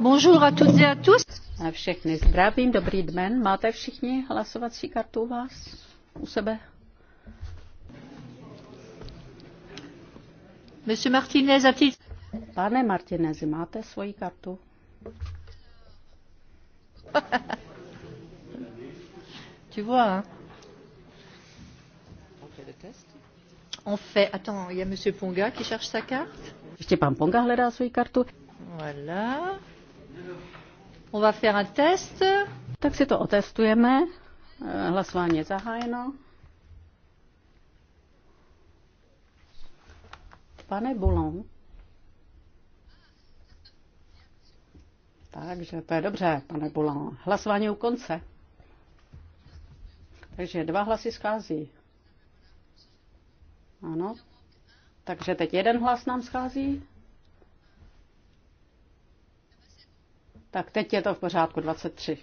Bonjour à toutes et à tous. A všechny zdravím, dobrý den. Máte všichni hlasovací kartu u vás? U sebe? Monsieur Martinez, a petit... Pane Martinez, máte svoji kartu? tu vois, hein? On fait. Attends, il y a Monsieur Ponga qui cherche sa carte. Ještě pas Ponga hledá sa carte. Voilà. On va faire un test. Tak si to otestujeme. Eh, hlasování je zahájeno. Pane Boulon. Takže to je dobře, pane Boulon. Hlasování u konce. Takže dva hlasy schází. Ano. Takže teď jeden hlas nám schází. Tak teď je to v pořádku 23.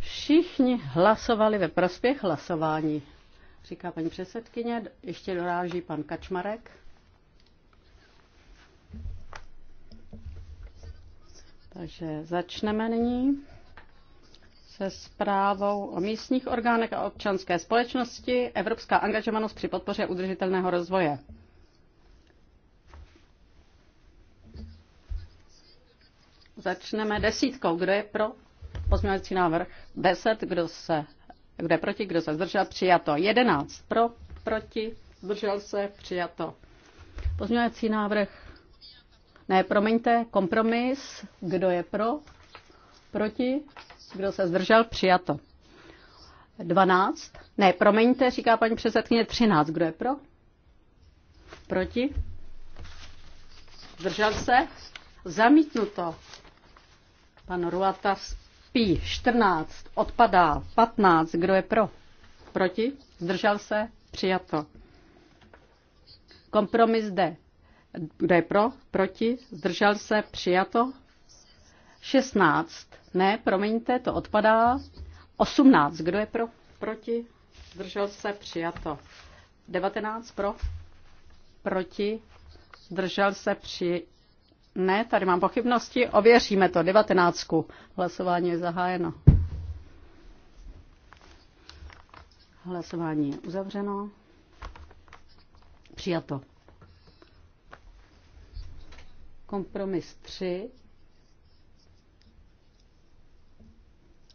Všichni hlasovali ve prospěch hlasování, říká paní předsedkyně. Ještě doráží pan Kačmarek. Takže začneme nyní se zprávou o místních orgánech a občanské společnosti Evropská angažovanost při podpoře udržitelného rozvoje. Začneme desítkou. Kdo je pro pozměňovací návrh? deset, Kdo se kdo je proti? Kdo se zdržel? Přijato. jedenáct, Pro, proti, zdržel se, přijato. Pozměňovací návrh. Ne, promiňte, kompromis. Kdo je pro? Proti? Kdo se zdržel? Přijato. 12. Ne, promiňte, říká paní předsedkyně 13. Kdo je pro? Proti? Zdržel se? Zamítnuto. Pan Ruata spí. 14. Odpadá. 15. Kdo je pro? Proti? Zdržel se? Přijato. Kompromis D. Kdo je pro? Proti? Zdržel se? Přijato. 16. Ne, promiňte, to odpadá. 18. Kdo je pro? Proti? Zdržel se? Přijato. 19. Pro? Proti? Zdržel se? Při, ne, tady mám pochybnosti. Ověříme to. 19. Hlasování je zahájeno. Hlasování je uzavřeno. Přijato. Kompromis 3.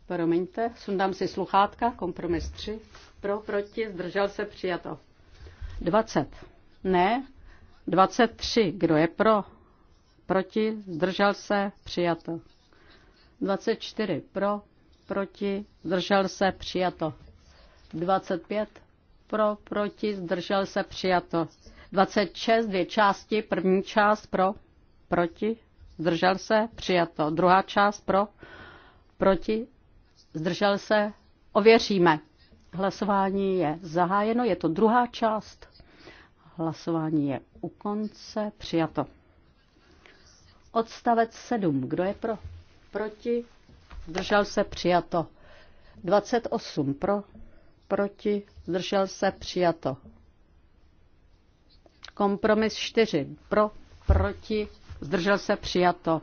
Promiňte, sundám si sluchátka. Kompromis 3. Pro, proti, zdržel se, přijato. 20. Ne, 23. Kdo je pro? proti, zdržel se, přijato. 24 pro, proti, zdržel se, přijato. 25 pro, proti, zdržel se, přijato. 26, dvě části, první část pro, proti, zdržel se, přijato. Druhá část pro, proti, zdržel se, ověříme. Hlasování je zahájeno, je to druhá část. Hlasování je u konce, přijato. Odstavec 7. Kdo je pro? Proti? Zdržel se přijato. 28 pro, proti, zdržel se přijato. Kompromis 4 pro, proti, zdržel se přijato.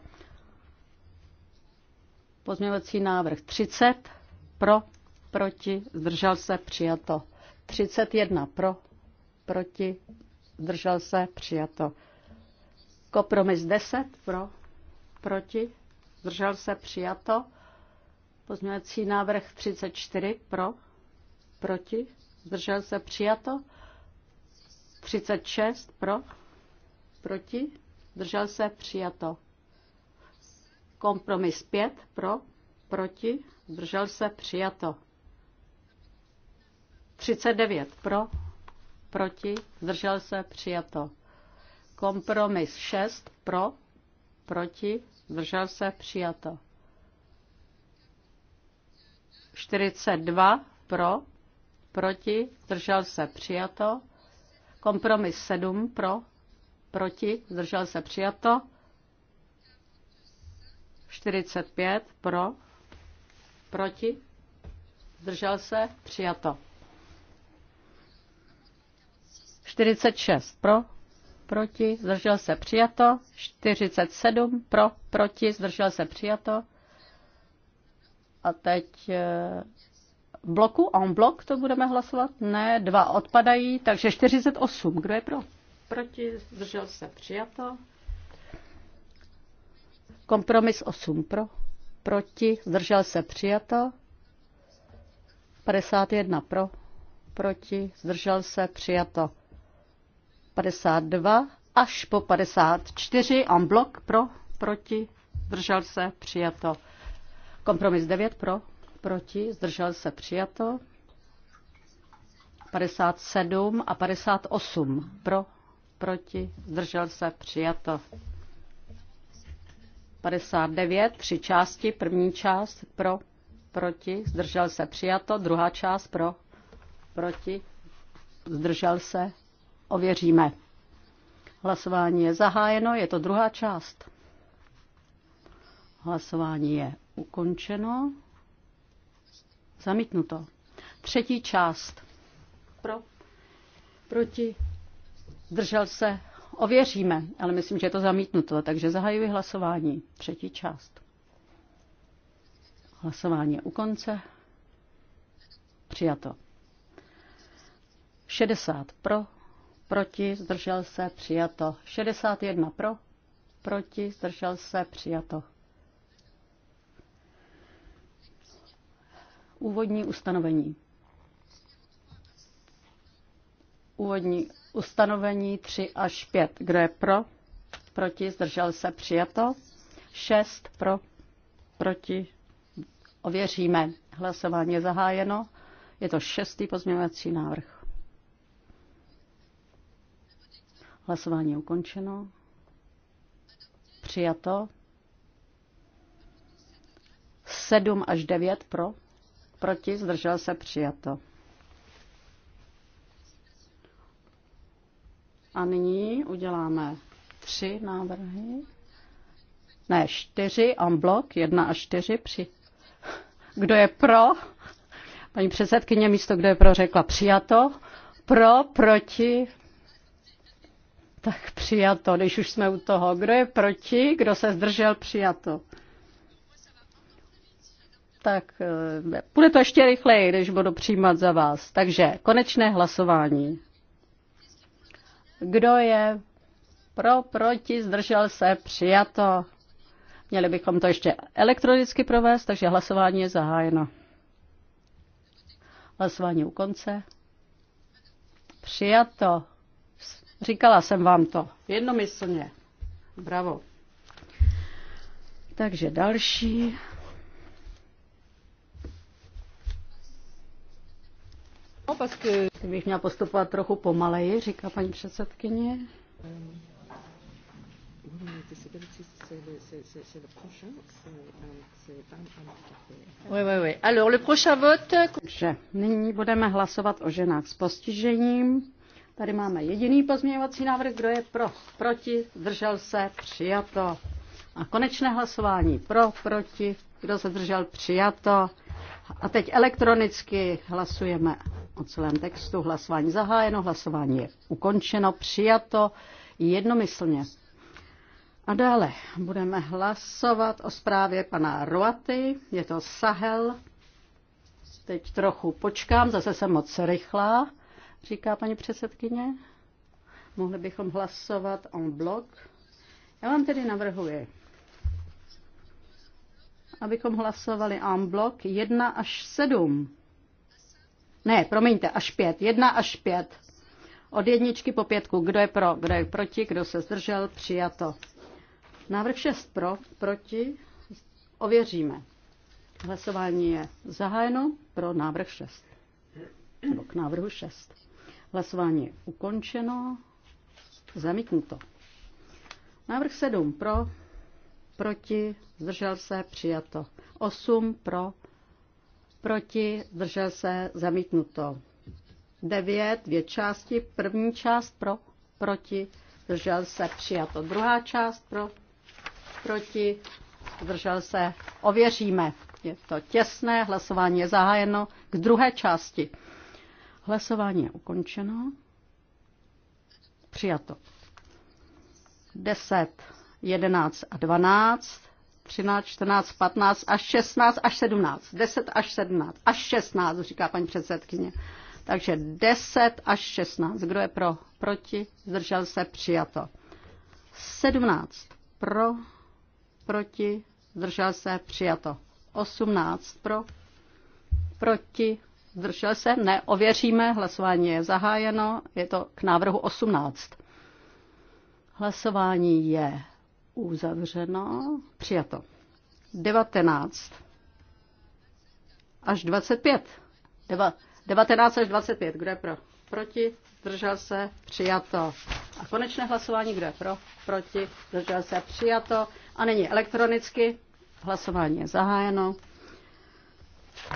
Pozměňovací návrh 30 pro, proti, zdržel se přijato. 31 pro, proti, zdržel se přijato. Kompromis 10 pro, proti, zdržel se přijato. Pozměňovací návrh 34 pro, proti, zdržel se přijato. 36 pro, proti, zdržel se přijato. Kompromis 5 pro, proti, zdržel se přijato. 39 pro, proti, zdržel se přijato. Kompromis 6 pro, proti, zdržel se, přijato. 42 pro, proti, zdržel se, přijato. Kompromis 7 pro, proti, zdržel se, přijato. 45 pro, proti, zdržel se, přijato. 46 pro, proti, zdržel se přijato, 47 pro, proti, zdržel se přijato. A teď eh, v bloku, en blok to budeme hlasovat? Ne, dva odpadají, takže 48. Kdo je pro? Proti, zdržel se přijato. Kompromis 8 pro, proti, zdržel se přijato. 51 pro, proti, zdržel se přijato. 52 až po 54 en blok pro, proti, zdržel se, přijato. Kompromis 9 pro, proti, zdržel se, přijato. 57 a 58 pro, proti, zdržel se, přijato. 59, tři části, první část pro, proti, zdržel se, přijato, druhá část pro, proti, zdržel se, ověříme. Hlasování je zahájeno, je to druhá část. Hlasování je ukončeno. Zamítnuto. Třetí část. Pro, proti, zdržel se, ověříme, ale myslím, že je to zamítnuto, takže zahajuji hlasování. Třetí část. Hlasování je u konce. Přijato. 60 pro, proti, zdržel se, přijato. 61 pro, proti, zdržel se, přijato. Úvodní ustanovení. Úvodní ustanovení 3 až 5. Kdo je pro? Proti, zdržel se, přijato. 6 pro, proti, ověříme. Hlasování je zahájeno. Je to šestý pozměňovací návrh. Hlasování je ukončeno. Přijato. 7 až 9 pro. Proti zdržel se přijato. A nyní uděláme tři návrhy. Ne, čtyři, blok, jedna a čtyři. Při... Kdo je pro? Paní předsedkyně místo, kdo je pro, řekla přijato. Pro, proti, tak přijato, když už jsme u toho. Kdo je proti, kdo se zdržel, přijato. Tak eh, bude to ještě rychleji, když budu přijímat za vás. Takže konečné hlasování. Kdo je pro, proti, zdržel se, přijato. Měli bychom to ještě elektronicky provést, takže hlasování je zahájeno. Hlasování u konce. Přijato. Říkala jsem vám to jednomyslně. Bravo. Takže další. No, pasky. Eh, Bych měla postupovat trochu pomaleji, říká paní předsedkyně. Oui, oui, oui. Alors, le prochain vote... Takže nyní budeme hlasovat o ženách s postižením. Tady máme jediný pozměňovací návrh, kdo je pro, proti, zdržel se, přijato. A konečné hlasování pro, proti, kdo se zdržel, přijato. A teď elektronicky hlasujeme o celém textu. Hlasování zahájeno, hlasování je ukončeno, přijato jednomyslně. A dále budeme hlasovat o zprávě pana Roaty, je to Sahel. Teď trochu počkám, zase jsem moc rychlá říká paní předsedkyně. Mohli bychom hlasovat on blok. Já vám tedy navrhuji, abychom hlasovali en blok 1 až 7. Ne, promiňte, až 5. 1 až 5. Od jedničky po pětku. Kdo je pro, kdo je proti, kdo se zdržel, přijato. Návrh 6 pro, proti, ověříme. Hlasování je zahájeno pro návrh 6. Nebo k návrhu 6. Hlasování je ukončeno. Zamítnuto. Návrh 7 pro, proti, zdržel se, přijato. 8 pro, proti, zdržel se, zamítnuto. 9, dvě části, první část pro, proti, zdržel se, přijato. Druhá část pro, proti, zdržel se, ověříme. Je to těsné, hlasování je zahájeno k druhé části. Hlasování je ukončeno. Přijato. 10, 11 a 12, 13, 14, 15 až 16 až 17. 10 až 17 až 16, říká paní předsedkyně. Takže 10 až 16. Kdo je pro? Proti? Zdržel se? Přijato. 17 pro, proti, zdržel se, přijato. 18 pro, proti, Zdržel se? Ne. Ověříme. Hlasování je zahájeno. Je to k návrhu 18. Hlasování je uzavřeno. Přijato. 19 až 25. Deva, 19 až 25. Kdo je pro? Proti? Zdržel se? Přijato. A konečné hlasování, kdo je pro? Proti? Zdržel se? Přijato. A není elektronicky. Hlasování je zahájeno.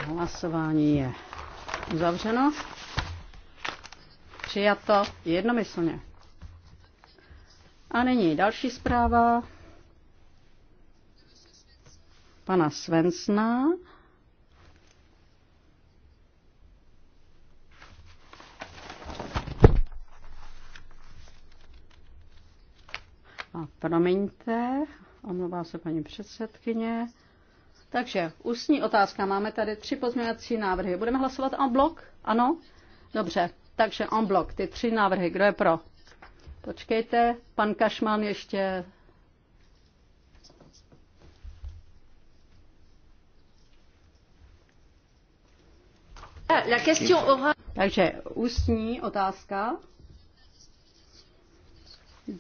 Hlasování je Uzavřeno. Přijato jednomyslně. A nyní další zpráva pana Svensna. A promiňte, omlouvá se paní předsedkyně. Takže ústní otázka. Máme tady tři pozměňovací návrhy. Budeme hlasovat en blok? Ano? Dobře. Takže en blok. Ty tři návrhy. Kdo je pro? Počkejte. Pan Kašman ještě Takže ústní otázka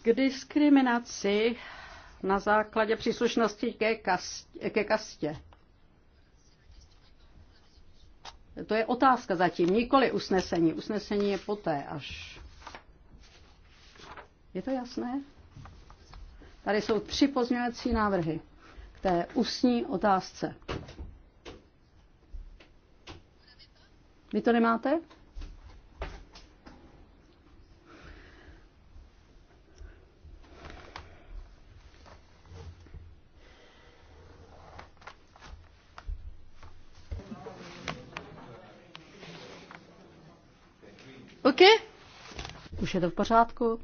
k diskriminaci na základě příslušnosti ke, kast, ke kastě. To je otázka zatím, nikoli usnesení. Usnesení je poté až. Je to jasné? Tady jsou tři pozměňovací návrhy k té ústní otázce. Vy to nemáte? je to v pořádku?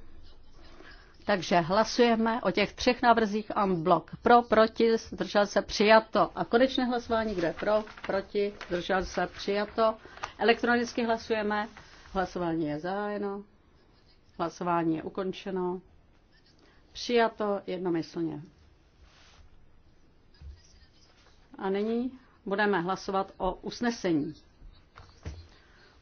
Takže hlasujeme o těch třech návrzích en blok. Pro, proti, zdržel se, přijato. A konečné hlasování, kdo je pro, proti, zdržel se, přijato. Elektronicky hlasujeme. Hlasování je zájeno. Hlasování je ukončeno. Přijato jednomyslně. A nyní budeme hlasovat o usnesení.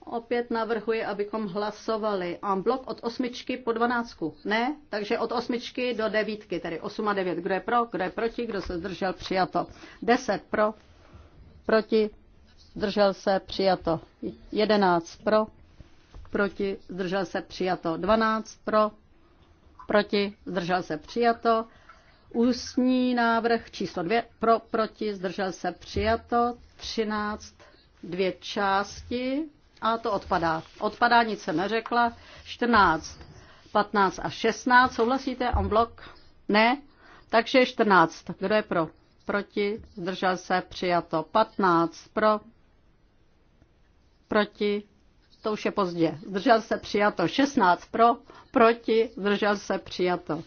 Opět navrhuji, abychom hlasovali en blok od osmičky po dvanáctku. Ne? Takže od osmičky do devítky, tedy osm a devět. Kdo je pro, kdo je proti, kdo se zdržel, přijato. Deset pro, proti, zdržel se, přijato. Jedenáct pro, proti, zdržel se, přijato. Dvanáct pro, proti, zdržel se, přijato. Ústní návrh číslo dvě pro, proti, zdržel se, přijato. Třináct dvě části. A to odpadá. Odpadá, nic jsem neřekla. 14, 15 a 16. Souhlasíte on blok? Ne? Takže 14. Kdo je pro? Proti? Zdržel se? Přijato. 15. Pro? Proti? To už je pozdě. Zdržel se? Přijato. 16. Pro? Proti? Zdržel se? Přijato.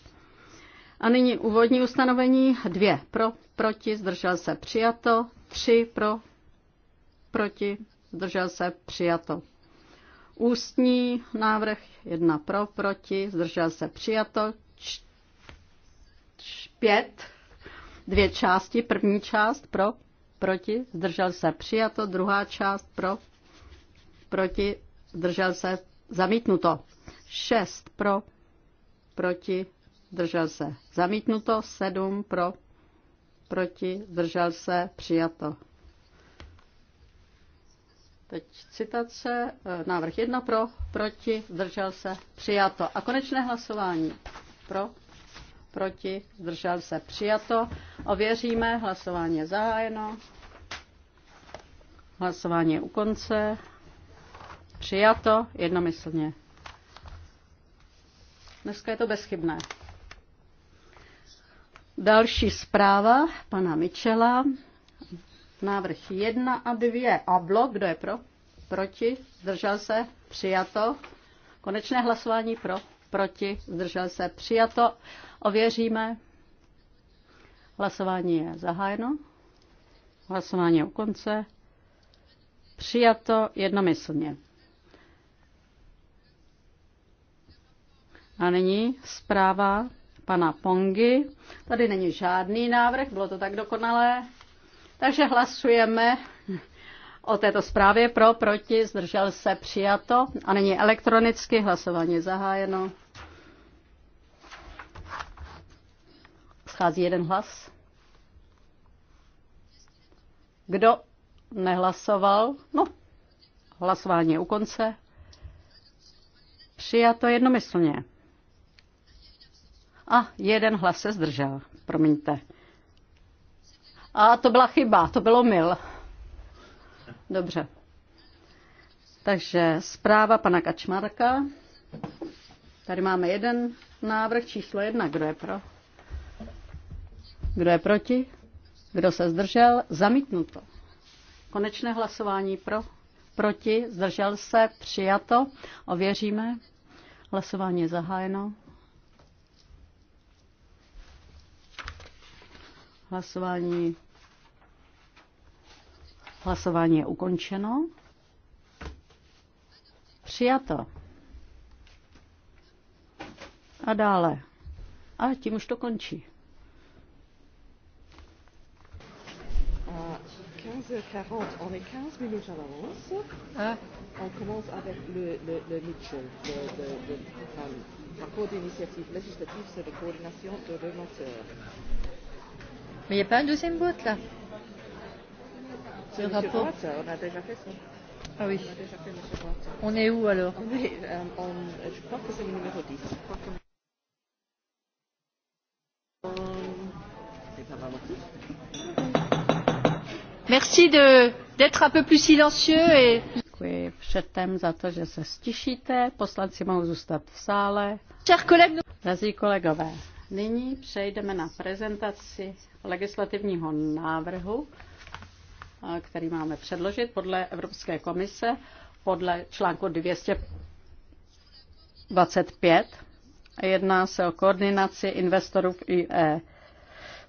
A nyní úvodní ustanovení. 2. Pro? Proti? Zdržel se? Přijato. 3. Pro? Proti? zdržel se, přijato. Ústní návrh jedna pro, proti, zdržel se, přijato. Pět dvě části, první část pro, proti, zdržel se, přijato, druhá část pro, proti, zdržel se, zamítnuto. Šest pro, proti, zdržel se, zamítnuto. Sedm pro, proti, zdržel se, přijato. Teď citace, e, návrh jedna pro, proti, zdržel se, přijato. A konečné hlasování pro, proti, zdržel se, přijato. Ověříme, hlasování je zahájeno. Hlasování je u konce. Přijato jednomyslně. Dneska je to bezchybné. Další zpráva pana Michela. Návrh 1 a 2 a blok, kdo je pro? Proti, zdržel se, přijato. Konečné hlasování pro, proti, zdržel se, přijato. Ověříme. Hlasování je zahájeno. Hlasování je u konce. Přijato jednomyslně. A nyní zpráva pana Pongy. Tady není žádný návrh, bylo to tak dokonalé. Takže hlasujeme o této zprávě pro, proti, zdržel se, přijato. A není elektronicky hlasování zahájeno. Schází jeden hlas. Kdo nehlasoval? No, hlasování je u konce. Přijato jednomyslně. A jeden hlas se zdržel. Promiňte. A to byla chyba, to bylo mil. Dobře. Takže zpráva pana Kačmarka. Tady máme jeden návrh, číslo jedna. Kdo je pro? Kdo je proti? Kdo se zdržel? Zamítnuto. Konečné hlasování pro, proti, zdržel se, přijato. Ověříme. Hlasování je zahájeno. Hlasování. Hlasování je ukončeno. Přijato. A dále. A tím už to končí. Uh, 15h40, on est 15 minutes à l'avance. On commence avec le, le, le Mitchell, le, le, le, le Mais il n'y a pas un deuxième boîte là Le rapport Roth, On a déjà fait ça. Ah oui. On, a déjà fait, on est où alors on est, euh, on, Je crois que c'est le numéro 10. Merci de, d'être un peu plus silencieux et... Děkuji předtem za to, že se stišíte. Poslanci mohou zůstat v sále. Drazí kolegové, Nyní přejdeme na prezentaci legislativního návrhu, který máme předložit podle Evropské komise, podle článku 225. Jedná se o koordinaci investorů v IE.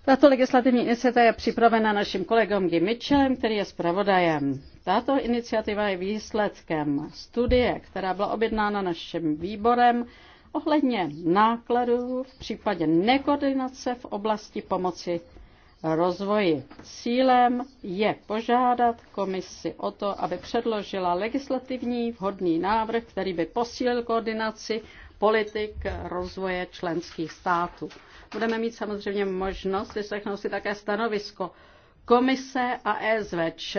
Tato legislativní iniciativa je připravena naším kolegom Gimičem, který je zpravodajem. Tato iniciativa je výsledkem studie, která byla objednána naším výborem ohledně nákladů v případě nekoordinace v oblasti pomoci rozvoji. Cílem je požádat komisi o to, aby předložila legislativní vhodný návrh, který by posílil koordinaci politik rozvoje členských států. Budeme mít samozřejmě možnost vyslechnout si také stanovisko Komise a e SVČ.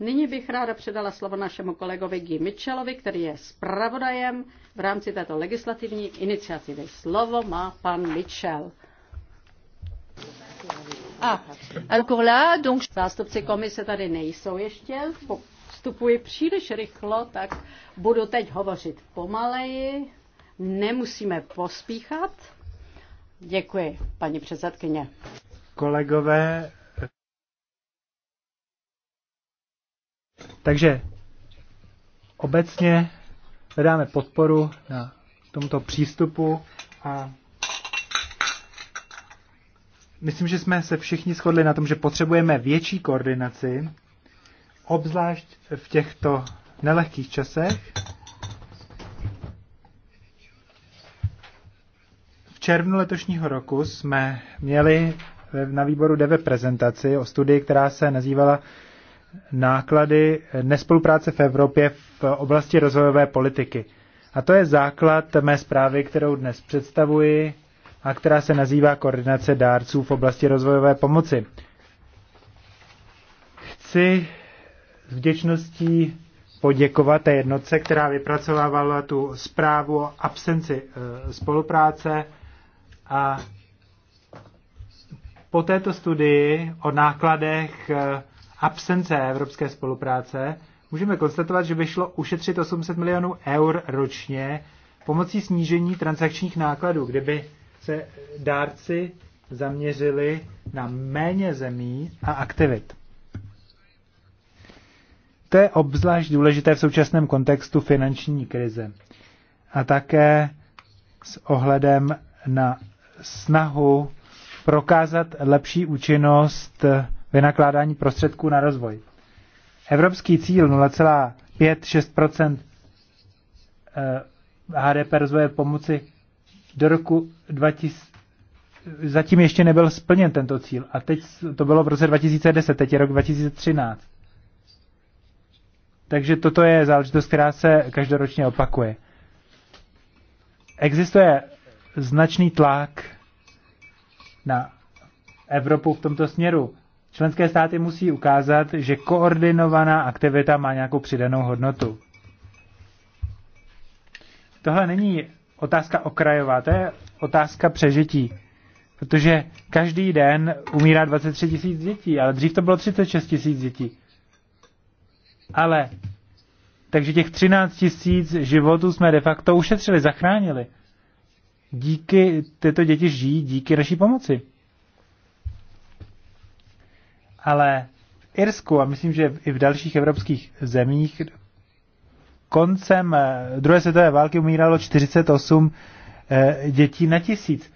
Nyní bych ráda předala slovo našemu kolegovi Guy Mitchellovi, který je zpravodajem v rámci této legislativní iniciativy. Slovo má pan Mitchell. A ah, encore là, donc... Zástupci komise tady nejsou ještě, Vstupuji příliš rychlo, tak budu teď hovořit pomaleji, nemusíme pospíchat. Děkuji, paní předsedkyně. Kolegové, takže obecně hledáme podporu na tomto přístupu a myslím, že jsme se všichni shodli na tom, že potřebujeme větší koordinaci, obzvlášť v těchto nelehkých časech. V červnu letošního roku jsme měli na výboru DEVE prezentaci o studii, která se nazývala náklady nespolupráce v Evropě v oblasti rozvojové politiky. A to je základ mé zprávy, kterou dnes představuji a která se nazývá Koordinace dárců v oblasti rozvojové pomoci. Chci s vděčností poděkovat té jednotce, která vypracovávala tu zprávu o absenci e, spolupráce a po této studii o nákladech e, absence evropské spolupráce můžeme konstatovat, že by šlo ušetřit 800 milionů eur ročně pomocí snížení transakčních nákladů, kdyby se dárci zaměřili na méně zemí a aktivit. To je obzvlášť důležité v současném kontextu finanční krize a také s ohledem na snahu prokázat lepší účinnost vynakládání prostředků na rozvoj. Evropský cíl 0,56 eh, HDP rozvoje pomoci do roku 2000, zatím ještě nebyl splněn tento cíl. A teď to bylo v roce 2010, teď je rok 2013. Takže toto je záležitost, která se každoročně opakuje. Existuje značný tlak na Evropu v tomto směru. Členské státy musí ukázat, že koordinovaná aktivita má nějakou přidanou hodnotu. Tohle není otázka okrajová, to je otázka přežití. Protože každý den umírá 23 tisíc dětí, ale dřív to bylo 36 tisíc dětí. Ale takže těch 13 tisíc životů jsme de facto ušetřili, zachránili. Díky tyto děti žijí díky naší pomoci ale v Irsku a myslím, že i v dalších evropských zemích koncem eh, druhé světové války umíralo 48 eh, dětí na tisíc.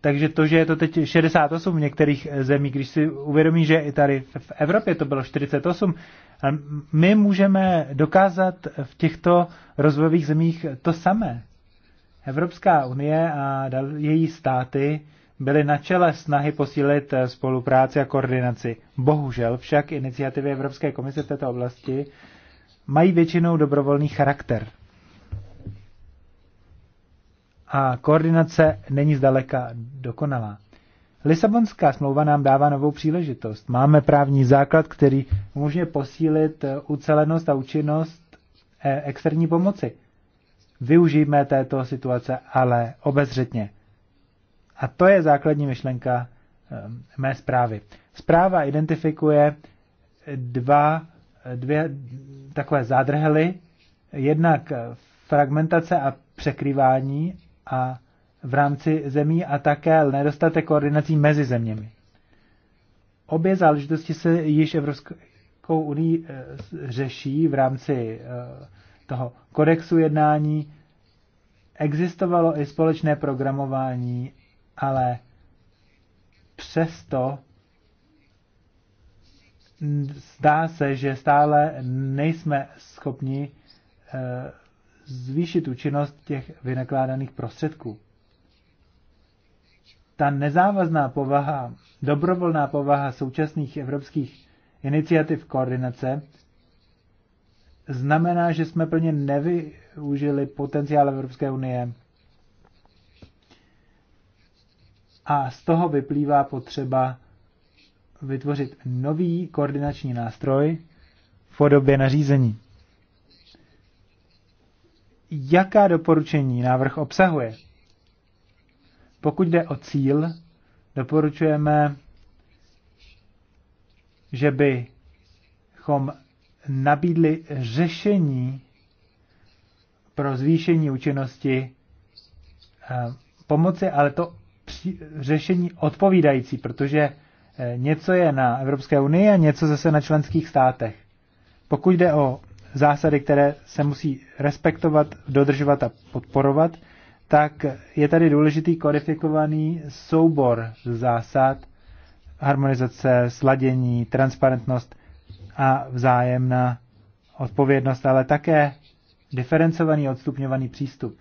Takže to, že je to teď 68 v některých eh, zemích, když si uvědomí, že i tady v Evropě to bylo 48, my můžeme dokázat v těchto rozvojových zemích to samé. Evropská unie a její státy byly na čele snahy posílit eh, spolupráci a koordinaci. Bohužel však iniciativy Evropské komise v této oblasti mají většinou dobrovolný charakter. A koordinace není zdaleka dokonalá. Lisabonská smlouva nám dává novou příležitost. Máme právní základ, který umožňuje posílit eh, ucelenost a účinnost eh, externí pomoci. Využijme této situace, ale obezřetně. A to je základní myšlenka eh, mé zprávy. Zpráva identifikuje dva, dvě takové zádrhely, jednak eh, fragmentace a překrývání a v rámci zemí a také nedostatek koordinací mezi zeměmi. Obě záležitosti se již Evropskou unii eh, řeší v rámci toho kodexu jednání. Existovalo i společné programování ale přesto zdá se, že stále nejsme schopni eh, zvýšit účinnost těch vynakládaných prostředků. Ta nezávazná povaha, dobrovolná povaha současných evropských iniciativ koordinace znamená, že jsme plně nevyužili potenciál Evropské unie a z toho vyplývá potřeba vytvořit nový koordinační nástroj v podobě nařízení. Jaká doporučení návrh obsahuje? Pokud jde o cíl, doporučujeme, že bychom nabídli řešení pro zvýšení účinnosti eh, pomoci, ale to řešení odpovídající, protože eh, něco je na Evropské unii a něco zase na členských státech. Pokud jde o zásady, které se musí respektovat, dodržovat a podporovat, tak je tady důležitý kodifikovaný soubor zásad, harmonizace, sladění, transparentnost a vzájemná odpovědnost, ale také diferencovaný odstupňovaný přístup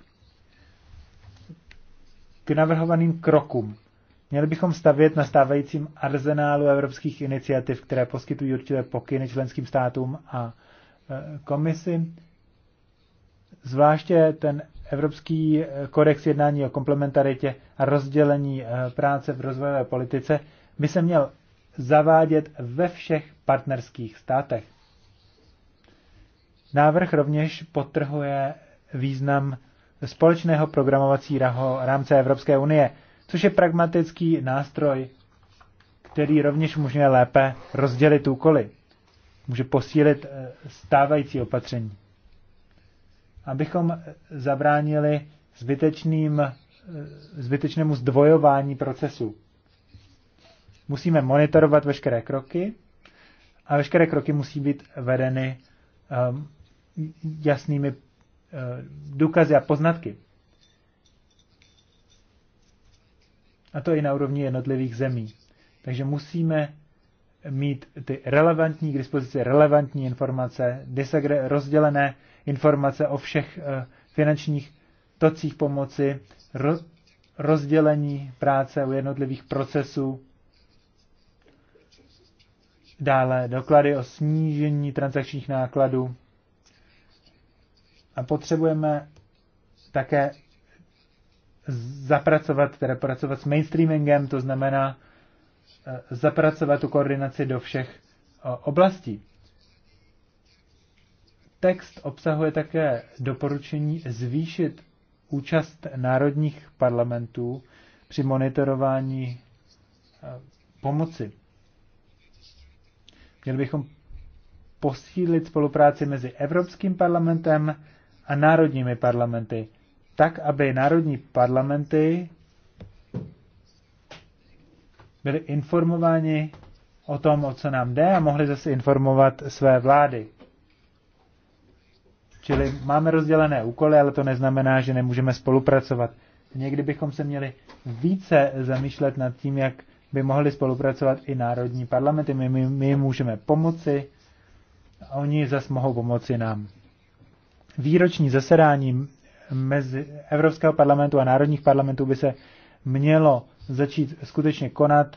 k navrhovaným krokům. Měli bychom stavět na stávajícím arzenálu evropských iniciativ, které poskytují určité pokyny členským státům a e, komisi. Zvláště ten Evropský e, kodex jednání o komplementaritě a rozdělení e, práce v rozvojové politice by se měl zavádět ve všech partnerských státech. Návrh rovněž potrhuje význam společného programovacího rámce Evropské unie, což je pragmatický nástroj, který rovněž může lépe rozdělit úkoly. Může posílit eh, stávající opatření. Abychom eh, zabránili zbytečným, eh, zbytečnému zdvojování procesu. Musíme monitorovat veškeré kroky a veškeré kroky musí být vedeny um, jasnými Eh, důkazy a poznatky. A to i na úrovni jednotlivých zemí. Takže musíme mít ty relevantní, k dispozici relevantní informace, rozdělené informace o všech eh, finančních tocích pomoci, rozdělení práce u jednotlivých procesů, dále doklady o snížení transakčních nákladů, a potřebujeme také zapracovat, teda pracovat s mainstreamingem, to znamená e, zapracovat tu koordinaci do všech e, oblastí. Text obsahuje také doporučení zvýšit účast národních parlamentů při monitorování e, pomoci. Měli bychom posílit spolupráci mezi Evropským parlamentem, a národními parlamenty, tak, aby národní parlamenty byly informováni o tom, o co nám jde a mohli zase informovat své vlády. Čili máme rozdělené úkoly, ale to neznamená, že nemůžeme spolupracovat. Někdy bychom se měli více zamýšlet nad tím, jak by mohli spolupracovat i národní parlamenty. My, my, my můžeme pomoci a oni zase mohou pomoci nám výroční zasedání mezi Evropského parlamentu a národních parlamentů by se mělo začít skutečně konat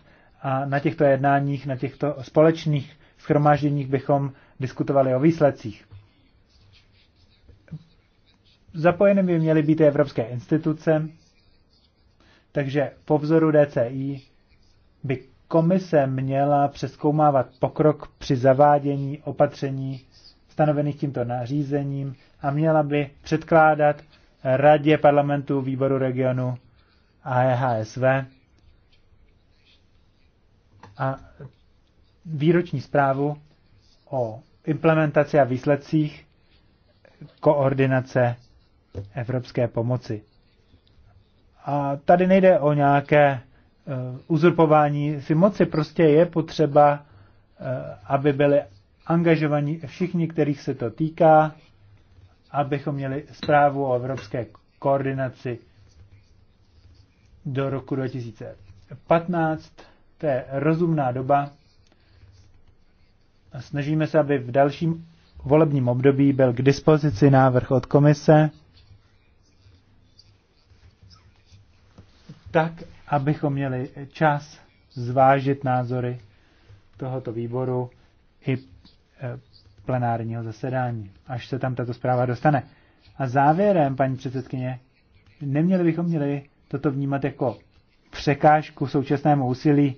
a na těchto jednáních, na těchto společných schromážděních bychom diskutovali o výsledcích. Zapojeny by měly být i evropské instituce, takže po vzoru DCI by komise měla přeskoumávat pokrok při zavádění opatření stanovených tímto nařízením a měla by předkládat Radě parlamentu výboru regionu a e a výroční zprávu o implementaci a výsledcích koordinace evropské pomoci. A tady nejde o nějaké eh, uzurpování si moci, prostě je potřeba, eh, aby byly angažovaní všichni, kterých se to týká, abychom měli zprávu o evropské koordinaci do roku 2015. To je rozumná doba. Snažíme se, aby v dalším volebním období byl k dispozici návrh od komise, tak, abychom měli čas zvážit názory tohoto výboru i plenárního zasedání, až se tam tato zpráva dostane. A závěrem, paní předsedkyně, neměli bychom měli toto vnímat jako překážku současnému úsilí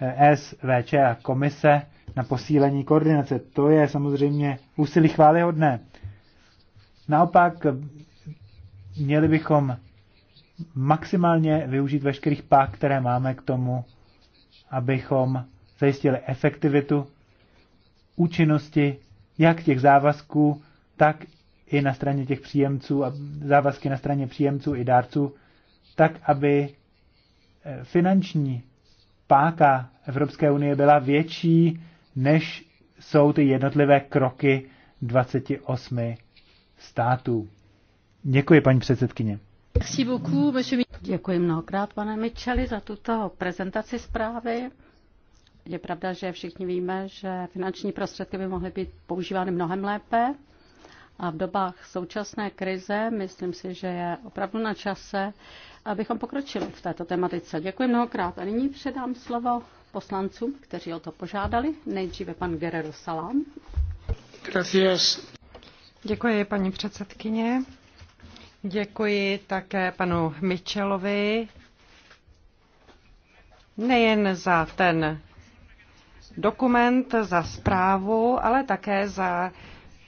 eh, SVČ a komise na posílení koordinace. To je samozřejmě úsilí chválihodné. Naopak měli bychom maximálně využít veškerých pák, které máme k tomu, abychom zajistili efektivitu účinnosti jak těch závazků, tak i na straně těch příjemců a závazky na straně příjemců i dárců, tak aby eh, finanční páka Evropské unie byla větší, než jsou ty jednotlivé kroky 28 států. Děkuji, paní předsedkyně. Děkuji mnohokrát, pane Micheli, za tuto prezentaci zprávy. Je pravda, že všichni víme, že finanční prostředky by mohly být používány mnohem lépe. A v dobách současné krize myslím si, že je opravdu na čase, abychom pokročili v této tematice. Děkuji mnohokrát. A nyní předám slovo poslancům, kteří o to požádali. Nejdříve pan Guerrero Salam. Gracias. Děkuji, paní předsedkyně. Děkuji také panu Michelovi nejen za ten dokument, za zprávu, ale také za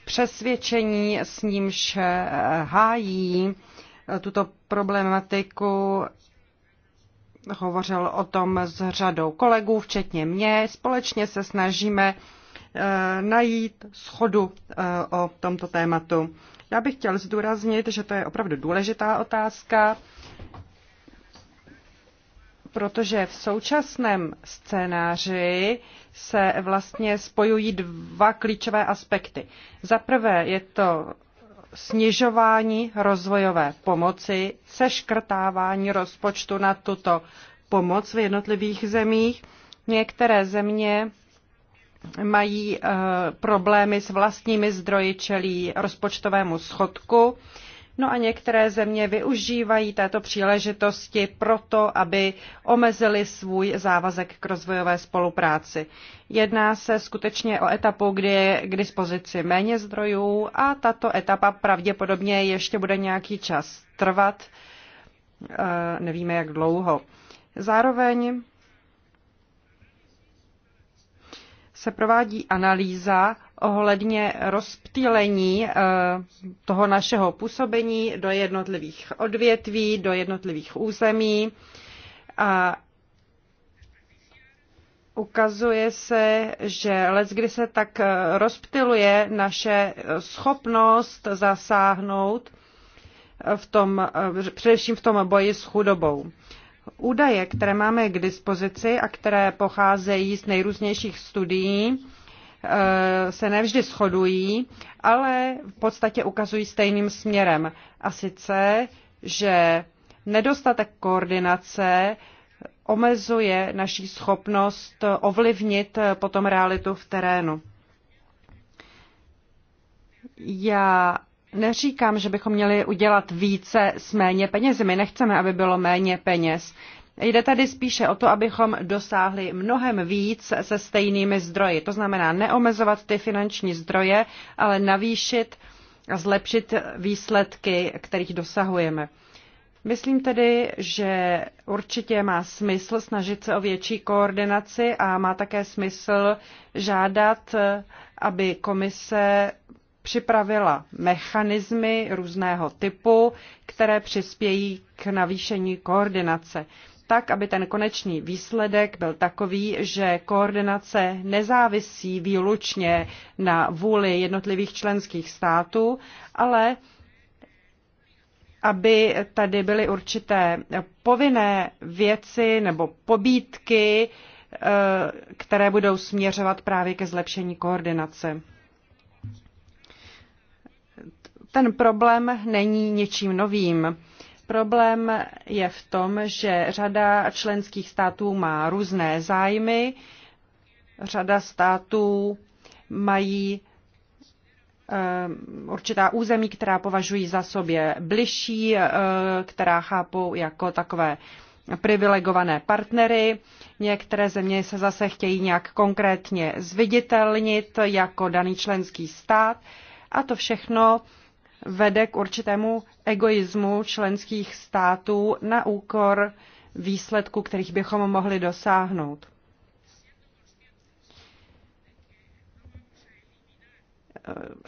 přesvědčení, s nímž eh, hájí eh, tuto problematiku. Hovořil o tom s řadou kolegů, včetně mě. Společně se snažíme eh, najít schodu o tomto tématu. Já bych chtěl zdůraznit, že to je opravdu důležitá otázka protože v současném scénáři se vlastně spojují dva klíčové aspekty. Za prvé je to snižování rozvojové pomoci, seškrtávání rozpočtu na tuto pomoc v jednotlivých zemích. Některé země mají eh, problémy s vlastními zdroji, čelí rozpočtovému schodku. No a některé země využívají této příležitosti proto, aby omezili svůj závazek k rozvojové spolupráci. Jedná se skutečně o etapu, kdy je k dispozici méně zdrojů a tato etapa pravděpodobně ještě bude nějaký čas trvat, eh, nevíme jak dlouho. Zároveň se provádí analýza ohledně rozptýlení eh, toho našeho působení do jednotlivých odvětví, do jednotlivých území. A ukazuje se, že let, kdy se tak eh, rozptiluje naše eh, schopnost zasáhnout v tom, především v tom boji s chudobou. Údaje, které máme k dispozici a které pocházejí z nejrůznějších studií, Eh, se nevždy shodují, ale v podstatě ukazují stejným směrem. A sice, že nedostatek koordinace omezuje naší schopnost ovlivnit potom realitu v terénu. Já neříkám, že bychom měli udělat více s méně penězi. My nechceme, aby bylo méně peněz. Jde tady spíše o to, abychom dosáhli mnohem víc se stejnými zdroji. To znamená neomezovat ty finanční zdroje, ale navýšit a zlepšit výsledky, kterých dosahujeme. Myslím tedy, že určitě má smysl snažit se o větší koordinaci a má také smysl žádat, aby komise připravila mechanismy různého typu, které přispějí k navýšení koordinace tak, aby ten konečný výsledek byl takový, že koordinace nezávisí výlučně na vůli jednotlivých členských států, ale aby tady byly určité povinné věci nebo pobídky, eh, které budou směřovat právě ke zlepšení koordinace. Ten problém není ničím novým. Problém je v tom, že řada členských států má různé zájmy, řada států mají eh, určitá území, která považují za sobě bližší, eh, která chápou jako takové privilegované partnery. Některé země se zase chtějí nějak konkrétně zviditelnit jako daný členský stát. A to všechno vede k určitému egoismu členských států na úkor výsledku, kterých bychom mohli dosáhnout.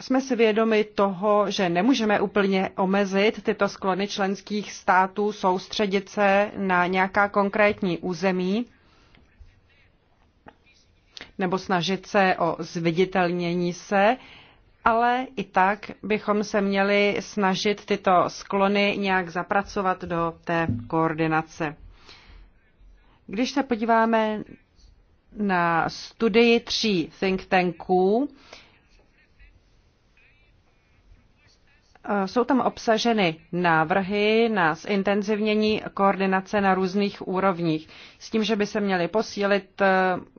Jsme si vědomi toho, že nemůžeme úplně omezit tyto sklony členských států, soustředit se na nějaká konkrétní území nebo snažit se o zviditelnění se, ale i tak bychom se měli snažit tyto sklony nějak zapracovat do té koordinace. Když se podíváme na studii tří think tanků, Eh, jsou tam obsaženy návrhy na zintenzivnění koordinace na různých úrovních, s tím, že by se měly posílit eh,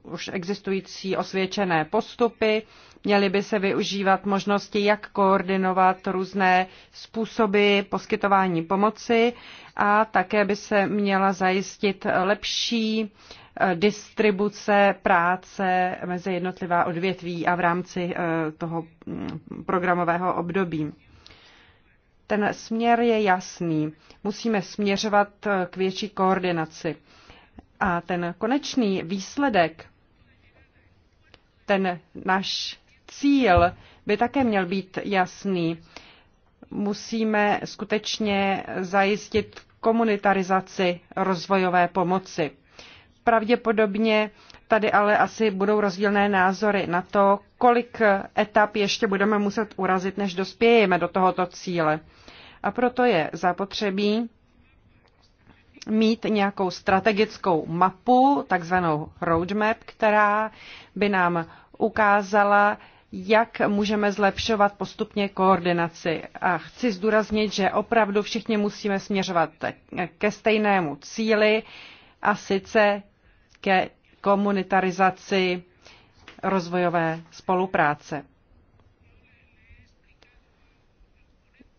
už existující osvědčené postupy, měly by se využívat možnosti, jak koordinovat různé způsoby poskytování pomoci a také by se měla zajistit lepší eh, distribuce práce mezi jednotlivá odvětví a v rámci toho mm, programového období. Ten směr je jasný. Musíme směřovat eh, k větší koordinaci. A ten konečný výsledek, ten náš cíl by také měl být jasný. Musíme skutečně zajistit komunitarizaci rozvojové pomoci. Pravděpodobně Tady ale asi budou rozdílné názory na to, kolik etap ještě budeme muset urazit, než dospějeme do tohoto cíle. A proto je zapotřebí mít nějakou strategickou mapu, takzvanou roadmap, která by nám ukázala, jak můžeme zlepšovat postupně koordinaci. A chci zdůraznit, že opravdu všichni musíme směřovat ke stejnému cíli, a sice ke komunitarizaci rozvojové spolupráce.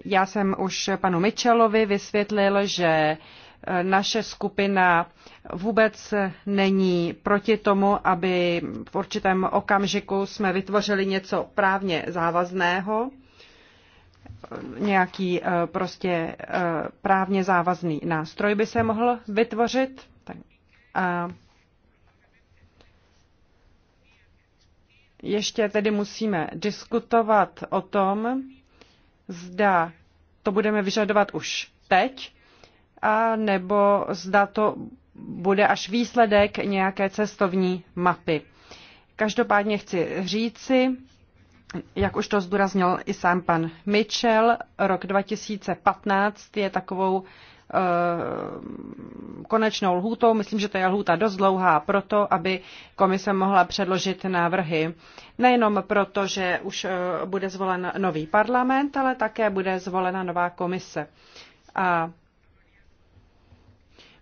Já jsem už panu Mitchellovi vysvětlil, že eh, naše skupina vůbec není proti tomu, aby v určitém okamžiku jsme vytvořili něco právně závazného, nějaký eh, prostě eh, právně závazný nástroj by se mohl vytvořit. A Ještě tedy musíme diskutovat o tom, zda to budeme vyžadovat už teď, a nebo zda to bude až výsledek nějaké cestovní mapy. Každopádně chci říci, jak už to zdůraznil i sám pan Mitchell, rok 2015 je takovou Eh, konečnou lhůtou. Myslím, že to je lhůta dost dlouhá proto, aby komise mohla předložit návrhy. Nejenom proto, že už eh, bude zvolen nový parlament, ale také bude zvolena nová komise. A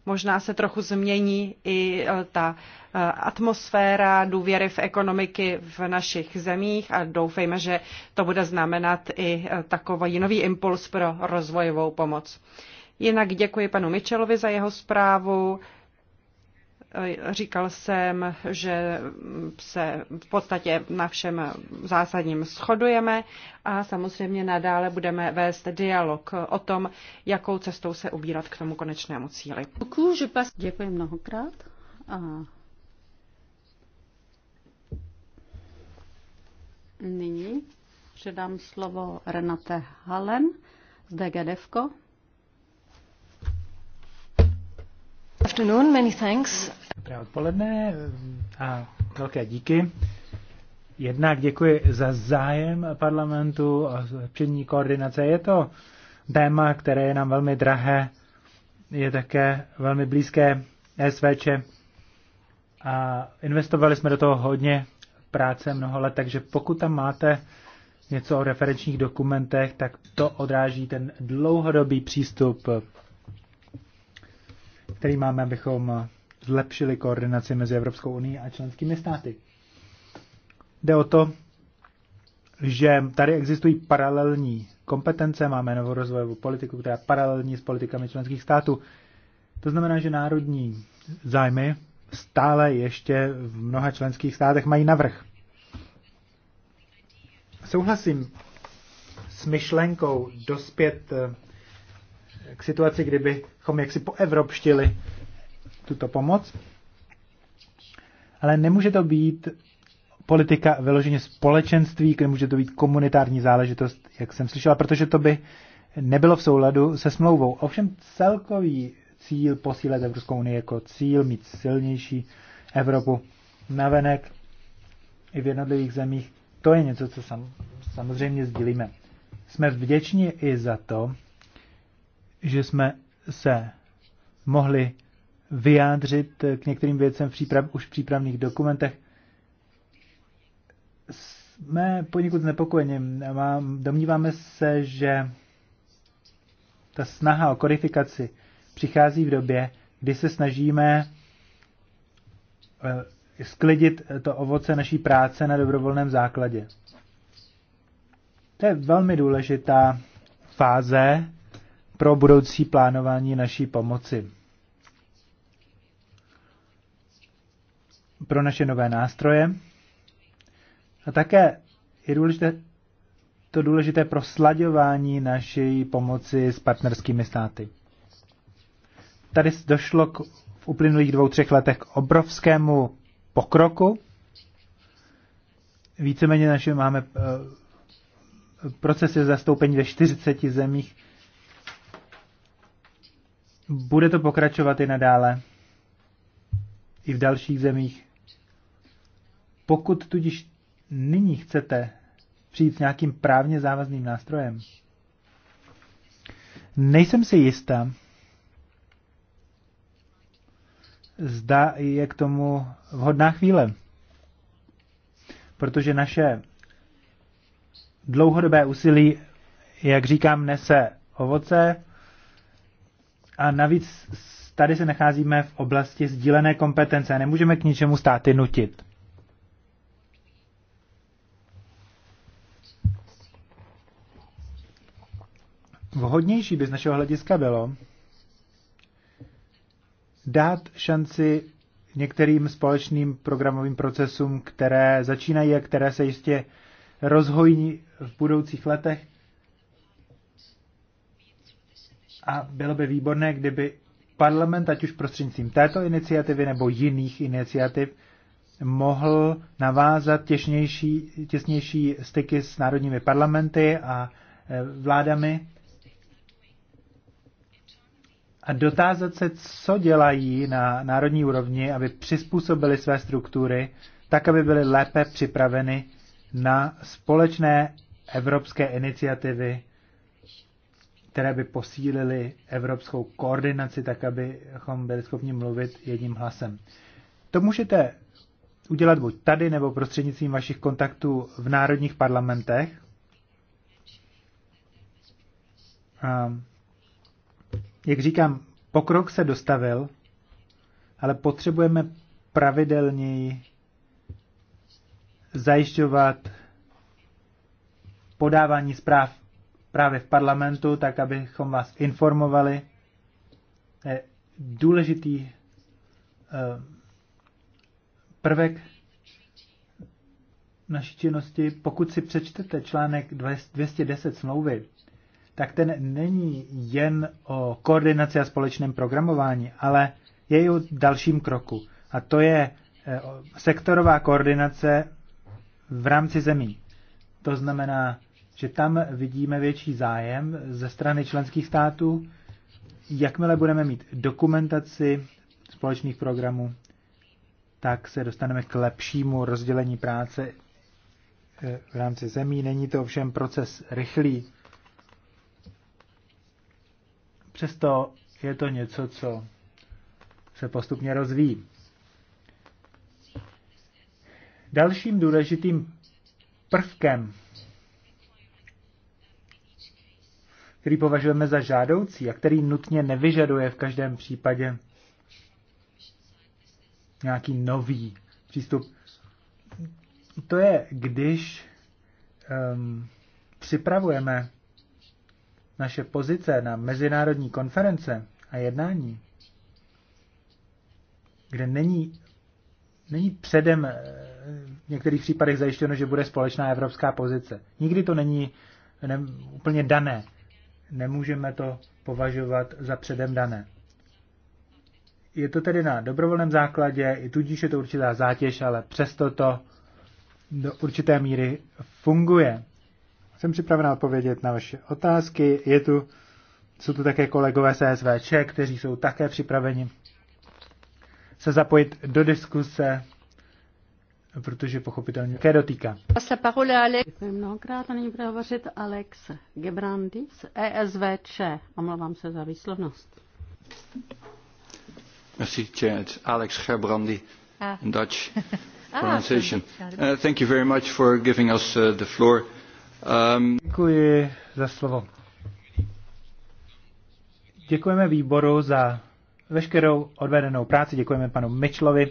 možná se trochu změní i eh, ta atmosféra důvěry v ekonomiky v našich zemích a doufejme, že to bude znamenat i takový nový impuls pro rozvojovou pomoc. Jinak děkuji panu Michelovi za jeho zprávu. Říkal jsem, že se v podstatě na všem zásadním shodujeme a samozřejmě nadále budeme vést dialog o tom, jakou cestou se ubírat k tomu konečnému cíli. Děkuji mnohokrát. A nyní předám slovo Renate Halen z DGDFko. afternoon, many thanks. Dobré odpoledne a velké díky. Jednak děkuji za zájem parlamentu a zlepšení koordinace. Je to téma, které je nám velmi drahé, je také velmi blízké SVČ a investovali jsme do toho hodně práce mnoho let, takže pokud tam máte něco o referenčních dokumentech, tak to odráží ten dlouhodobý přístup který máme, abychom zlepšili koordinaci mezi Evropskou unii a členskými státy. Jde o to, že tady existují paralelní kompetence, máme novou rozvojovou politiku, která je paralelní s politikami členských států. To znamená, že národní zájmy stále ještě v mnoha členských státech mají navrh. Souhlasím s myšlenkou dospět k situaci, kdybychom jaksi poevropštili tuto pomoc. Ale nemůže to být politika vyloženě společenství, kde může to být komunitární záležitost, jak jsem slyšela, protože to by nebylo v souladu se smlouvou. Ovšem celkový cíl posílet Evropskou unii jako cíl, mít silnější Evropu navenek i v jednotlivých zemích, to je něco, co sam, samozřejmě sdílíme. Jsme vděční i za to, že jsme se mohli vyjádřit k některým věcem v příprav, už v přípravných dokumentech. Jsme poněkud znepokojeni. Domníváme se, že ta snaha o kodifikaci přichází v době, kdy se snažíme eh, sklidit to ovoce naší práce na dobrovolném základě. To je velmi důležitá fáze pro budoucí plánování naší pomoci. Pro naše nové nástroje. A také je důležité to důležité pro slaďování naší pomoci s partnerskými státy. Tady došlo k, v uplynulých dvou, třech letech k obrovskému pokroku. Víceméně naše máme eh, procesy zastoupení ve 40 zemích bude to pokračovat i nadále, i v dalších zemích. Pokud tudíž nyní chcete přijít s nějakým právně závazným nástrojem, nejsem si jistá, zda je k tomu vhodná chvíle. Protože naše dlouhodobé úsilí, jak říkám, nese ovoce. A navíc tady se nacházíme v oblasti sdílené kompetence. Nemůžeme k ničemu státy nutit. Vhodnější by z našeho hlediska bylo dát šanci některým společným programovým procesům, které začínají a které se jistě rozhojní v budoucích letech, A bylo by výborné, kdyby parlament, ať už prostřednictvím této iniciativy nebo jiných iniciativ, mohl navázat těsnější, těsnější styky s národními parlamenty a e, vládami a dotázat se, co dělají na národní úrovni, aby přizpůsobili své struktury tak, aby byly lépe připraveny na společné evropské iniciativy které by posílily evropskou koordinaci, tak abychom byli schopni mluvit jedním hlasem. To můžete udělat buď tady, nebo prostřednictvím vašich kontaktů v národních parlamentech. A, jak říkám, pokrok se dostavil, ale potřebujeme pravidelněji zajišťovat podávání zpráv právě v parlamentu, tak abychom vás informovali. Je důležitý eh, prvek naší činnosti, pokud si přečtete článek 210 smlouvy, tak ten není jen o koordinaci a společném programování, ale je i o dalším kroku. A to je eh, sektorová koordinace v rámci zemí. To znamená že tam vidíme větší zájem ze strany členských států. Jakmile budeme mít dokumentaci společných programů, tak se dostaneme k lepšímu rozdělení práce eh, v rámci zemí. Není to ovšem proces rychlý. Přesto je to něco, co se postupně rozvíjí. Dalším důležitým prvkem který považujeme za žádoucí a který nutně nevyžaduje v každém případě nějaký nový přístup. To je, když um, připravujeme naše pozice na mezinárodní konference a jednání, kde není, není předem eh, v některých případech zajištěno, že bude společná evropská pozice. Nikdy to není ne, úplně dané. Nemůžeme to považovat za předem dané. Je to tedy na dobrovolném základě, i tudíž je to určitá zátěž, ale přesto to do určité míry funguje. Jsem připravená odpovědět na vaše otázky. Je tu, jsou tu také kolegové z SVČ, kteří jsou také připraveni se zapojit do diskuse protože pochopitelně také dotýká. Děkuji mnohokrát a nyní bude hovořit Alex Gebrandis, e ESVČ. Omlouvám se za výslovnost. Merci, Chair. Alex Gebrandi, ah. in Dutch ah, pronunciation. Uh, thank you very much for giving us uh, the floor. Um, Děkuji za slovo. Děkujeme výboru za veškerou odvedenou práci, děkujeme panu Mitchellovi,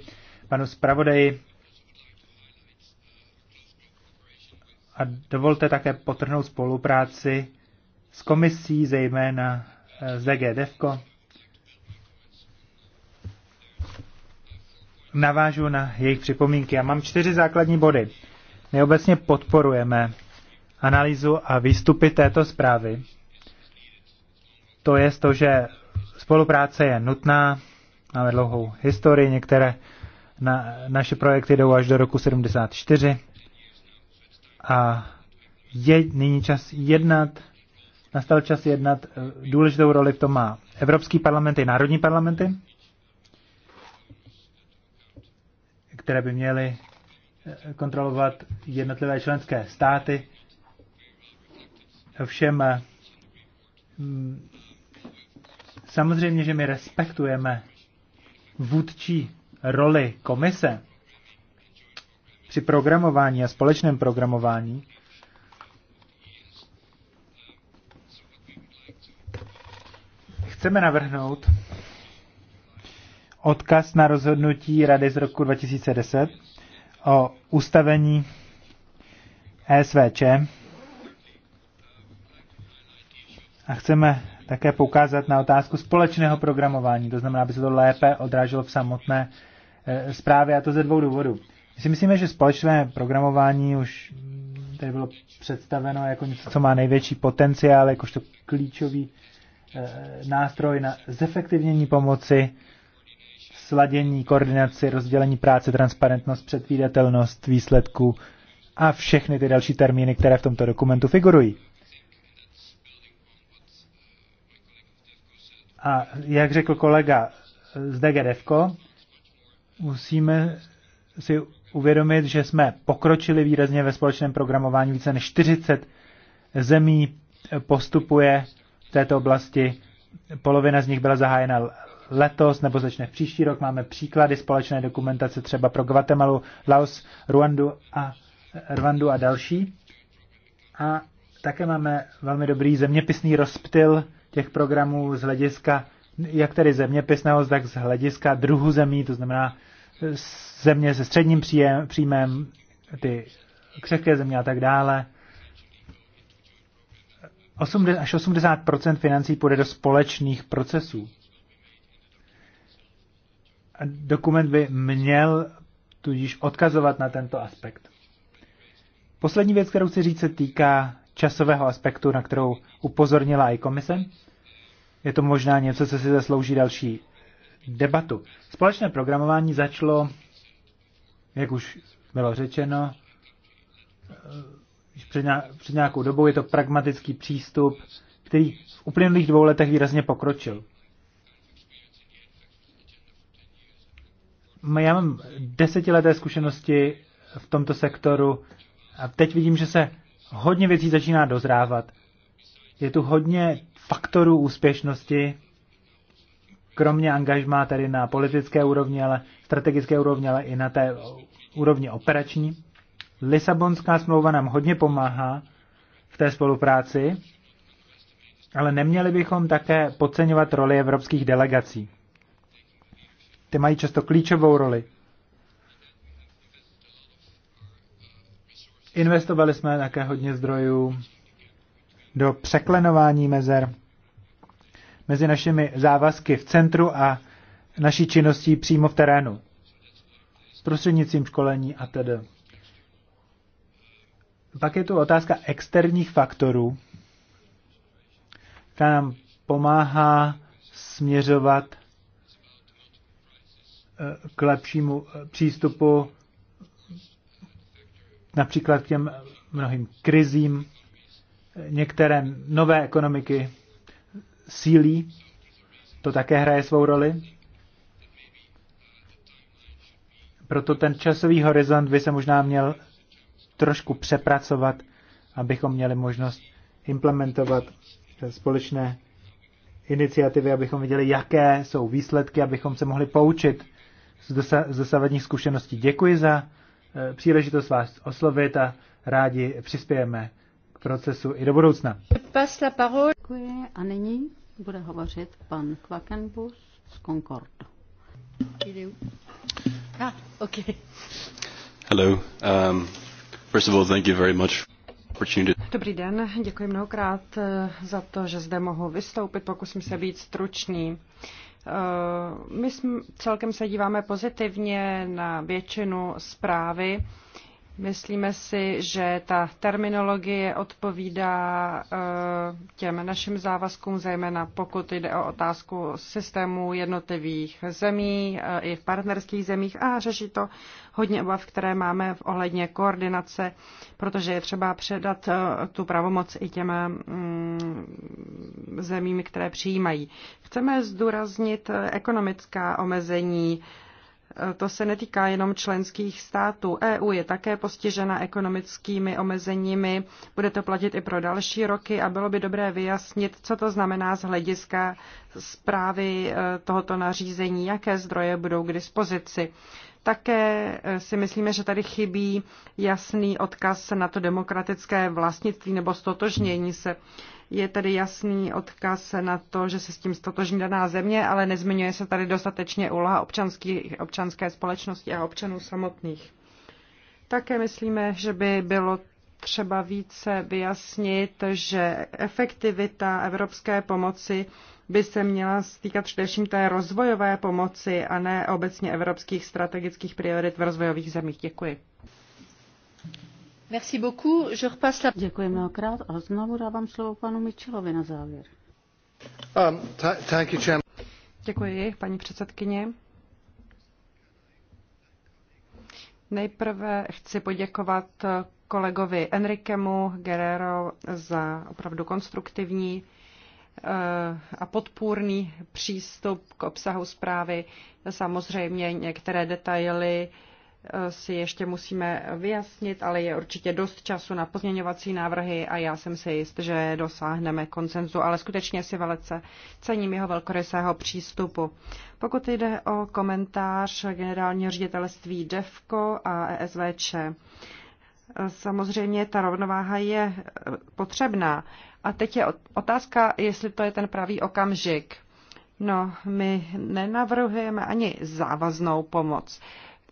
panu zpravodaji A dovolte také potrhnout spolupráci s komisí, zejména eh, z e DGDFko. Navážu na jejich připomínky. Já mám čtyři základní body. My obecně podporujeme analýzu a výstupy této zprávy. To je to, že spolupráce je nutná, máme dlouhou historii, některé na, naše projekty jdou až do roku 74 a je nyní čas jednat, nastal čas jednat, eh, důležitou roli v tom má Evropský parlament i národní parlamenty, které by měly eh, kontrolovat jednotlivé členské státy. všem. Eh, mm, samozřejmě, že my respektujeme vůdčí roli komise, při programování a společném programování. Chceme navrhnout odkaz na rozhodnutí Rady z roku 2010 o ustavení ESVČ a chceme také poukázat na otázku společného programování, to znamená, aby se to lépe odráželo v samotné eh, zprávě a to ze dvou důvodů. My si myslíme, že společné programování už tady bylo představeno jako něco, co má největší potenciál, jakožto klíčový eh, nástroj na zefektivnění pomoci, sladění, koordinaci, rozdělení práce, transparentnost, předvídatelnost výsledků a všechny ty další termíny, které v tomto dokumentu figurují. A jak řekl kolega z DGDFko, musíme si uvědomit, že jsme pokročili výrazně ve společném programování. Více než 40 zemí eh, postupuje v této oblasti. Polovina z nich byla zahájena letos nebo začne příští rok. Máme příklady společné dokumentace třeba pro Guatemalu, Laos, Ruandu a, eh, Rwandu a další. A také máme velmi dobrý zeměpisný rozptyl těch programů z hlediska jak tedy zeměpisného, tak z hlediska druhu zemí, to znamená země se středním příjem, příjmem, ty křehké země a tak dále. 80, až 80 financí půjde do společných procesů. Dokument by měl tudíž odkazovat na tento aspekt. Poslední věc, kterou chci říct, se týká časového aspektu, na kterou upozornila i komise. Je to možná něco, co si zaslouží další debatu. Společné programování začalo, jak už bylo řečeno, eh, před nějakou dobou je to pragmatický přístup, který v uplynulých dvou letech výrazně pokročil. Já mám desetileté zkušenosti v tomto sektoru a teď vidím, že se hodně věcí začíná dozrávat. Je tu hodně faktorů úspěšnosti kromě angažmá tedy na politické úrovni, ale strategické úrovni, ale i na té úrovni operační. Lisabonská smlouva nám hodně pomáhá v té spolupráci, ale neměli bychom také podceňovat roli evropských delegací. Ty mají často klíčovou roli. Investovali jsme také hodně zdrojů do překlenování mezer mezi našimi závazky v centru a naší činností přímo v terénu. Prostřednicím školení a tedy. Pak je tu otázka externích faktorů, která nám pomáhá směřovat eh, k lepšímu eh, přístupu například k těm mnohým krizím, eh, některé nové ekonomiky, sílí, to také hraje svou roli. Proto ten časový horizont by se možná měl trošku přepracovat, abychom měli možnost implementovat společné iniciativy, abychom viděli, jaké jsou výsledky, abychom se mohli poučit z dosavadních zkušeností. Děkuji za eh, příležitost vás oslovit a rádi přispějeme procesu i do budoucna. Děkuji a nyní bude hovořit pan Kvakenbus z Concordu. Ah, okay. Hello. Um, first of all, thank you very much. Dobrý den, děkuji mnohokrát eh, za to, že zde mohu vystoupit. Pokusím se být stručný. Eh, my celkem se díváme pozitivně na většinu zprávy Myslíme si, že ta terminologie odpovídá eh, těm našim závazkům, zejména pokud jde o otázku systému jednotlivých zemí eh, i v partnerských zemích a řeší to hodně obav, které máme v ohledně koordinace, protože je třeba předat eh, tu pravomoc i těm mm, zemím, které přijímají. Chceme zdůraznit ekonomická omezení to se netýká jenom členských států. EU je také postižena ekonomickými omezeními, bude to platit i pro další roky a bylo by dobré vyjasnit, co to znamená z hlediska zprávy e, tohoto nařízení, jaké zdroje budou k dispozici. Také e, si myslíme, že tady chybí jasný odkaz na to demokratické vlastnictví nebo stotožnění se. Je tedy jasný odkaz na to, že se s tím stotožní daná země, ale nezmiňuje se tady dostatečně úloha občanský, občanské společnosti a občanů samotných. Také myslíme, že by bylo třeba více vyjasnit, že efektivita evropské pomoci by se měla stýkat především té rozvojové pomoci a ne obecně evropských strategických priorit v rozvojových zemích. Děkuji. Děkuji mnohokrát um, paní předsedkyně. Nejprve chci poděkovat kolegovi Enriquemu Guerrero za opravdu konstruktivní eh, a podpůrný přístup k obsahu zprávy. Samozřejmě některé detaily si ještě musíme vyjasnit, ale je určitě dost času na pozměňovací návrhy a já jsem si jist, že dosáhneme konsenzu, ale skutečně si velice cením jeho velkorysého přístupu. Pokud jde o komentář generálního ředitelství DEVKO a ESVČ, samozřejmě ta rovnováha je potřebná. A teď je otázka, jestli to je ten pravý okamžik. No, my nenavrhujeme ani závaznou pomoc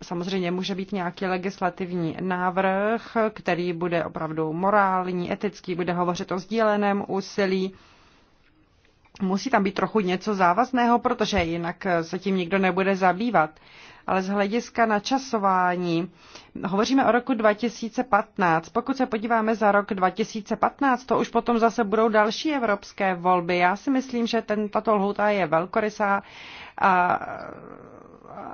samozřejmě může být nějaký legislativní návrh, který bude opravdu morální, etický, bude hovořit o sdíleném úsilí. Musí tam být trochu něco závazného, protože jinak se tím nikdo nebude zabývat. Ale z hlediska načasování, hovoříme o roku 2015. Pokud se podíváme za rok 2015, to už potom zase budou další evropské volby. Já si myslím, že ten, tato lhuta je velkorysá a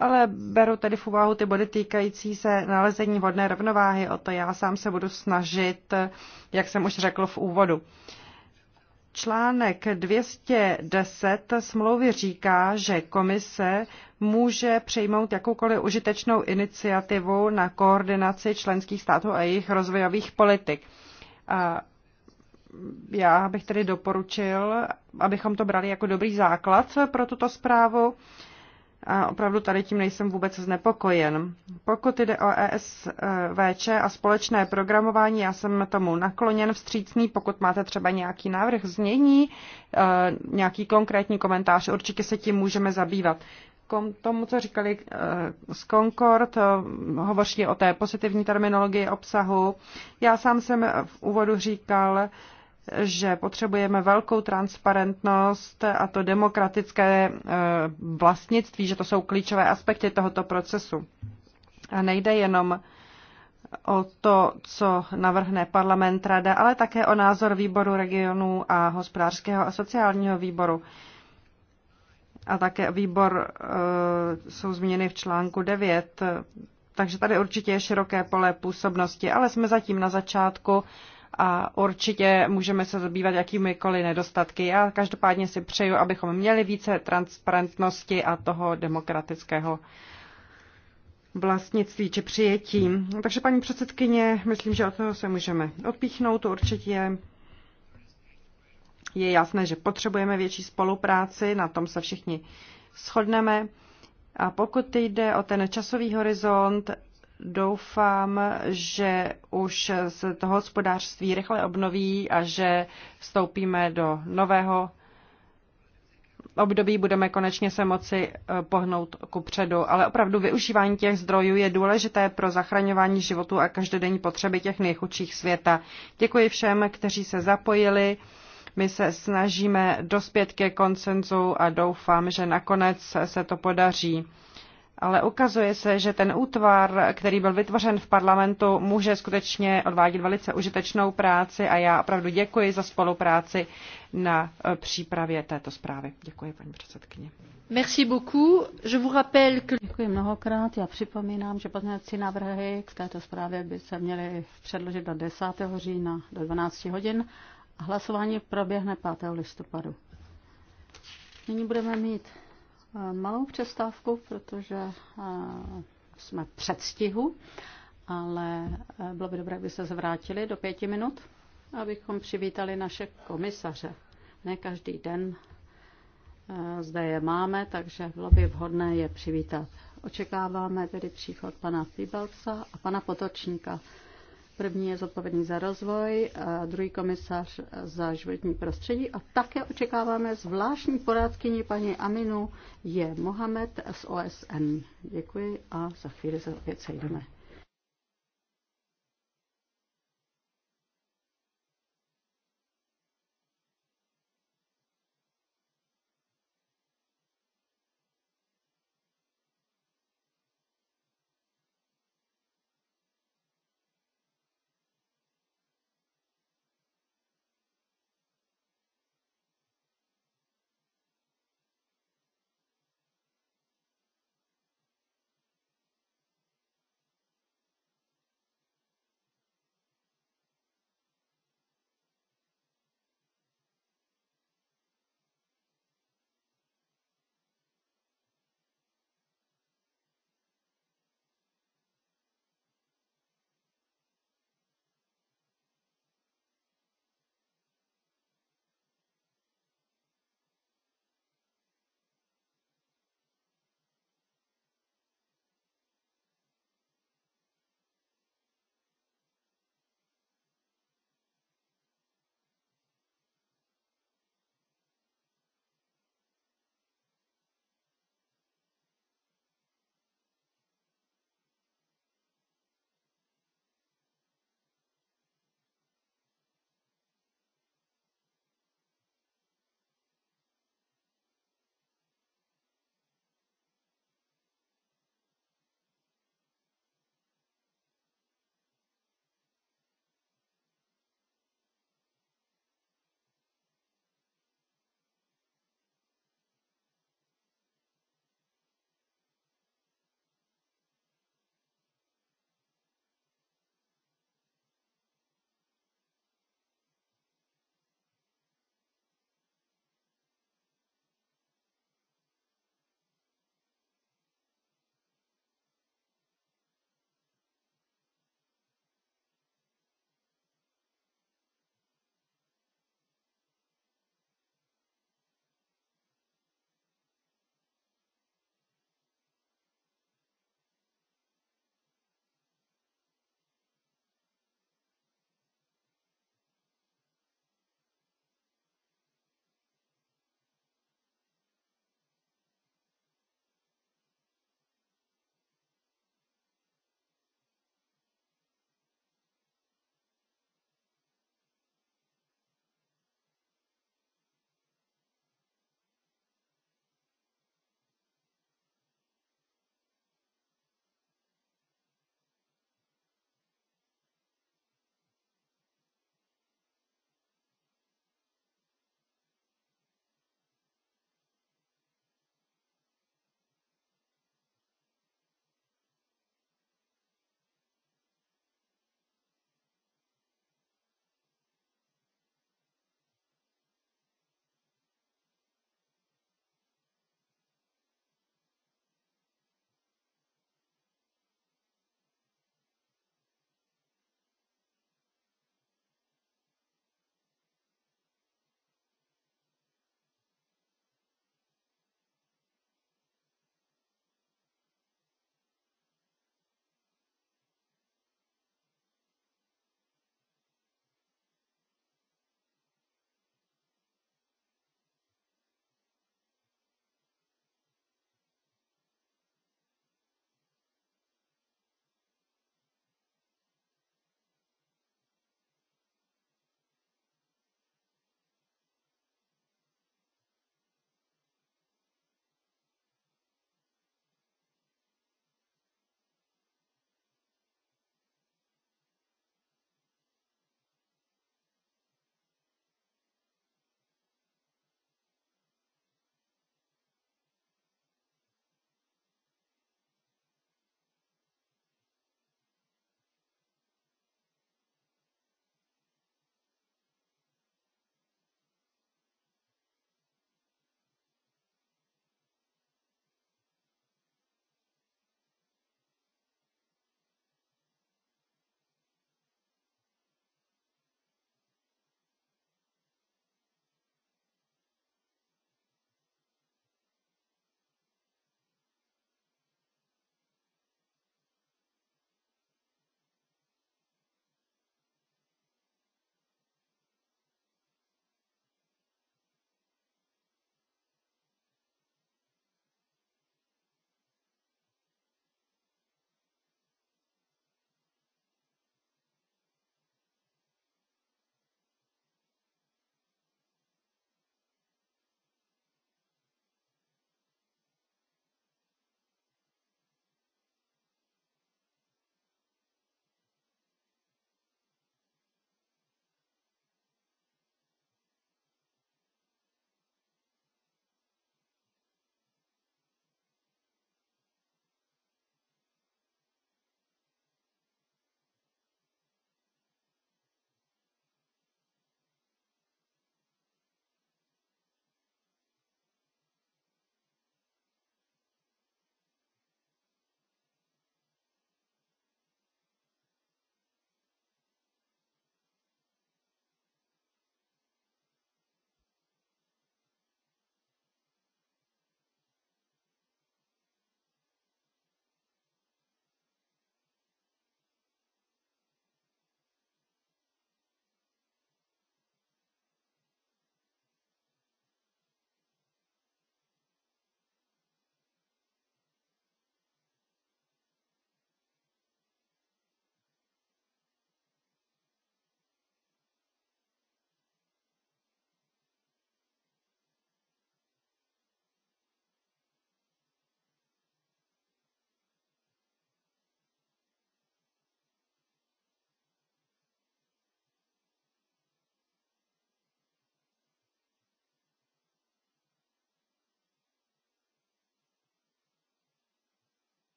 ale beru tedy v úvahu ty body týkající se nalezení vodné rovnováhy. O to já sám se budu snažit, jak jsem už řekl v úvodu. Článek 210 smlouvy říká, že komise může přijmout jakoukoliv užitečnou iniciativu na koordinaci členských států a jejich rozvojových politik. A já bych tedy doporučil, abychom to brali jako dobrý základ pro tuto zprávu a opravdu tady tím nejsem vůbec znepokojen. Pokud jde o ESVČ a společné programování, já jsem tomu nakloněn vstřícný, pokud máte třeba nějaký návrh změní, eh, nějaký konkrétní komentář, určitě se tím můžeme zabývat. K tomu, co říkali eh, z Concord, eh, hovoří o té pozitivní terminologii obsahu. Já sám jsem v úvodu říkal, že potřebujeme velkou transparentnost a to demokratické e, vlastnictví, že to jsou klíčové aspekty tohoto procesu. A nejde jenom o to, co navrhne parlament rada, ale také o názor výboru regionů a hospodářského a sociálního výboru. A také výbor e, jsou změny v článku 9. Takže tady určitě je široké pole působnosti, ale jsme zatím na začátku a určitě můžeme se zabývat jakýmikoliv nedostatky. Já každopádně si přeju, abychom měli více transparentnosti a toho demokratického vlastnictví či přijetí. Takže paní předsedkyně, myslím, že od toho se můžeme odpíchnout. určitě je jasné, že potřebujeme větší spolupráci, na tom se všichni shodneme. A pokud jde o ten časový horizont, doufám, že už se to hospodářství rychle obnoví a že vstoupíme do nového období budeme konečně se moci eh, pohnout ku předu. Ale opravdu využívání těch zdrojů je důležité pro zachraňování životu a každodenní potřeby těch nejchudších světa. Děkuji všem, kteří se zapojili. My se snažíme dospět ke koncenzu a doufám, že nakonec se to podaří ale ukazuje se, že ten útvar, který byl vytvořen v parlamentu, může skutečně odvádět velice užitečnou práci a já opravdu děkuji za spolupráci na eh, přípravě této zprávy. Děkuji, paní předsedkyně. Merci beaucoup. Je vous rappelle que... Děkuji mnohokrát. Já připomínám, že pozměňovací návrhy k této zprávě by se měly předložit do 10. října do 12 hodin a hlasování proběhne 5. listopadu. Nyní budeme mít malou přestávku, protože eh, jsme před stihu, ale eh, bylo by dobré, kdyby se zvrátili do pěti minut, abychom přivítali naše komisaře. Ne každý den eh, zde je máme, takže bylo by vhodné je přivítat. Očekáváme tedy příchod pana Fibelsa a pana Potočníka. První je zodpovědný za rozvoj, a druhý komisař za životní prostředí a také očekáváme zvláštní poradkyni paní Aminu je Mohamed z OSN. Děkuji a za chvíli se opět sejdeme.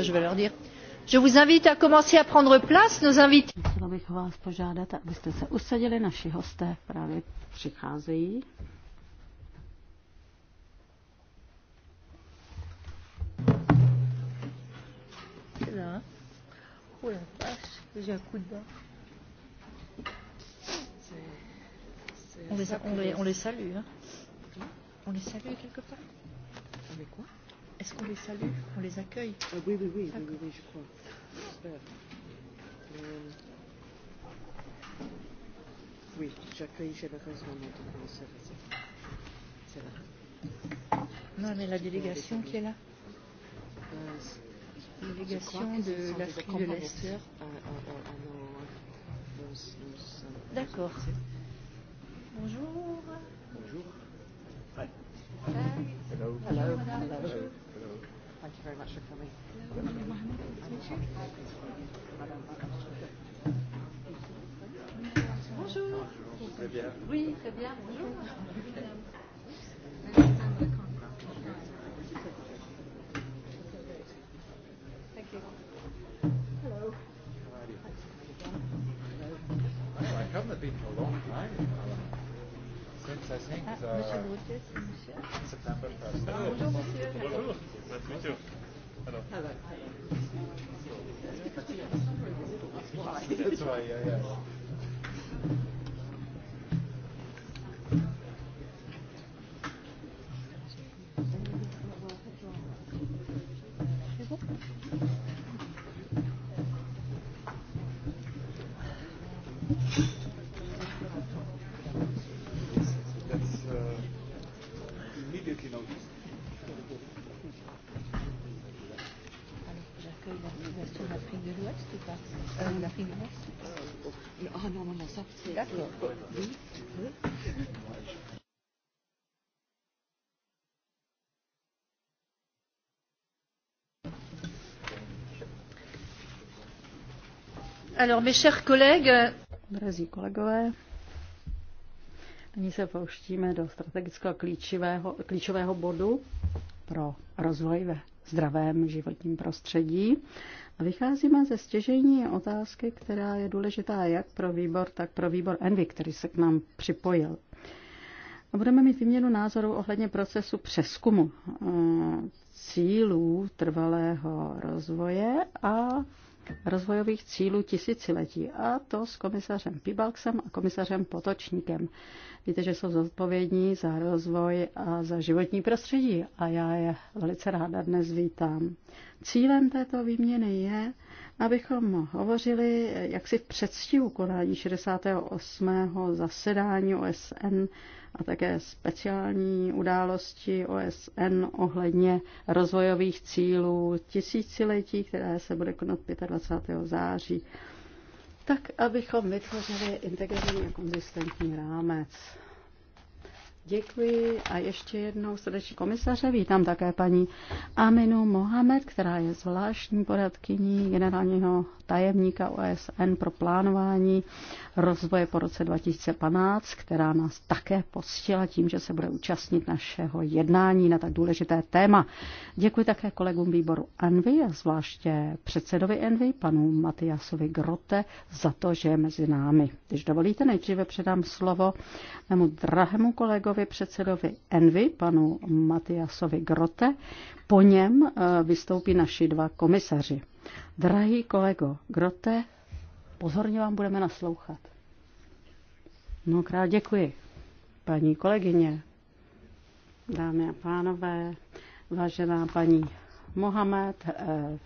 Je vais leur dire. Je vous invite à commencer à prendre place, nos invités. Chtěla bych vás požádat, abyste se usadili, naši hosté právě přicházejí. On les, on, les, on les salue, hein On les salue quelque part Avec quoi Est-ce qu'on les salue On les accueille ah, oui, oui, oui, oui, oui, oui, je crois. J'espère. Euh... Oui, j'accueille généreusement notre service. C'est là. Non, mais la délégation qui est là euh, Délégation de l'Afrique de l'Est. D'accord. Bonjour. Bonjour. Hi. Hello. Hello. Hello. Hello. Hello. Hello. Thank you very much for coming. Bonjour. Très bien. Oui, très bien. Bonjour. Thank you. Hello. I haven't been for a long time. Since I think ah, the Monsieur Brutes, Monsieur. September 1st. Ah, bonjour Monsieur. Bonjour. Nice to meet you. Hello. Hello. Hello. That's because you have a number of That's why, yeah, yeah. Alors, mes chers collègues, Drazí kolegové, nyní se pouštíme do strategického klíčového, klíčového bodu pro rozvoj ve zdravém životním prostředí. A vycházíme ze stěžení otázky, která je důležitá jak pro výbor, tak pro výbor Envy, který se k nám připojil. A budeme mít výměnu názorů ohledně procesu přeskumu eh, cílů trvalého rozvoje a rozvojových cílů tisíciletí, a to s komisařem Pibalksem a komisařem Potočníkem. Víte, že jsou zodpovědní za rozvoj a za životní prostředí a já je velice ráda dnes vítám. Cílem této výměny je, abychom hovořili jaksi v předstihu konání 68. zasedání OSN a také speciální události OSN ohledně rozvojových cílů tisíciletí, které se bude konat 25. září, tak abychom vytvořili integrovaný a konzistentní rámec. Děkuji a ještě jednou srdeční komisaře. Vítám také paní Aminu Mohamed, která je zvláštní poradkyní generálního tajemníka OSN pro plánování rozvoje po roce 2015, která nás také postila tím, že se bude účastnit našeho jednání na tak důležité téma. Děkuji také kolegům výboru Envy a zvláště předsedovi Envy, panu Matiasovi Grote, za to, že je mezi námi. Když dovolíte, nejdříve předám slovo mému drahému kolegovi, kolegovi předsedovi Envy, panu Matiasovi Grote. Po něm eh, vystoupí naši dva komisaři. Drahý kolego Grote, pozorně vám budeme naslouchat. Mnohokrát děkuji, paní kolegyně, dámy a pánové, vážená paní Mohamed, eh,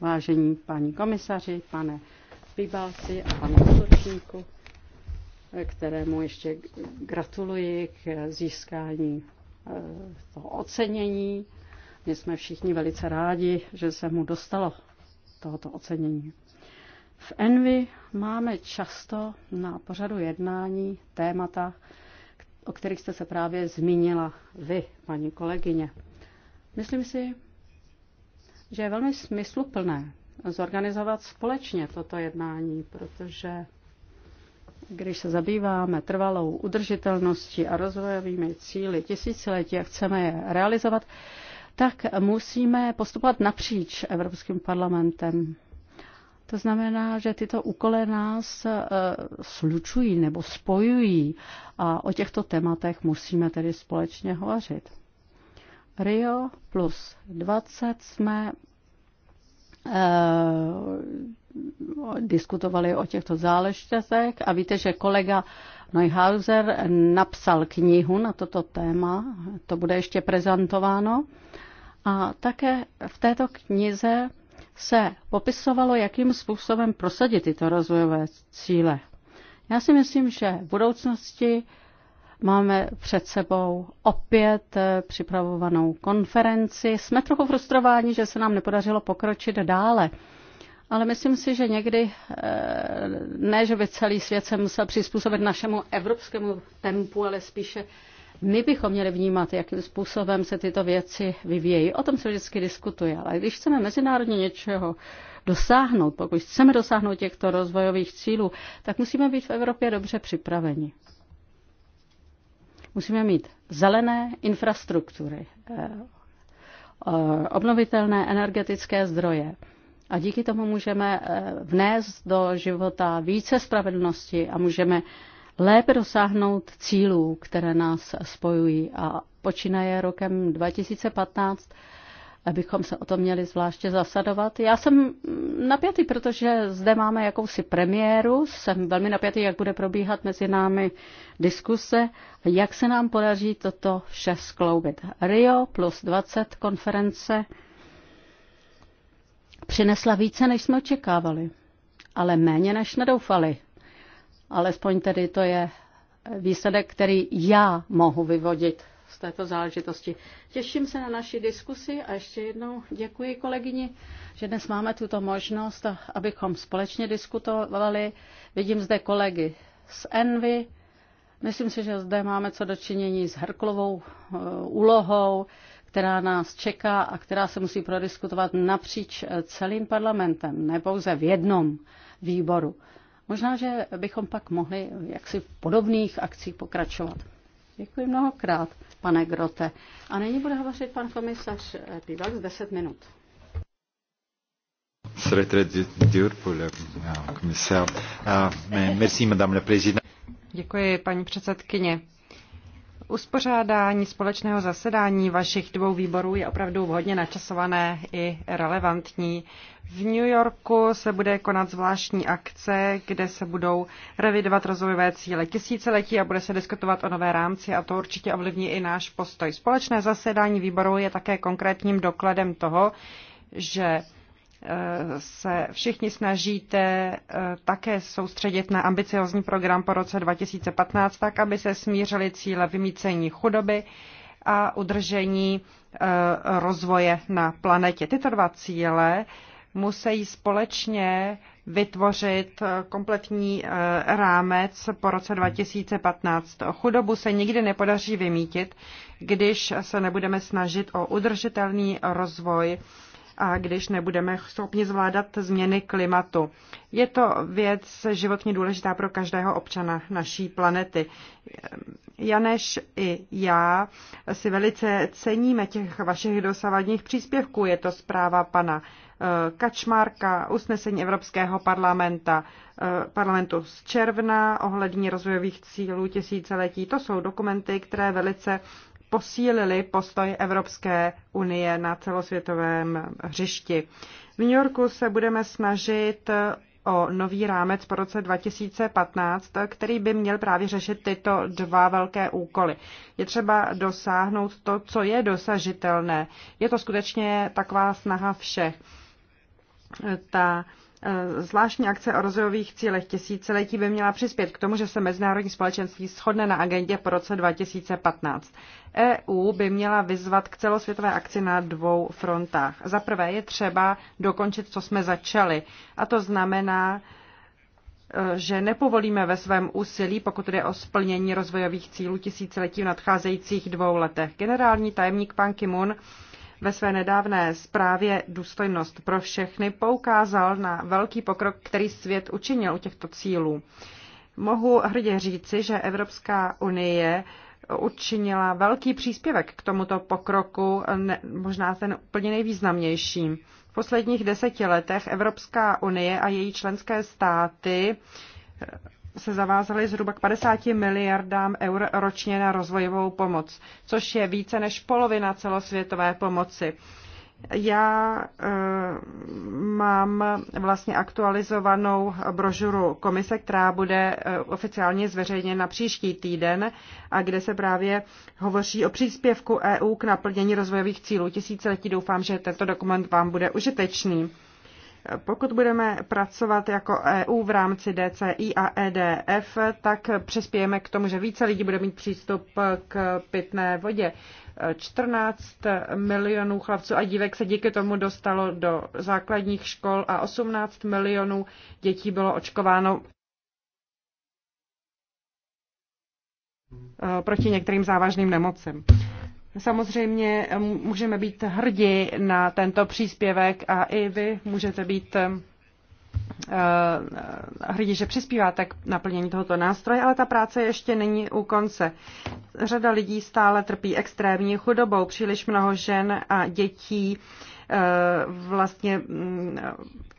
vážení paní komisaři, pane Pibalci a pane Sočníku kterému ještě gratuluji k získání eh, toho ocenění. My jsme všichni velice rádi, že se mu dostalo tohoto ocenění. V Envy máme často na pořadu jednání témata, o kterých jste se právě zmínila vy, paní kolegyně. Myslím si, že je velmi smysluplné zorganizovat společně toto jednání, protože když se zabýváme trvalou udržitelností a rozvojovými cíly tisíciletí a chceme je realizovat, tak musíme postupovat napříč Evropským parlamentem. To znamená, že tyto úkoly nás e, slučují nebo spojují a o těchto tématech musíme tedy společně hovořit. Rio plus 20 jsme e, diskutovali o těchto záležitostech a víte, že kolega Neuhauser napsal knihu na toto téma, to bude ještě prezentováno. A také v této knize se popisovalo, jakým způsobem prosadit tyto rozvojové cíle. Já si myslím, že v budoucnosti máme před sebou opět eh, připravovanou konferenci. Jsme trochu frustrováni, že se nám nepodařilo pokročit dále ale myslím si, že někdy eh, ne, že by celý svět se musel přizpůsobit našemu evropskému tempu, ale spíše my bychom měli vnímat, jakým způsobem se tyto věci vyvíjejí. O tom se vždycky diskutuje, ale když chceme mezinárodně něčeho dosáhnout, pokud chceme dosáhnout těchto rozvojových cílů, tak musíme být v Evropě dobře připraveni. Musíme mít zelené infrastruktury, eh, eh, obnovitelné energetické zdroje, a díky tomu můžeme eh, vnést do života více spravedlnosti a můžeme lépe dosáhnout cílů, které nás spojují. A počínaje rokem 2015 abychom se o to měli zvláště zasadovat. Já jsem napjatý, protože zde máme jakousi premiéru, jsem velmi napjatý, jak bude probíhat mezi námi diskuse, jak se nám podaří toto vše skloubit. Rio plus 20 konference přinesla více, než jsme očekávali, ale méně, než nedoufali. Alespoň tedy to je výsledek, který já mohu vyvodit z této záležitosti. Těším se na naši diskusi a ještě jednou děkuji kolegyni, že dnes máme tuto možnost, abychom společně diskutovali. Vidím zde kolegy z Envy. Myslím si, že zde máme co dočinění s Herklovou eh, úlohou která nás čeká a která se musí prodiskutovat napříč eh, celým parlamentem, ne pouze v jednom výboru. Možná, že bychom pak mohli jaksi v podobných akcích pokračovat. Děkuji mnohokrát, pane Grote. A nyní bude hovořit pan komisař eh, Pivak z 10 minut. Eh, ah, Děkuji, paní předsedkyně. Uspořádání společného zasedání vašich dvou výborů je opravdu hodně načasované i relevantní. V New Yorku se bude konat zvláštní akce, kde se budou revidovat rozvojové cíle tisíciletí a bude se diskutovat o nové rámci a to určitě ovlivní i náš postoj. Společné zasedání výborů je také konkrétním dokladem toho, že se všichni snažíte eh, také soustředit na ambiciozní program po roce 2015, tak aby se smířily cíle vymícení chudoby a udržení eh, rozvoje na planetě. Tyto dva cíle musí společně vytvořit eh, kompletní rámec po roce 2015. Chudobu se nikdy nepodaří vymítit, když se nebudeme snažit o udržitelný rozvoj a když nebudeme schopni zvládat změny klimatu. Je to věc životně důležitá pro každého občana naší planety. Janeš i já si velice ceníme těch vašich dosavadních příspěvků. Je to zpráva pana eh, Kačmárka, usnesení Evropského parlamenta, eh, parlamentu z června ohledně rozvojových cílů tisíciletí. To jsou dokumenty, které velice posílili postoj Evropské unie na celosvětovém hřišti. V New Yorku se budeme snažit o nový rámec po roce 2015, který by měl právě řešit tyto dva velké úkoly. Je třeba dosáhnout to, co je dosažitelné. Je to skutečně taková snaha všech. Ta Eh, zvláštní akce o rozvojových cílech tisíciletí by měla přispět k tomu, že se mezinárodní společenství shodne na agendě po roce 2015. EU by měla vyzvat k celosvětové akci na dvou frontách. Za prvé je třeba dokončit, co jsme začali. A to znamená, eh, že nepovolíme ve svém úsilí, pokud jde o splnění rozvojových cílů tisíciletí v nadcházejících dvou letech. Generální tajemník pan Kimun ve své nedávné zprávě Důstojnost pro všechny poukázal na velký pokrok, který svět učinil u těchto cílů. Mohu hrdě říci, že Evropská unie učinila velký příspěvek k tomuto pokroku, ne, možná ten úplně nejvýznamnější. V posledních deseti letech Evropská unie a její členské státy se zavázali zhruba k 50 miliardám eur ročně na rozvojovou pomoc, což je více než polovina celosvětové pomoci. Já e, mám vlastně aktualizovanou brožuru komise, která bude eh, oficiálně zveřejněna příští týden a kde se právě hovoří o příspěvku EU k naplnění rozvojových cílů tisíciletí. Doufám, že tento dokument vám bude užitečný. Pokud budeme pracovat jako EU v rámci DCI a EDF, tak přispějeme k tomu, že více lidí bude mít přístup k pitné vodě. 14 milionů chlapců a dívek se díky tomu dostalo do základních škol a 18 milionů dětí bylo očkováno proti některým závažným nemocem. Samozřejmě eh, můžeme být hrdí na tento příspěvek a i vy můžete být eh, eh, hrdí, že přispíváte k naplnění tohoto nástroje, ale ta práce ještě není u konce. Řada lidí stále trpí extrémní chudobou, příliš mnoho žen a dětí vlastně mm,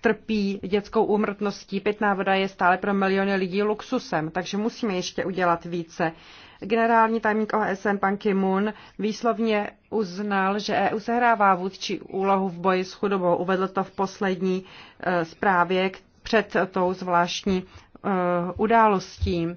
trpí dětskou úmrtností. Pitná voda je stále pro miliony lidí luxusem, takže musíme ještě udělat více. Generální tajemník OSN pan Kimun výslovně uznal, že EU sehrává vůdčí úlohu v boji s chudobou. Uvedl to v poslední e, zprávě před tou zvláštní e, událostí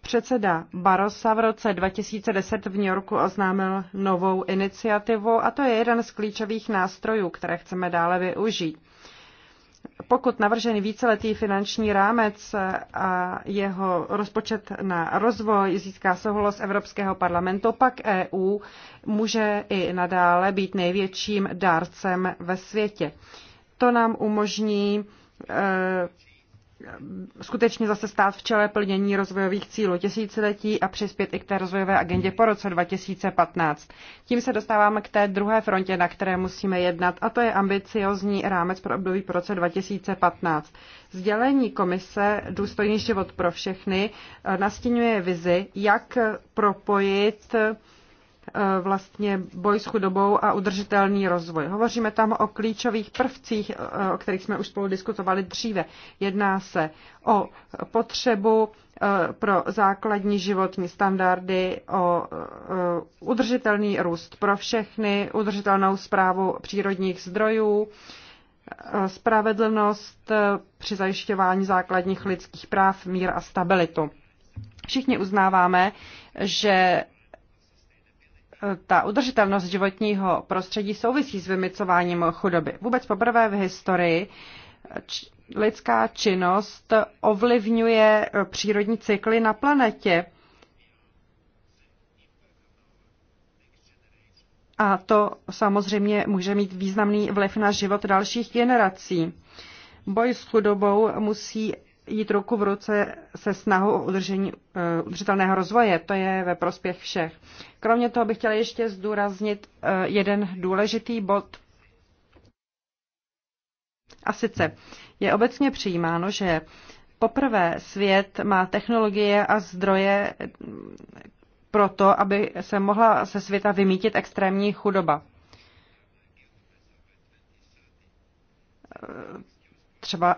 předseda Barossa v roce 2010 v New Yorku oznámil novou iniciativu a to je jeden z klíčových nástrojů, které chceme dále využít pokud navržený víceletý finanční rámec a jeho rozpočet na rozvoj získá souhlas Evropského parlamentu, pak EU může i nadále být největším dárcem ve světě. To nám umožní eh, Ehm, skutečně zase stát v čele plnění rozvojových cílů tisíciletí a přispět i k té rozvojové agendě po roce 2015. Tím se dostáváme k té druhé frontě, na které musíme jednat, a to je ambiciozní rámec pro období po roce 2015. Sdělení komise Důstojný život pro všechny e, nastínuje vizi, jak propojit Eh, vlastně boj s chudobou a udržitelný rozvoj. Hovoříme tam o klíčových prvcích, eh, o kterých jsme už spolu diskutovali dříve. Jedná se o potřebu eh, pro základní životní standardy, o udržitelný růst pro všechny, udržitelnou zprávu přírodních zdrojů, spravedlnost při zajišťování základních lidských práv, mír a stabilitu. Všichni uznáváme, že ta udržitelnost životního prostředí souvisí s vymycováním chudoby. Vůbec poprvé v historii lidská činnost ovlivňuje přírodní cykly na planetě. A to samozřejmě může mít významný vliv na život dalších generací. Boj s chudobou musí jít ruku v ruce se snahou o udržení eh, udržitelného rozvoje. To je ve prospěch všech. Kromě toho bych chtěla ještě zdůraznit eh, jeden důležitý bod. A sice je obecně přijímáno, že poprvé svět má technologie a zdroje mm, pro to, aby se mohla se světa vymítit extrémní chudoba. Eh, třeba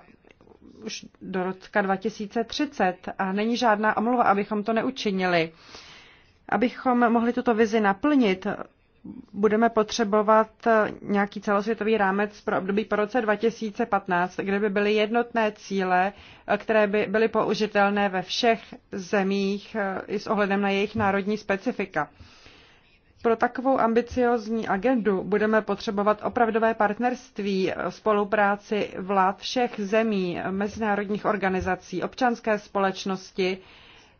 už do roka 2030 a není žádná omluva, abychom to neučinili. Abychom mohli tuto vizi naplnit, budeme potřebovat nějaký celosvětový rámec pro období po roce 2015, kde by byly jednotné cíle, které by byly použitelné ve všech zemích i s ohledem na jejich národní specifika. Pro takovou ambiciozní agendu budeme potřebovat opravdové partnerství, spolupráci vlád všech zemí, mezinárodních organizací, občanské společnosti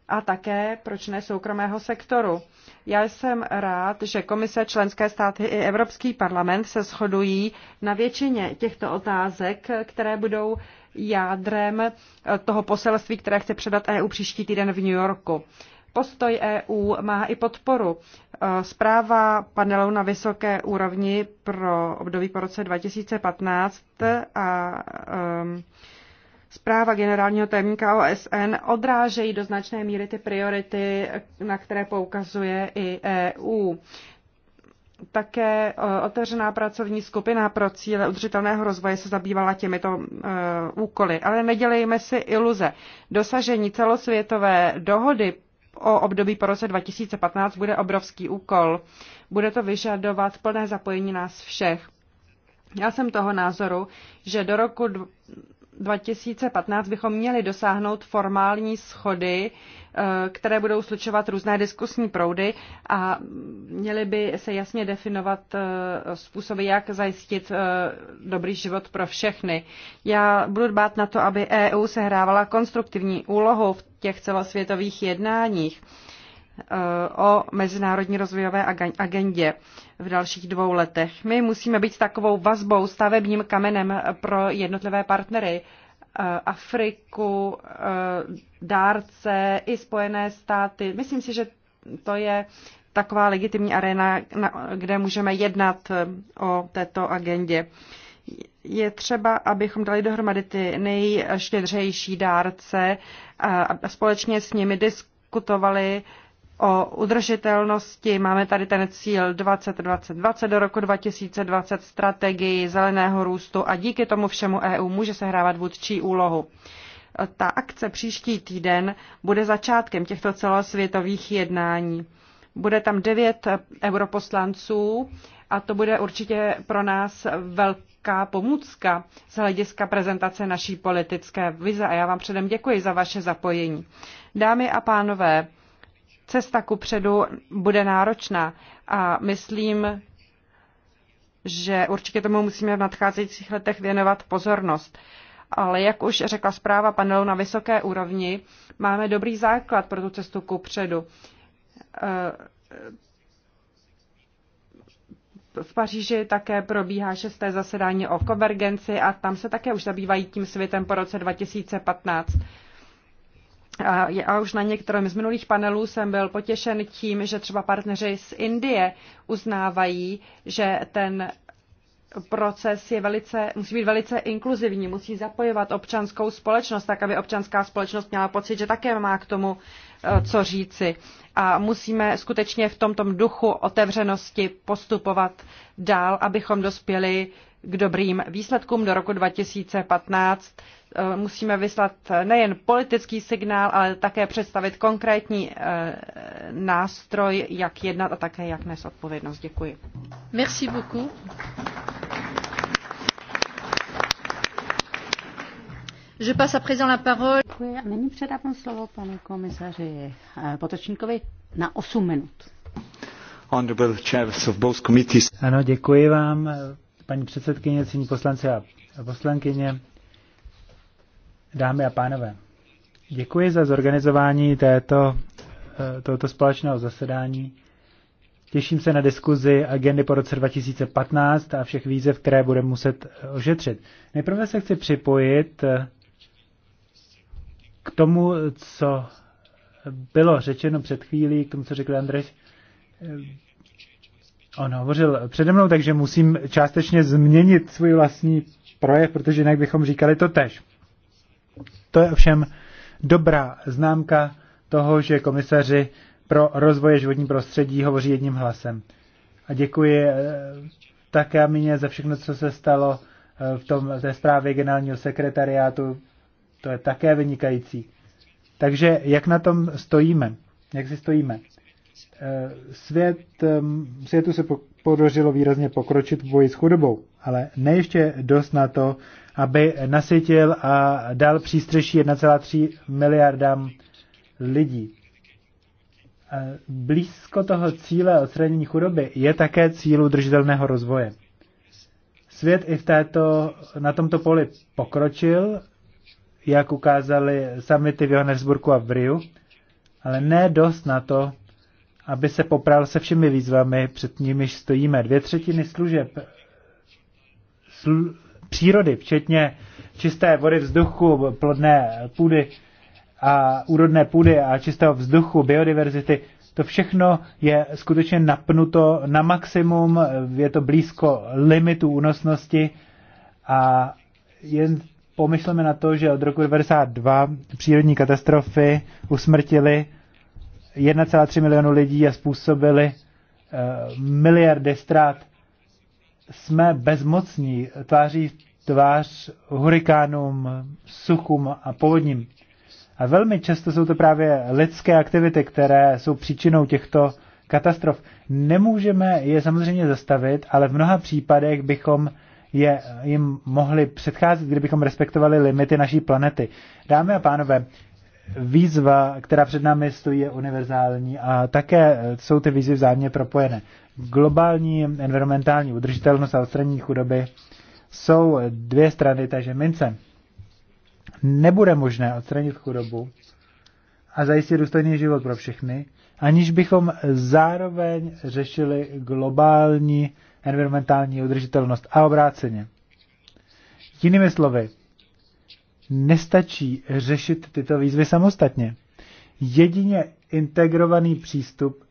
a také, proč ne, soukromého sektoru. Já jsem rád, že Komise členské státy i Evropský parlament se shodují na většině těchto otázek, které budou jádrem toho poselství, které chce předat EU příští týden v New Yorku. Postoj EU má i podporu. Eh, zpráva panelu na vysoké úrovni pro období po roce 2015 a ehm, zpráva generálního tajemníka OSN odrážejí do značné míry ty priority, na které poukazuje i EU. Také eh, otevřená pracovní skupina pro cíle udržitelného rozvoje se zabývala těmito eh, úkoly. Ale nedělejme si iluze. Dosažení celosvětové dohody o období po roce 2015 bude obrovský úkol. Bude to vyžadovat plné zapojení nás všech. Já jsem toho názoru, že do roku 2015 bychom měli dosáhnout formální schody Eh, které budou slučovat různé diskusní proudy a měly by se jasně definovat eh, způsoby, jak zajistit eh, dobrý život pro všechny. Já budu dbát na to, aby EU sehrávala konstruktivní úlohu v těch celosvětových jednáních o mezinárodní rozvojové agendě v dalších dvou letech. My musíme být takovou vazbou, stavebním kamenem pro jednotlivé partnery Eh, Afriku, eh, dárce i Spojené státy. Myslím si, že to je taková legitimní arena, kde můžeme jednat eh, o této agendě. Je třeba, abychom dali dohromady ty nejštědřejší dárce a společně s nimi diskutovali o udržitelnosti. Máme tady ten cíl 2020 do roku 2020 strategii zeleného růstu a díky tomu všemu EU může sehrávat vůdčí úlohu. Ta akce příští týden bude začátkem těchto celosvětových jednání. Bude tam devět europoslanců a to bude určitě pro nás velká pomůcka z hlediska prezentace naší politické vize a já vám předem děkuji za vaše zapojení. Dámy a pánové, cesta ku předu bude náročná a myslím, že určitě tomu musíme v nadcházejících letech věnovat pozornost. Ale jak už řekla zpráva panelu na vysoké úrovni, máme dobrý základ pro tu cestu ku předu. V Paříži také probíhá šesté zasedání o konvergenci a tam se také už zabývají tím světem po roce 2015. A, už na některém z minulých panelů jsem byl potěšen tím, že třeba partneři z Indie uznávají, že ten proces je velice, musí být velice inkluzivní, musí zapojovat občanskou společnost, tak aby občanská společnost měla pocit, že také má k tomu eh, co říci. A musíme skutečně v tomto duchu otevřenosti postupovat dál, abychom dospěli k dobrým výsledkům do roku 2015. Eh, musíme vyslat nejen politický signál, ale také představit konkrétní eh, nástroj, jak jednat a také jak nést odpovědnost. Děkuji. Merci beaucoup. Je passe à présent la parole. Děkuji a nyní předávám slovo panu komisaři eh, Potočníkovi na 8 minut. Honorable chairs of both committees. Ano, děkuji vám, paní předsedkyně, cení poslanci a poslankyně, dámy a pánové. Děkuji za zorganizování této, eh, tohoto společného zasedání. Těším se na diskuzi agendy po roce 2015 a všech výzev, které budeme muset eh, ošetřit. Nejprve se chci připojit eh, k tomu, co bylo řečeno před chvílí, k tomu, co řekl Andrej. On hovořil přede mnou, takže musím částečně změnit svůj vlastní projev, protože jinak bychom říkali to tež. To je ovšem dobrá známka toho, že komisaři pro rozvoj životní prostředí hovoří jedním hlasem. A děkuji eh, také mě za všechno, co se stalo eh, v tom, té zprávě generálního sekretariátu. To je také vynikající. Takže jak na tom stojíme? Jak si stojíme? Eh, svět, světu se podařilo výrazně pokročit v boji s chudobou, ale ne ještě dost na to, aby nasytil a dal přístřeší 1,3 miliardám lidí. Eh, blízko toho cíle odstranění chudoby je také cíl udržitelného rozvoje. Svět i v této, na tomto poli pokročil, jak ukázali samity v Johannesburgu a v Riu, ale ne dost na to, aby se popral se všemi výzvami, před nimiž stojíme. Dvě třetiny služeb slu, přírody, včetně čisté vody, vzduchu, plodné půdy a úrodné půdy a čistého vzduchu, biodiverzity, to všechno je skutečně napnuto na maximum, je to blízko limitu únosnosti a jen pomysleme na to, že od roku 1992 přírodní katastrofy usmrtily 1,3 milionu lidí a způsobili eh, miliardy ztrát. Jsme bezmocní tváří tvář hurikánům, suchům a povodním. A velmi často jsou to právě lidské aktivity, které jsou příčinou těchto katastrof. Nemůžeme je samozřejmě zastavit, ale v mnoha případech bychom je, jim mohli předcházet, kdybychom respektovali limity naší planety. Dámy a pánové, výzva, která před námi stojí, je univerzální a také eh, jsou ty výzvy vzájemně propojené. Globální environmentální udržitelnost a odstranění chudoby jsou dvě strany takže mince. Nebude možné odstranit chudobu a zajistit důstojný život pro všechny, aniž bychom zároveň řešili globální environmentální udržitelnost a obráceně. Jinými slovy, nestačí řešit tyto výzvy samostatně. Jedině integrovaný přístup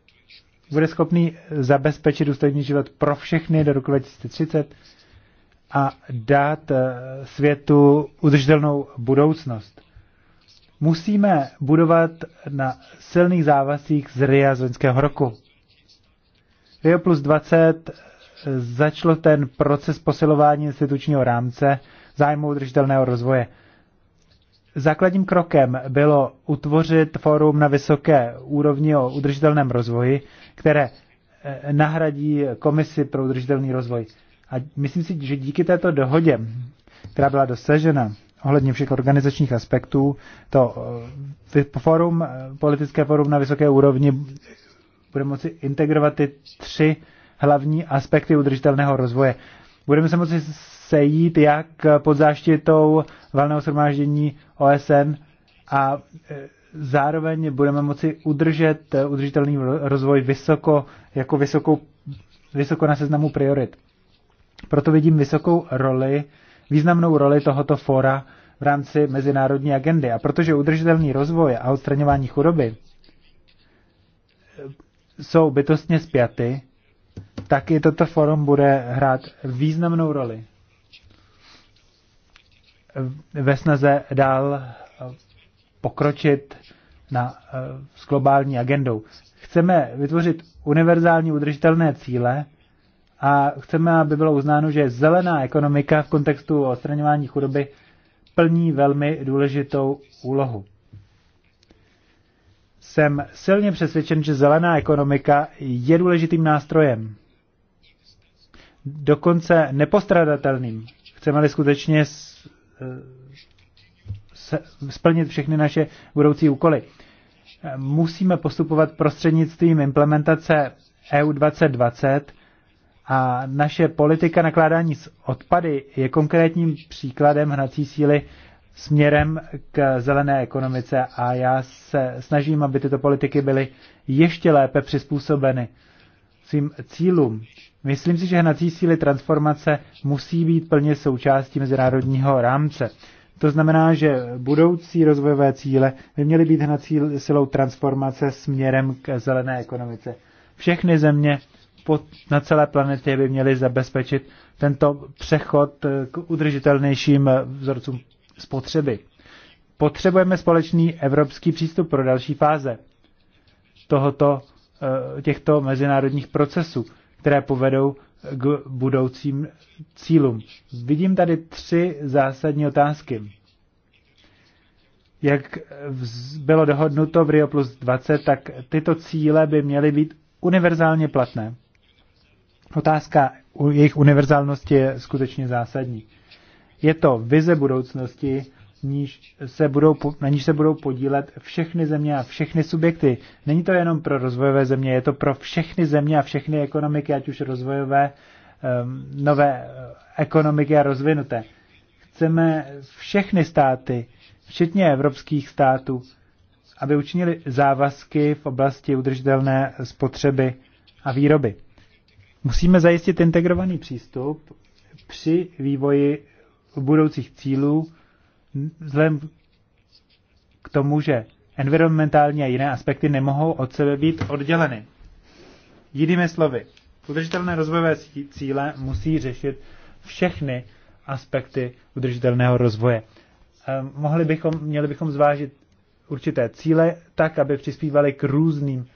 bude schopný zabezpečit důstojný život pro všechny do roku 2030 a dát eh, světu udržitelnou budoucnost. Musíme budovat na silných závazcích z RIA z loňského roku. Rio plus 20 eh, začalo ten proces posilování institučního rámce zájmu udržitelného rozvoje. Základním krokem bylo utvořit fórum na vysoké úrovni o udržitelném rozvoji, které eh, nahradí komisi pro udržitelný rozvoj. A myslím si, že díky této dohodě, která byla dosažena ohledně všech organizačních aspektů, to eh, forum, eh, politické fórum na vysoké úrovni bude moci integrovat ty tři hlavní aspekty udržitelného rozvoje. Budeme se moci sejít jak pod záštitou valného shromáždění OSN a e, zároveň budeme moci udržet e, udržitelný rozvoj vysoko, jako vysokou, vysoko na seznamu priorit. Proto vidím vysokou roli, významnou roli tohoto fora v rámci mezinárodní agendy. A protože udržitelný rozvoj a odstraňování chudoby e, jsou bytostně spjaty, tak i toto forum bude hrát významnou roli ve snaze dál eh, pokročit na, eh, s globální agendou. Chceme vytvořit univerzální udržitelné cíle a chceme, aby bylo uznáno, že zelená ekonomika v kontextu odstraňování chudoby plní velmi důležitou úlohu. Jsem silně přesvědčen, že zelená ekonomika je důležitým nástrojem. Dokonce nepostradatelným. Chceme-li skutečně splnit všechny naše budoucí úkoly. Musíme postupovat prostřednictvím implementace EU 2020 a naše politika nakládání s odpady je konkrétním příkladem hnací síly směrem k zelené ekonomice a já se snažím, aby tyto politiky byly ještě lépe přizpůsobeny svým cílům. Myslím si, že hnací síly transformace musí být plně součástí mezinárodního rámce. To znamená, že budoucí rozvojové cíle by měly být hnací silou transformace směrem k zelené ekonomice. Všechny země na celé planetě by měly zabezpečit tento přechod k udržitelnějším vzorcům spotřeby. Potřebujeme společný evropský přístup pro další fáze tohoto, eh, těchto mezinárodních procesů které povedou k budoucím cílům. Vidím tady tři zásadní otázky. Jak bylo dohodnuto v Rio plus 20, tak tyto cíle by měly být univerzálně platné. Otázka jejich univerzálnosti je skutečně zásadní. Je to vize budoucnosti níž se budou, na níž se budou podílet všechny země a všechny subjekty. Není to jenom pro rozvojové země, je to pro všechny země a všechny ekonomiky, ať už rozvojové, nové eh, ekonomiky a rozvinuté. Chceme všechny státy, včetně evropských států, aby učinili závazky v oblasti udržitelné spotřeby a výroby. Musíme zajistit integrovaný přístup při vývoji budoucích cílů vzhledem k tomu, že environmentální a jiné aspekty nemohou od sebe být odděleny. Jinými slovy, udržitelné rozvojové cíle musí řešit všechny aspekty udržitelného rozvoje. Ehm, mohli bychom, měli bychom zvážit určité cíle tak, aby přispívali k různým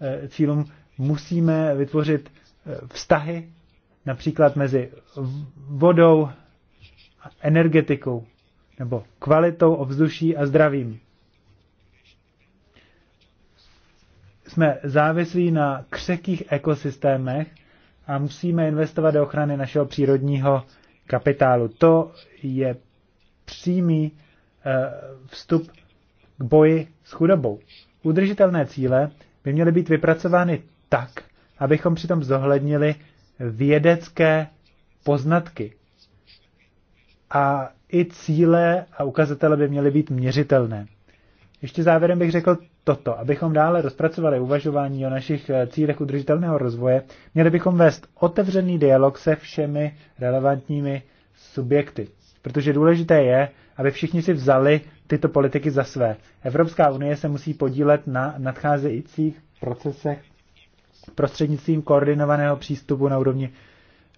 eh, cílům. Musíme vytvořit eh, vztahy například mezi vodou, energetikou, nebo kvalitou ovzduší a zdravím. Jsme závislí na křekých ekosystémech a musíme investovat do ochrany našeho přírodního kapitálu. To je přímý eh, vstup k boji s chudobou. Udržitelné cíle by měly být vypracovány tak, abychom přitom zohlednili vědecké poznatky. A i cíle a ukazatele by měly být měřitelné. Ještě závěrem bych řekl toto. Abychom dále rozpracovali uvažování o našich eh, cílech udržitelného rozvoje, měli bychom vést otevřený dialog se všemi relevantními subjekty. Protože důležité je, aby všichni si vzali tyto politiky za své. Evropská unie se musí podílet na nadcházejících procesech prostřednictvím koordinovaného přístupu na úrovni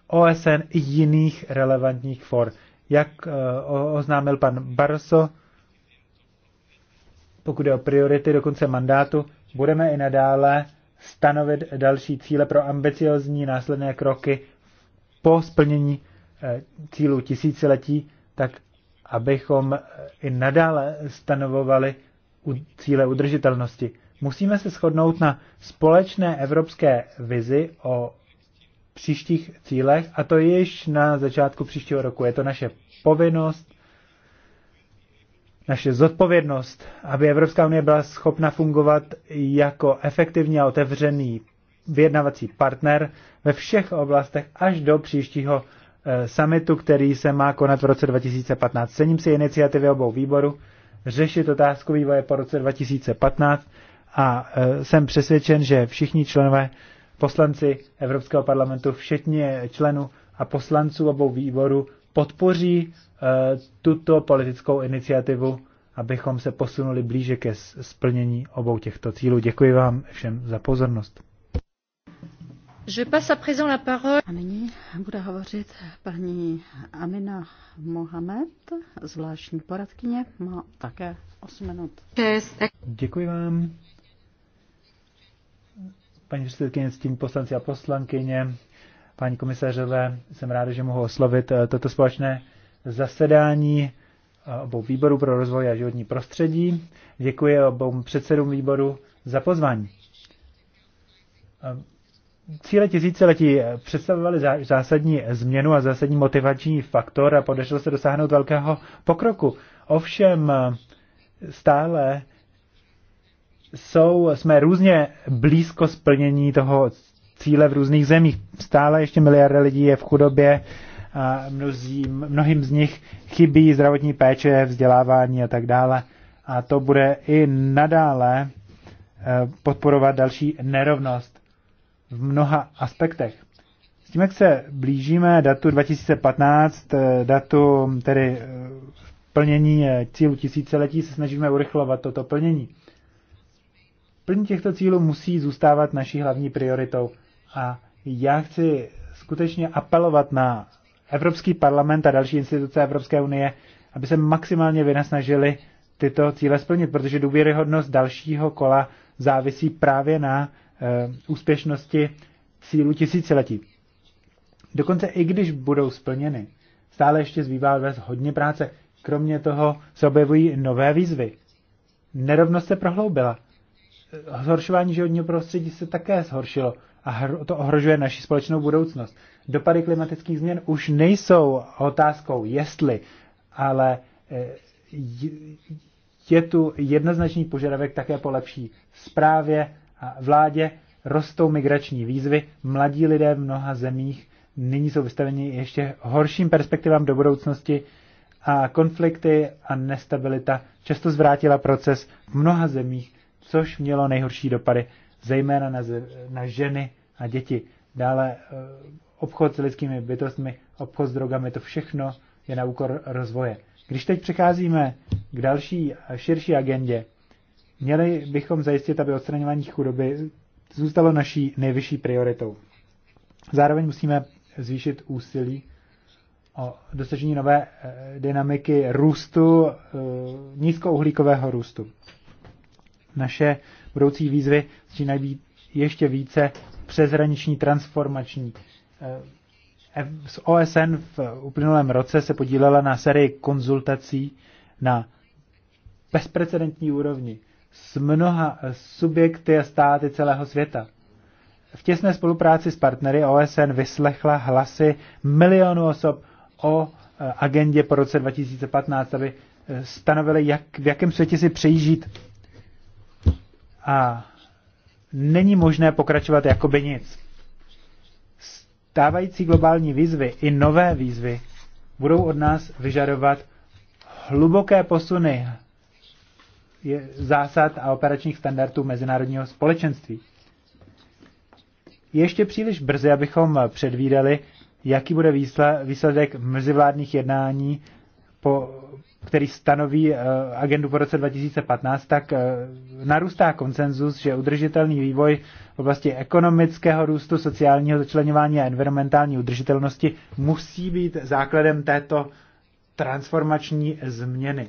OSN i jiných relevantních for jak eh, oznámil pan Barso, pokud je o priority do konce mandátu, budeme i nadále stanovit další cíle pro ambiciozní následné kroky po splnění eh, cílů tisíciletí, tak abychom i nadále stanovovali cíle udržitelnosti. Musíme se shodnout na společné evropské vizi o příštích cílech a to již na začátku příštího roku. Je to naše povinnost, naše zodpovědnost, aby Evropská unie byla schopna fungovat jako efektivní a otevřený vyjednavací partner ve všech oblastech až do příštího eh, summitu, který se má konat v roce 2015. Cením si iniciativy obou výboru řešit otázku vývoje po roce 2015 a eh, jsem přesvědčen, že všichni členové poslanci Evropského parlamentu, všetně členů a poslanců obou výborů, podpoří eh, tuto politickou iniciativu, abychom se posunuli blíže ke splnění obou těchto cílů. Děkuji vám všem za pozornost. Je passe à présent la parole. A nyní bude hovořit paní Amina Mohamed, zvláštní poradkyně, má také 8 minut. Děkuji vám paní předsedkyně, s tím poslanci a poslankyně, paní komisařové, jsem ráda, že mohu oslovit eh, toto společné zasedání eh, obou výborů pro rozvoj a životní prostředí. Děkuji obou předsedům výboru za pozvání. Eh, cíle tisíciletí představovaly zásadní změnu a zásadní motivační faktor a podařilo se dosáhnout velkého pokroku. Ovšem stále jsou, jsme různě blízko splnění toho cíle v různých zemích. Stále ještě miliarda lidí je v chudobě a mnozí, mnohým z nich chybí zdravotní péče, vzdělávání a tak dále. A to bude i nadále eh, podporovat další nerovnost v mnoha aspektech. S tím, jak se blížíme datu 2015, eh, datu tedy eh, plnění cílu tisíciletí, se snažíme urychlovat toto plnění. Plní těchto cílů musí zůstávat naší hlavní prioritou. A já chci skutečně apelovat na Evropský parlament a další instituce Evropské unie, aby se maximálně vynasnažili tyto cíle splnit, protože důvěryhodnost dalšího kola závisí právě na e, úspěšnosti cílu tisíciletí. Dokonce i když budou splněny, stále ještě zbývá vést hodně práce. Kromě toho se objevují nové výzvy. Nerovnost se prohloubila zhoršování životního prostředí se také zhoršilo a to ohrožuje naši společnou budoucnost. Dopady klimatických změn už nejsou otázkou jestli, ale e, je tu jednoznačný požadavek také po lepší správě a vládě. Rostou migrační výzvy, mladí lidé v mnoha zemích nyní jsou vystaveni ještě horším perspektivám do budoucnosti a konflikty a nestabilita často zvrátila proces v mnoha zemích což mělo nejhorší dopady zejména na, na ženy a děti. Dále eh, obchod s lidskými bytostmi, obchod s drogami, to všechno je na úkor rozvoje. Když teď přecházíme k další širší agendě, měli bychom zajistit, aby odstraňování chudoby zůstalo naší nejvyšší prioritou. Zároveň musíme zvýšit úsilí o dosažení nové eh, dynamiky růstu, eh, nízkouhlíkového růstu. Naše budoucí výzvy začínají být ještě více přeshraniční transformační. Z eh, OSN v uplynulém roce se podílela na sérii konzultací na bezprecedentní úrovni s mnoha subjekty a státy celého světa. V těsné spolupráci s partnery OSN vyslechla hlasy milionů osob o eh, agendě po roce 2015, aby eh, stanovili, jak, v jakém světě si přejít. A není možné pokračovat jako by nic. Stávající globální výzvy i nové výzvy budou od nás vyžadovat hluboké posuny zásad a operačních standardů mezinárodního společenství. ještě příliš brzy, abychom předvídali, jaký bude výsledek mezivládních jednání po který stanoví eh, agendu po roce 2015, tak eh, narůstá konsenzus, že udržitelný vývoj v oblasti ekonomického růstu, sociálního začlenování a environmentální udržitelnosti musí být základem této transformační změny.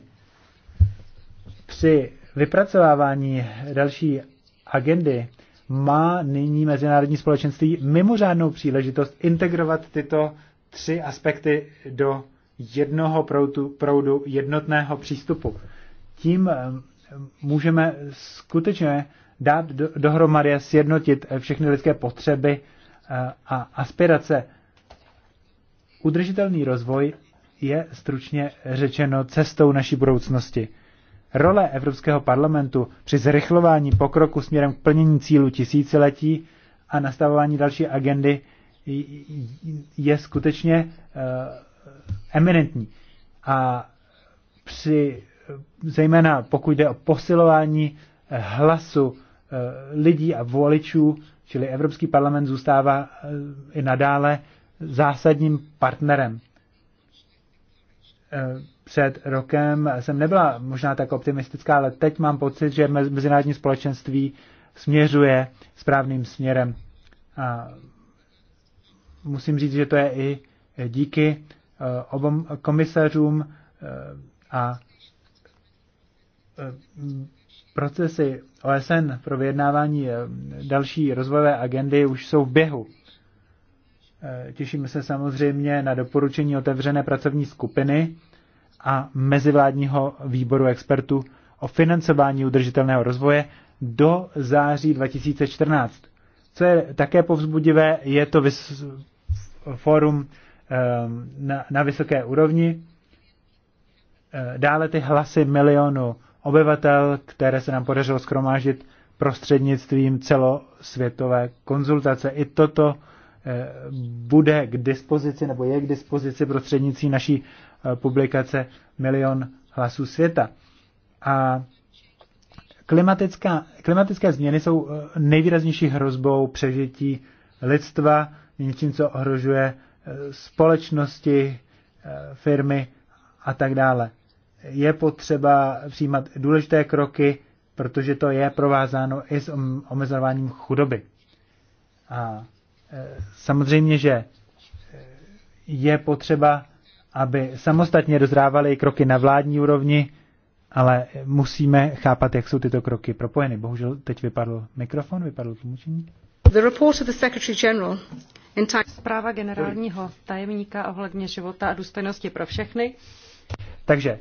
Při vypracovávání další agendy má nyní mezinárodní společenství mimořádnou příležitost integrovat tyto tři aspekty do jednoho proudu, proudu jednotného přístupu. Tím eh, můžeme skutečně dát do, dohromady a sjednotit eh, všechny lidské potřeby eh, a aspirace. Udržitelný rozvoj je stručně řečeno cestou naší budoucnosti. Role Evropského parlamentu při zrychlování pokroku směrem k plnění cílu tisíciletí a nastavování další agendy je skutečně eminentní. A při, zejména pokud jde o posilování eh, hlasu eh, lidí a voličů, čili Evropský parlament zůstává eh, i nadále zásadním partnerem. Před rokem jsem nebyla možná tak optimistická, ale teď mám pocit, že mezinárodní společenství směřuje správným směrem. A musím říct, že to je i díky Eh, obom komisařům eh, a eh, procesy OSN pro vyjednávání další rozvojové agendy už jsou v běhu. Těšíme se samozřejmě na doporučení otevřené pracovní skupiny a mezivládního výboru expertů o financování udržitelného rozvoje do září 2014. Co je také povzbudivé, je to vys- forum. Ehm, na, na vysoké úrovni. Ehm, dále ty hlasy milionu obyvatel, které se nám podařilo skromážit prostřednictvím celosvětové konzultace. I toto ehm, bude k dispozici, nebo je k dispozici prostřednictvím naší eh, publikace Milion hlasů světa. A klimatická, klimatické změny jsou eh, nejvýraznější hrozbou přežití lidstva, něčím, co ohrožuje společnosti, eh, firmy a tak dále. Je potřeba přijímat důležité kroky, protože to je provázáno i s omezováním chudoby. A eh, samozřejmě, že eh, je potřeba, aby samostatně dozrávaly i kroky na vládní úrovni, ale musíme chápat, jak jsou tyto kroky propojeny. Bohužel teď vypadl mikrofon, vypadlo tlumočení. The report of the Secretary General Zpráva generálního tajemníka ohledně života a důstojnosti pro všechny. Takže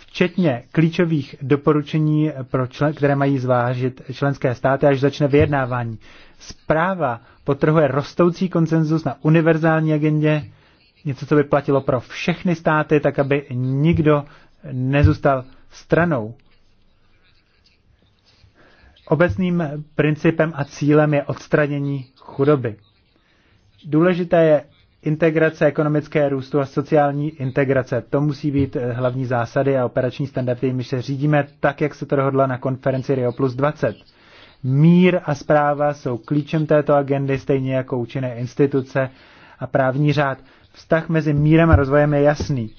včetně klíčových doporučení, pro člen, které mají zvážit členské státy, až začne vyjednávání. Zpráva potrhuje rostoucí konsenzus na univerzální agendě, něco, co by platilo pro všechny státy, tak aby nikdo nezůstal stranou. Obecným principem a cílem je odstranění chudoby. Důležité je integrace ekonomické růstu a sociální integrace. To musí být eh, hlavní zásady a operační standardy, my se řídíme tak, jak se to dohodla na konferenci Rio plus 20. Mír a zpráva jsou klíčem této agendy, stejně jako účinné instituce a právní řád. Vztah mezi mírem a rozvojem je jasný.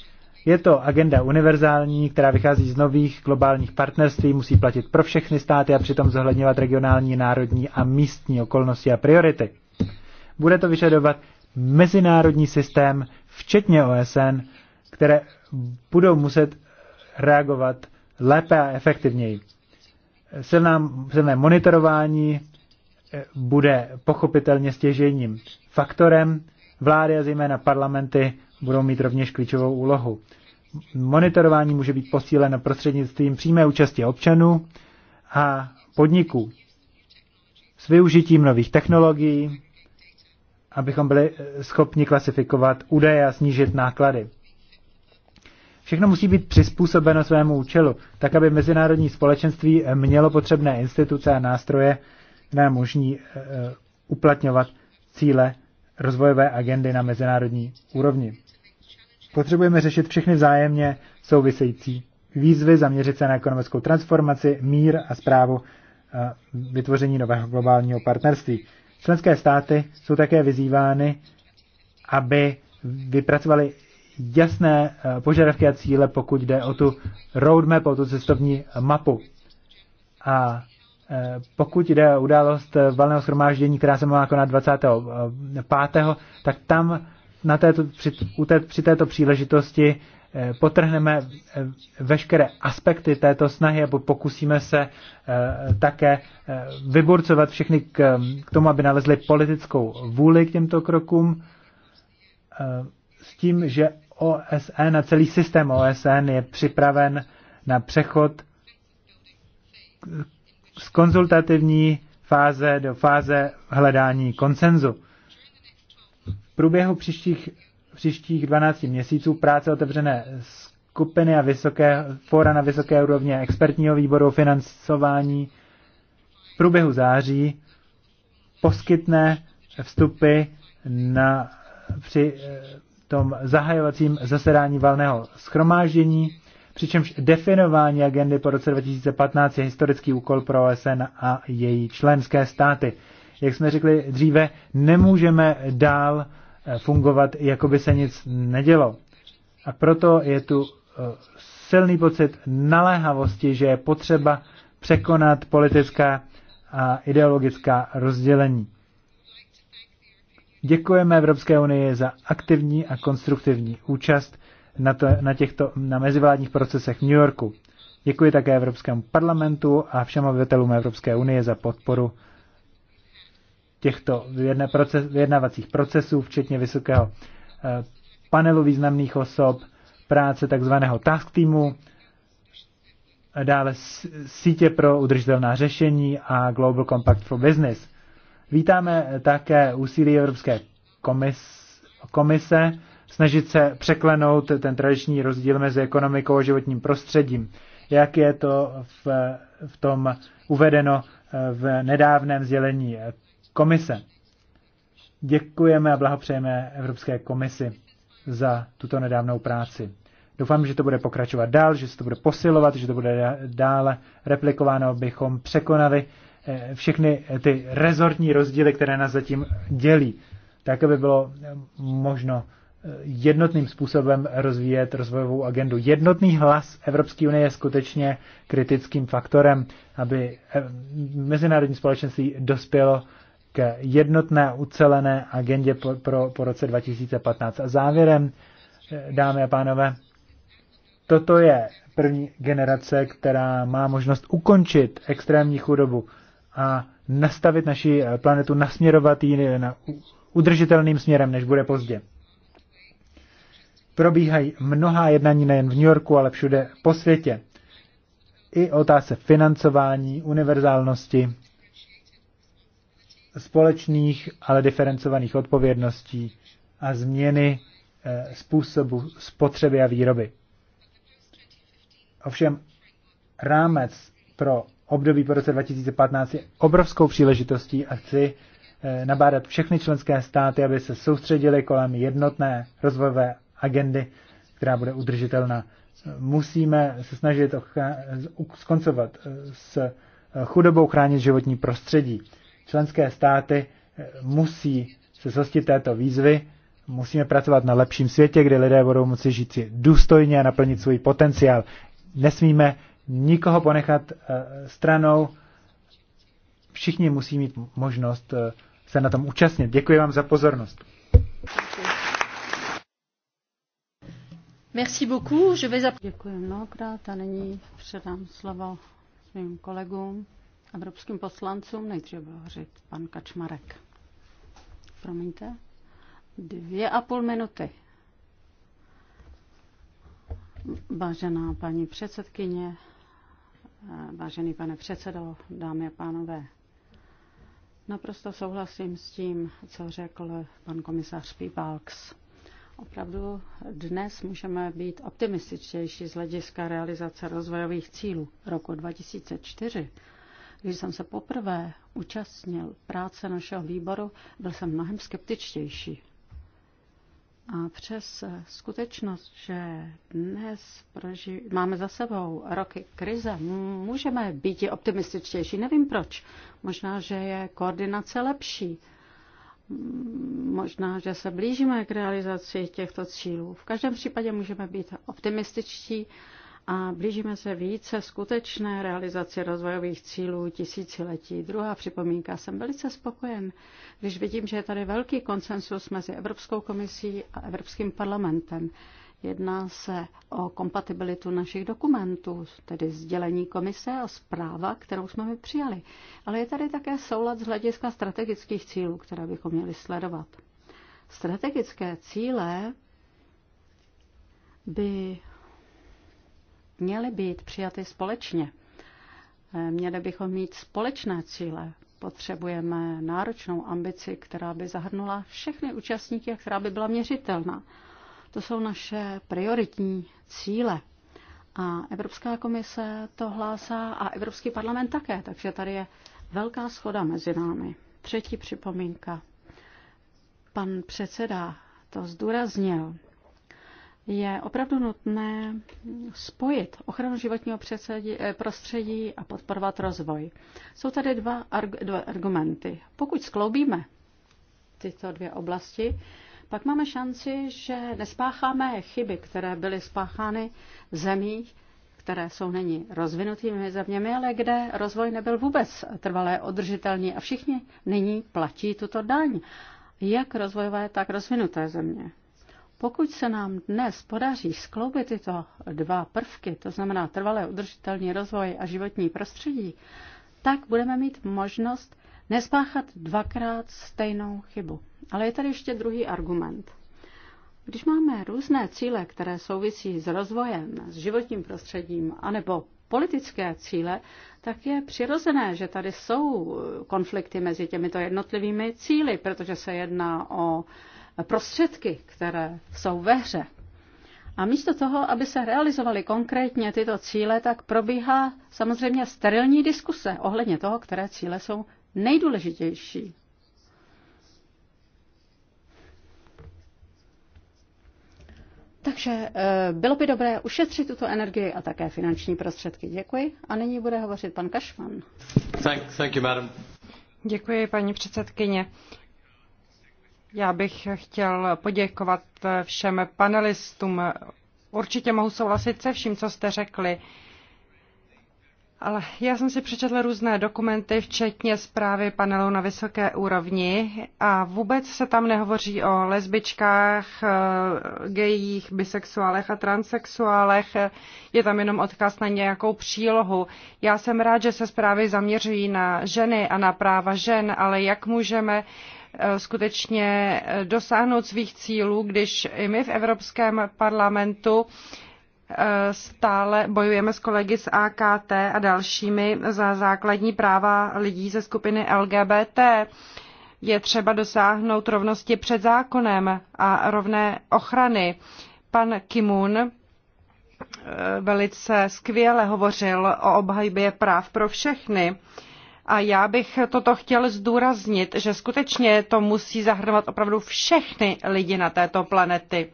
Je to agenda univerzální, která vychází z nových globálních partnerství, musí platit pro všechny státy a přitom zohledňovat regionální, národní a místní okolnosti a priority. Bude to vyžadovat mezinárodní systém, včetně OSN, které budou muset reagovat lépe a efektivněji. Silná, silné monitorování eh, bude pochopitelně stěžejním faktorem. Vlády a zejména parlamenty budou mít rovněž klíčovou úlohu monitorování může být posíleno prostřednictvím přímé účasti občanů a podniků s využitím nových technologií, abychom byli eh, schopni klasifikovat údaje a snížit náklady. Všechno musí být přizpůsobeno svému účelu, tak aby mezinárodní společenství eh, mělo potřebné instituce a nástroje, které možní eh, uplatňovat cíle rozvojové agendy na mezinárodní úrovni. Potřebujeme řešit všechny vzájemně související výzvy, zaměřit se na ekonomickou transformaci, mír a zprávu eh, vytvoření nového globálního partnerství. Členské státy jsou také vyzývány, aby vypracovali jasné eh, požadavky a cíle, pokud jde o tu roadmap, o tu cestovní mapu. A eh, pokud jde o událost valného shromáždění, která se má konat 25., tak tam na této, při, u té, při této příležitosti eh, potrhneme eh, veškeré aspekty této snahy a pokusíme se eh, také vyburcovat všechny k, k tomu, aby nalezli politickou vůli k těmto krokům s tím, že OSN a celý systém OSN je připraven na přechod z konzultativní fáze do fáze hledání konsenzu průběhu příštích, příštích 12 měsíců práce otevřené skupiny a vysoké, fora na vysoké úrovně expertního výboru financování v průběhu září poskytne vstupy na, při eh, tom zahajovacím zasedání valného schromáždění, přičemž definování agendy po roce 2015 je historický úkol pro OSN a její členské státy. Jak jsme řekli dříve, nemůžeme dál Eh, fungovat, jako by se nic nedělo. A proto je tu eh, silný pocit naléhavosti, že je potřeba překonat politická a ideologická rozdělení. Děkujeme Evropské unii za aktivní a konstruktivní účast na, to, na těchto na mezivládních procesech v New Yorku. Děkuji také Evropskému parlamentu a všem obyvatelům Evropské unie za podporu těchto vyjednavacích procesů, včetně vysokého eh, panelu významných osob, práce takzvaného task týmu, dále sítě pro udržitelná řešení a Global Compact for Business. Vítáme také úsilí Evropské komis, komise snažit se překlenout ten tradiční rozdíl mezi ekonomikou a životním prostředím, jak je to v, v tom uvedeno eh, v nedávném sdělení komise. Děkujeme a blahopřejeme Evropské komisi za tuto nedávnou práci. Doufám, že to bude pokračovat dál, že se to bude posilovat, že to bude dále replikováno, abychom překonali eh, všechny eh, ty rezortní rozdíly, které nás zatím dělí, tak, aby bylo eh, možno jednotným způsobem rozvíjet rozvojovou agendu. Jednotný hlas Evropské unie je skutečně kritickým faktorem, aby mezinárodní společenství dospělo k jednotné ucelené agendě po, pro, po roce 2015. A závěrem, eh, dámy a pánové, toto je první generace, která má možnost ukončit extrémní chudobu a nastavit naši eh, planetu, nasměrovat ji na udržitelným směrem, než bude pozdě. Probíhají mnohá jednání nejen v New Yorku, ale všude po světě. I otázce financování, univerzálnosti společných, ale diferencovaných odpovědností a změny eh, způsobu spotřeby a výroby. Ovšem rámec pro období po roce 2015 je obrovskou příležitostí a chci eh, nabádat všechny členské státy, aby se soustředili kolem jednotné rozvojové agendy, která bude udržitelná. Musíme se snažit skoncovat eh, s chudobou chránit životní prostředí. Členské státy eh, musí se zhostit této výzvy. Musíme pracovat na lepším světě, kde lidé budou moci žít si důstojně a naplnit svůj potenciál. Nesmíme nikoho ponechat eh, stranou. Všichni musí mít možnost eh, se na tom účastnit. Děkuji vám za pozornost. Merci beaucoup. Je vais... Děkuji mnohokrát a nyní předám slovo svým kolegům evropským poslancům. Nejdříve bylo hořit pan Kačmarek. Promiňte. Dvě a půl minuty. Vážená paní předsedkyně, vážený pane předsedo, dámy a pánové, naprosto souhlasím s tím, co řekl pan komisař Píbalks. Opravdu dnes můžeme být optimističtější z hlediska realizace rozvojových cílů. Roku 2004 když jsem se poprvé účastnil práce našeho výboru, byl jsem mnohem skeptičtější. A přes skutečnost, že dnes proži- máme za sebou roky krize, můžeme být i optimističtější. Nevím proč. Možná, že je koordinace lepší. Možná, že se blížíme k realizaci těchto cílů. V každém případě můžeme být optimističtí a blížíme se více skutečné realizaci rozvojových cílů tisíciletí. Druhá připomínka. Jsem velice spokojen, když vidím, že je tady velký konsensus mezi Evropskou komisí a Evropským parlamentem. Jedná se o kompatibilitu našich dokumentů, tedy sdělení komise a zpráva, kterou jsme my přijali. Ale je tady také soulad z hlediska strategických cílů, které bychom měli sledovat. Strategické cíle by měly být přijaty společně. Eh, měli bychom mít společné cíle. Potřebujeme náročnou ambici, která by zahrnula všechny účastníky a která by byla měřitelná. To jsou naše prioritní cíle. A Evropská komise to hlásá a Evropský parlament také, takže tady je velká schoda mezi námi. Třetí připomínka. Pan předseda to zdůraznil je opravdu nutné spojit ochranu životního eh, prostředí a podporovat rozvoj. Jsou tady dva, arg- dva argumenty. Pokud skloubíme tyto dvě oblasti, pak máme šanci, že nespácháme chyby, které byly spáchány v zemích, které jsou není rozvinutými zeměmi, ale kde rozvoj nebyl vůbec trvalé održitelný a všichni nyní platí tuto daň, jak rozvojové, tak rozvinuté země. Pokud se nám dnes podaří skloubit tyto dva prvky, to znamená trvalé udržitelný rozvoj a životní prostředí, tak budeme mít možnost nespáchat dvakrát stejnou chybu. Ale je tady ještě druhý argument. Když máme různé cíle, které souvisí s rozvojem, s životním prostředím, anebo politické cíle, tak je přirozené, že tady jsou konflikty mezi těmito jednotlivými cíly, protože se jedná o uh, prostředky, které jsou ve hře. A místo toho, aby se realizovaly konkrétně tyto cíle, tak probíhá samozřejmě sterilní diskuse ohledně toho, které cíle jsou nejdůležitější. Takže eh, bylo by dobré ušetřit tuto energii a také finanční prostředky. Děkuji. A nyní bude hovořit pan Kašman. Thank, thank you, madam. Děkuji, paní předsedkyně. Já bych chtěl poděkovat všem panelistům. Určitě mohu souhlasit se vším, co jste řekli. Ale já jsem si přečetla různé dokumenty, včetně zprávy panelu na vysoké úrovni a vůbec se tam nehovoří o lesbičkách, gejích, bisexuálech a transexuálech. Je tam jenom odkaz na nějakou přílohu. Já jsem rád, že se zprávy zaměřují na ženy a na práva žen, ale jak můžeme Eh, skutečně eh, dosáhnout svých cílů, když i my v Evropském parlamentu eh, stále bojujeme s kolegy z AKT a dalšími za základní práva lidí ze skupiny LGBT. Je třeba dosáhnout rovnosti před zákonem a rovné ochrany. Pan Kimun velice skvěle hovořil o obhajbě práv pro všechny. A já bych toto chtěl zdůraznit, že skutečně to musí zahrnovat opravdu všechny lidi na této planety.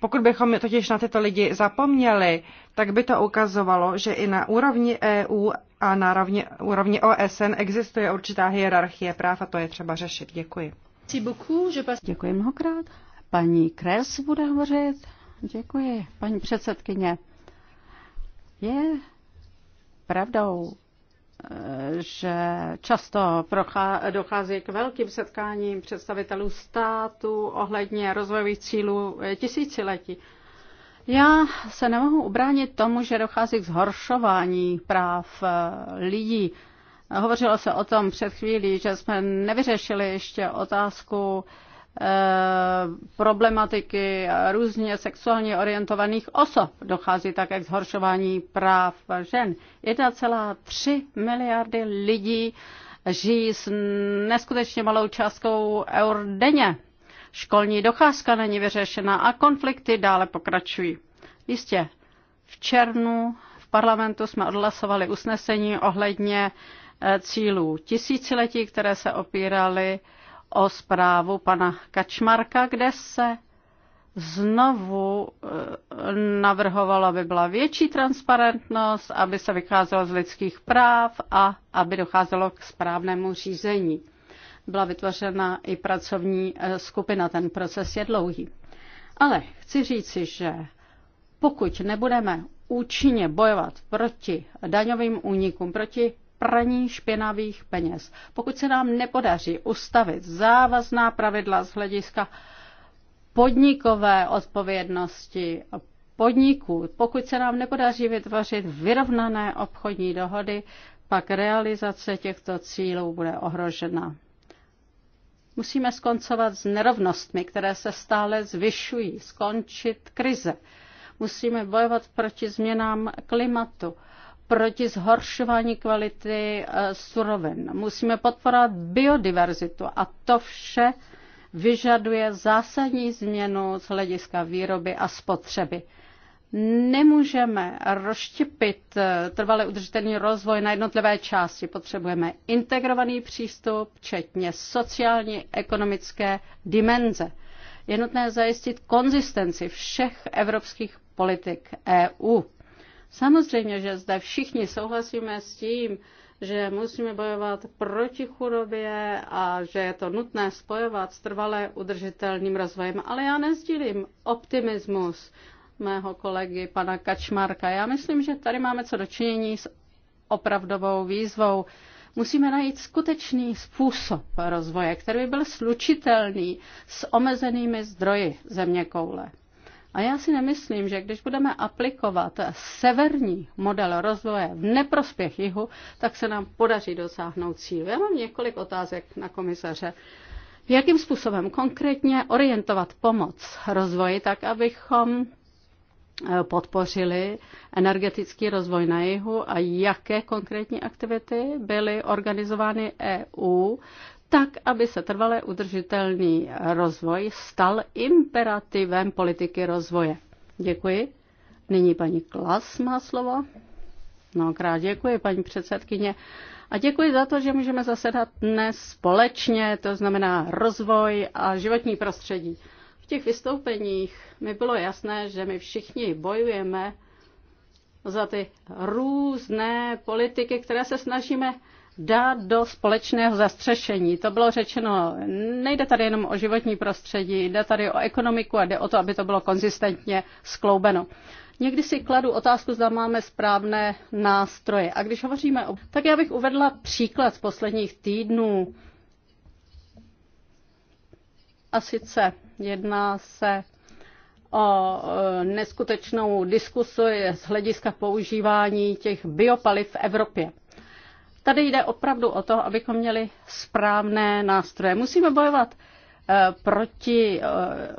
Pokud bychom totiž na tyto lidi zapomněli, tak by to ukazovalo, že i na úrovni EU a na rovni, úrovni OSN existuje určitá hierarchie práv a to je třeba řešit. Děkuji. Děkuji mnohokrát. Paní Kres bude hovořit. Děkuji, paní předsedkyně. Je pravdou, že často dochází k velkým setkáním představitelů státu ohledně rozvojových cílů tisíciletí. Já se nemohu ubránit tomu, že dochází k zhoršování práv eh, lidí. Hovořilo se o tom před chvílí, že jsme nevyřešili ještě otázku uh, Eh, problematiky různě sexuálně orientovaných osob. Dochází také k zhoršování práv žen. 1,3 miliardy lidí žijí s neskutečně malou částkou eur denně. Školní docházka není vyřešena a konflikty dále pokračují. Jistě, v červnu v parlamentu jsme odhlasovali usnesení ohledně eh, cílů tisíciletí, které se opíraly o zprávu pana Kačmarka, kde se znovu eh, navrhovalo, aby byla větší transparentnost, aby se vycházelo z lidských práv a aby docházelo k správnému řízení. Byla vytvořena i pracovní eh, skupina, ten proces je dlouhý. Ale chci říci, že pokud nebudeme účinně bojovat proti daňovým únikům, proti praní špinavých peněz. Pokud se nám nepodaří ustavit závazná pravidla z hlediska podnikové odpovědnosti podniků, pokud se nám nepodaří vytvořit vyrovnané obchodní dohody, pak realizace těchto cílů bude ohrožena. Musíme skoncovat s nerovnostmi, které se stále zvyšují, skončit krize. Musíme bojovat proti změnám klimatu proti zhoršování kvality eh, surovin. Musíme podporovat biodiverzitu a to vše vyžaduje zásadní změnu z hlediska výroby a spotřeby. Nemůžeme rozštěpit eh, trvalý udržitelný rozvoj na jednotlivé části. Potřebujeme integrovaný přístup, včetně sociální, ekonomické dimenze. Je nutné zajistit konzistenci všech evropských politik EU. Samozřejmě, že zde všichni souhlasíme s tím, že musíme bojovat proti chudobě a že je to nutné spojovat s trvale udržitelným rozvojem. Ale já nezdílím optimismus mého kolegy pana Kačmarka. Já myslím, že tady máme co dočinění s opravdovou výzvou. Musíme najít skutečný způsob rozvoje, který by byl slučitelný s omezenými zdroji země koule. A já si nemyslím, že když budeme aplikovat severní model rozvoje v neprospěch jihu, tak se nám podaří dosáhnout cílu. Já mám několik otázek na komisaře. Jakým způsobem konkrétně orientovat pomoc rozvoji tak, abychom eh, podpořili energetický rozvoj na jihu a jaké konkrétní aktivity byly organizovány EU tak, aby se trvalé udržitelný rozvoj stal imperativem politiky rozvoje. Děkuji. Nyní paní Klas má slovo. Mnohokrát děkuji, paní předsedkyně. A děkuji za to, že můžeme zasedat dnes společně, to znamená rozvoj a životní prostředí. V těch vystoupeních mi bylo jasné, že my všichni bojujeme za ty různé politiky, které se snažíme dát do společného zastřešení. To bylo řečeno, nejde tady jenom o životní prostředí, jde tady o ekonomiku a jde o to, aby to bylo konzistentně skloubeno. Někdy si kladu otázku, zda máme správné nástroje. A když hovoříme o... Tak já bych uvedla příklad z posledních týdnů. A sice jedná se o e, neskutečnou diskusi z hlediska používání těch biopaliv v Evropě. Tady jde opravdu o to, abychom měli správné nástroje. Musíme bojovat eh, proti eh,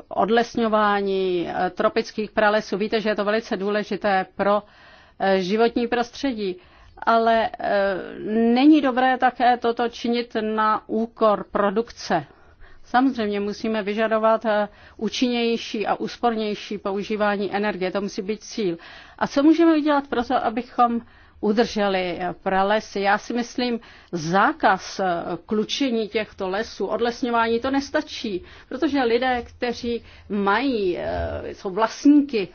odlesňování eh, tropických pralesů. Víte, že je to velice důležité pro životní prostředí, ale není dobré také toto činit na úkor produkce. Samozřejmě musíme vyžadovat účinnější a úspornější používání energie, to musí být cíl. A co můžeme udělat pro to, abychom udrželi eh, pralesy. Já si myslím, zákaz eh, klučení těchto lesů, odlesňování, to nestačí, protože lidé, kteří mají, eh, jsou vlastníky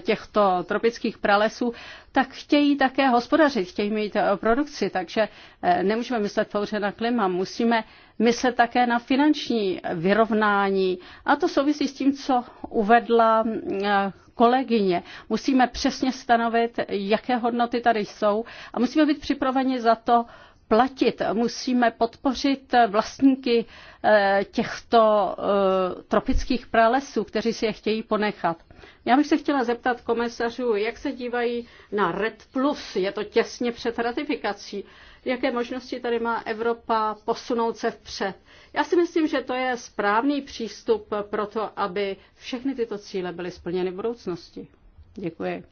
těchto tropických pralesů, tak chtějí také hospodařit, chtějí mít eh, produkci, takže eh, nemůžeme myslet pouze na klima, musíme myslet také na finanční vyrovnání. A to souvisí s tím, co uvedla eh, kolegyně. Musíme přesně stanovit, jaké hodnoty tady jsou a musíme být připraveni za to platit. Musíme podpořit vlastníky eh, těchto eh, tropických pralesů, kteří si je chtějí ponechat. Já bych se chtěla zeptat komisařů, jak se dívají na RED+, Plus? je to těsně před ratifikací. Jaké možnosti tady má Evropa posunout se vpřed? Já si myslím, že to je správný přístup pro to, aby všechny tyto cíle byly splněny v budoucnosti. Děkuji.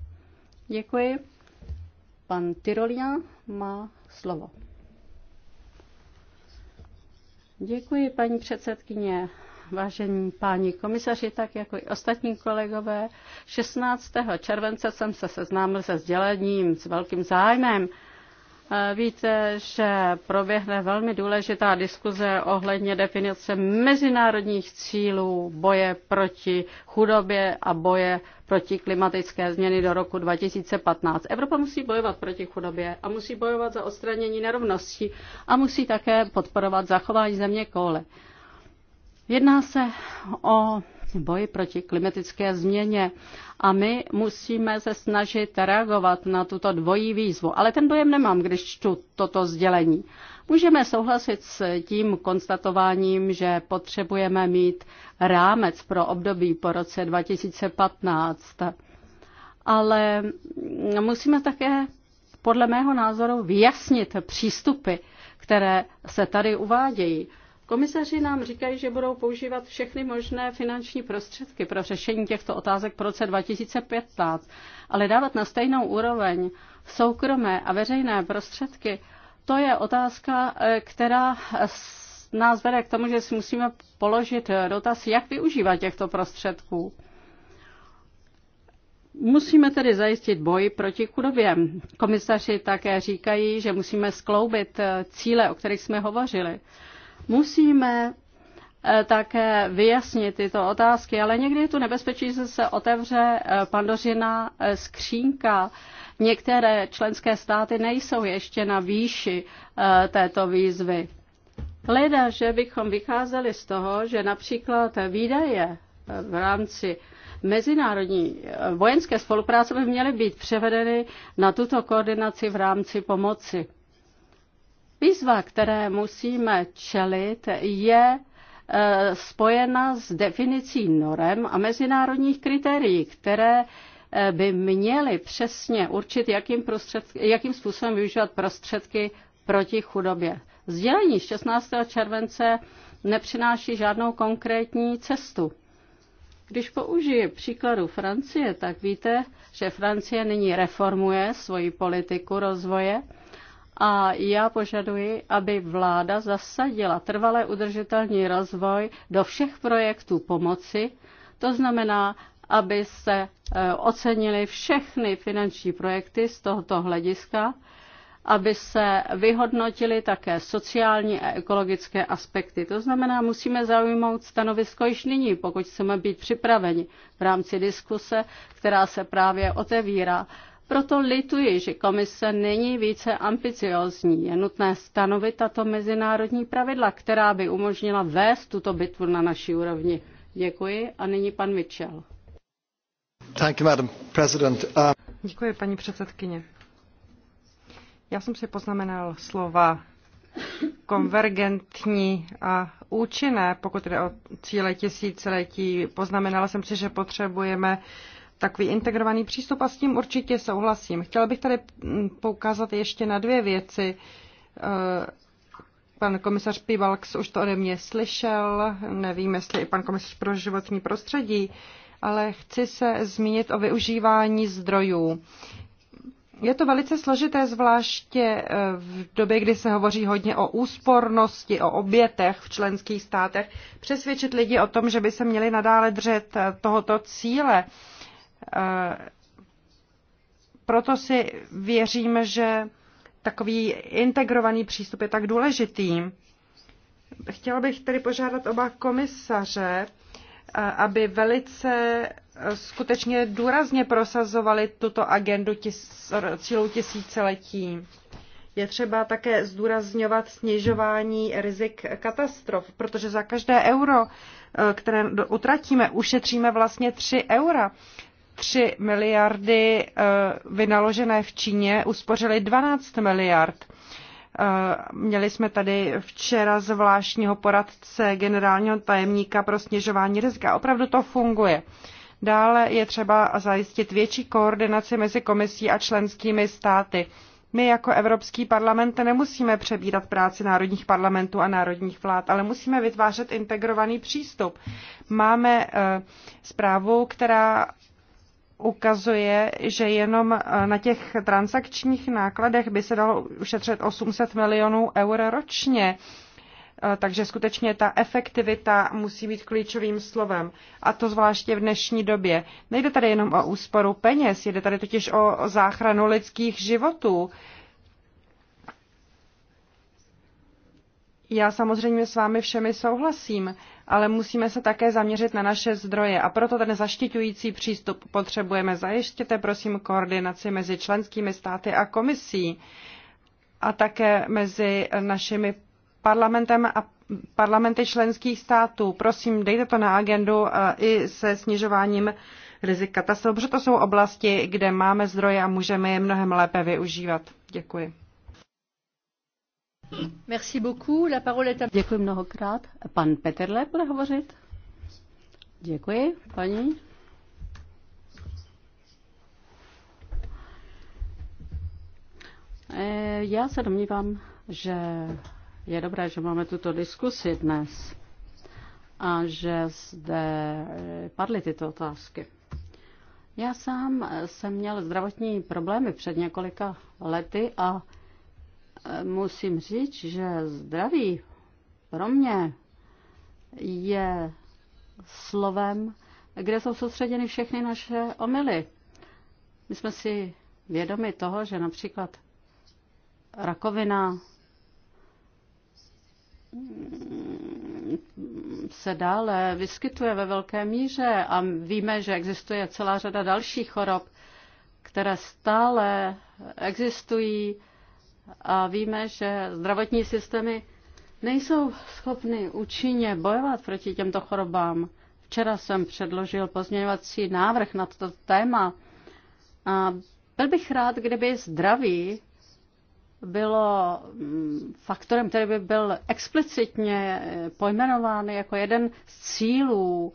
Děkuji. Pan Tyrolian má slovo. Děkuji, paní předsedkyně. Vážení páni komisaři, tak jako i ostatní kolegové, 16. července jsem se seznámil se sdělením s velkým zájmem. Eh, víte, že proběhne velmi důležitá diskuze ohledně definice mezinárodních cílů boje proti chudobě a boje proti klimatické změny do roku 2015. Evropa musí bojovat proti chudobě a musí bojovat za odstranění nerovností a musí také podporovat zachování země koule. Jedná se o boji proti klimatické změně. A my musíme se snažit reagovat na tuto dvojí výzvu. Ale ten dojem nemám, když čtu toto sdělení. Můžeme souhlasit s tím konstatováním, že potřebujeme mít rámec pro období po roce 2015. Ale musíme také podle mého názoru vyjasnit přístupy, které se tady uvádějí. Komisaři nám říkají, že budou používat všechny možné finanční prostředky pro řešení těchto otázek v roce 2015, ale dávat na stejnou úroveň soukromé a veřejné prostředky, to je otázka, eh, která nás vede k tomu, že si musíme položit dotaz, jak využívat těchto prostředků. Musíme tedy zajistit boj proti chudobě. Komisaři také říkají, že musíme skloubit eh, cíle, o kterých jsme hovořili. Musíme eh, také vyjasnit tyto otázky, ale někdy je tu nebezpečí, že se otevře eh, pandořina eh, skřínka. Některé členské státy nejsou ještě na výši této výzvy. Leda, že bychom vycházeli z toho, že například výdaje v rámci mezinárodní vojenské spolupráce by měly být převedeny na tuto koordinaci v rámci pomoci. Výzva, které musíme čelit, je eh, spojena s definicí norem a mezinárodních kritérií, které eh, by měly přesně určit, jakým, jakým způsobem využívat prostředky proti chudobě. Sdělení z 16. července nepřináší žádnou konkrétní cestu. Když použiji příkladu Francie, tak víte, že Francie nyní reformuje svoji politiku rozvoje a já požaduji, aby vláda zasadila trvalé udržitelný rozvoj do všech projektů pomoci, to znamená, aby se e, ocenily všechny finanční projekty z tohoto hlediska, aby se vyhodnotili také sociální a ekologické aspekty. To znamená, musíme zaujmout stanovisko již nyní, pokud chceme být připraveni v rámci diskuse, která se právě otevírá proto lituji, že komise není více ambiciozní. Je nutné stanovit tato mezinárodní pravidla, která by umožnila vést tuto bitvu na naší úrovni. Děkuji a nyní pan Mitchell. Thank you, Madam President. Uh... Děkuji, paní předsedkyně. Já jsem si poznamenal slova konvergentní a účinné, pokud jde o cíle tisíciletí. Poznamenala jsem si, že potřebujeme uh, takový integrovaný přístup a s tím určitě souhlasím. Chtěla bych tady mm, poukázat ještě na dvě věci. E, pan komisař Pivalks už to ode mě slyšel, nevím, jestli i pan komisař pro životní prostředí, ale chci se zmínit o využívání zdrojů. Je to velice složité, zvláště e, v době, kdy se hovoří hodně o úspornosti, o obětech v členských státech, přesvědčit lidi o tom, že by se měli nadále držet e, tohoto cíle. Eh, proto si věřím, že takový integrovaný přístup je tak důležitý. Chtěla bych tedy požádat oba komisaře, eh, aby velice eh, skutečně důrazně prosazovali tuto agendu tis, cílů tisíciletí. Je třeba také zdůrazňovat snižování rizik katastrof, protože za každé euro, které utratíme, ušetříme vlastně 3 eura. 3 miliardy eh, vynaložené v Číně uspořili 12 miliard. Eh, měli jsme tady včera zvláštního poradce generálního tajemníka pro snižování rizika. Opravdu to funguje. Dále je třeba zajistit větší koordinaci mezi komisí a členskými státy. My jako Evropský parlament nemusíme přebírat práci národních parlamentů a národních vlád, ale musíme vytvářet integrovaný přístup. Máme e, zprávu, která ukazuje, že jenom eh, na těch transakčních nákladech by se dalo ušetřit 800 milionů eur ročně. Eh, takže skutečně ta efektivita musí být klíčovým slovem. A to zvláště v dnešní době. Nejde tady jenom o úsporu peněz, jde tady totiž o záchranu lidských životů. Já samozřejmě s vámi všemi souhlasím, ale musíme se také zaměřit na naše zdroje a proto ten zaštiťující přístup potřebujeme. Zajištěte prosím koordinaci mezi členskými státy a komisí a také mezi našimi parlamentem a parlamenty členských států. Prosím, dejte to na agendu eh, i se snižováním rizik katastrof, protože to jsou oblasti, kde máme zdroje a můžeme je mnohem lépe využívat. Děkuji. Merci beaucoup. La parole est à... Děkuji mnohokrát. Pan Peterle bude hovořit. Děkuji, paní. Eh, já se domnívám, že je dobré, že máme tuto diskusi dnes a že zde eh, padly tyto otázky. Já sám eh, jsem měl zdravotní problémy před několika lety a musím říct, že zdraví pro mě je slovem, kde jsou soustředěny všechny naše omily. My jsme si vědomi toho, že například rakovina se dále vyskytuje ve velké míře a víme, že existuje celá řada dalších chorob, které stále existují a víme, že zdravotní systémy nejsou schopny účinně bojovat proti těmto chorobám. Včera jsem předložil pozměňovací návrh na toto téma a byl bych rád, kdyby zdraví bylo mm, faktorem, který by byl explicitně pojmenován jako jeden z cílů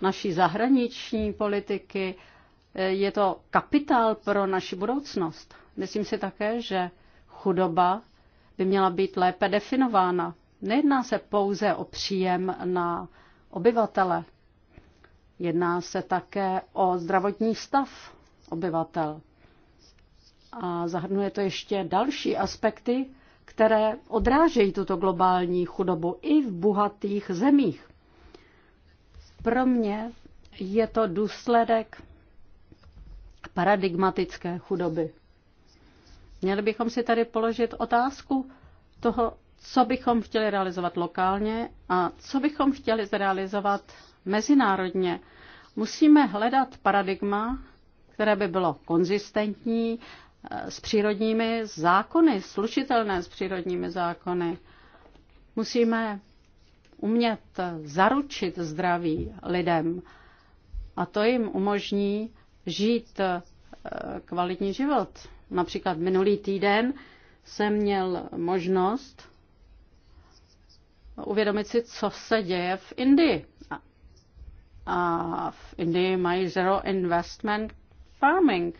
naší zahraniční politiky. Je to kapitál pro naši budoucnost. Myslím si také, že chudoba by měla být lépe definována. Nejedná se pouze o příjem na obyvatele. Jedná se také o zdravotní stav obyvatel. A zahrnuje to ještě další aspekty, které odrážejí tuto globální chudobu i v bohatých zemích. Pro mě je to důsledek paradigmatické chudoby. Měli bychom si tady položit otázku toho, co bychom chtěli realizovat lokálně a co bychom chtěli zrealizovat mezinárodně. Musíme hledat paradigma, které by bylo konzistentní eh, s přírodními zákony, slučitelné s přírodními zákony. Musíme umět zaručit zdraví lidem a to jim umožní žít eh, kvalitní život. Například minulý týden jsem měl možnost uvědomit si, co se děje v Indii. A v Indii mají Zero Investment Farming.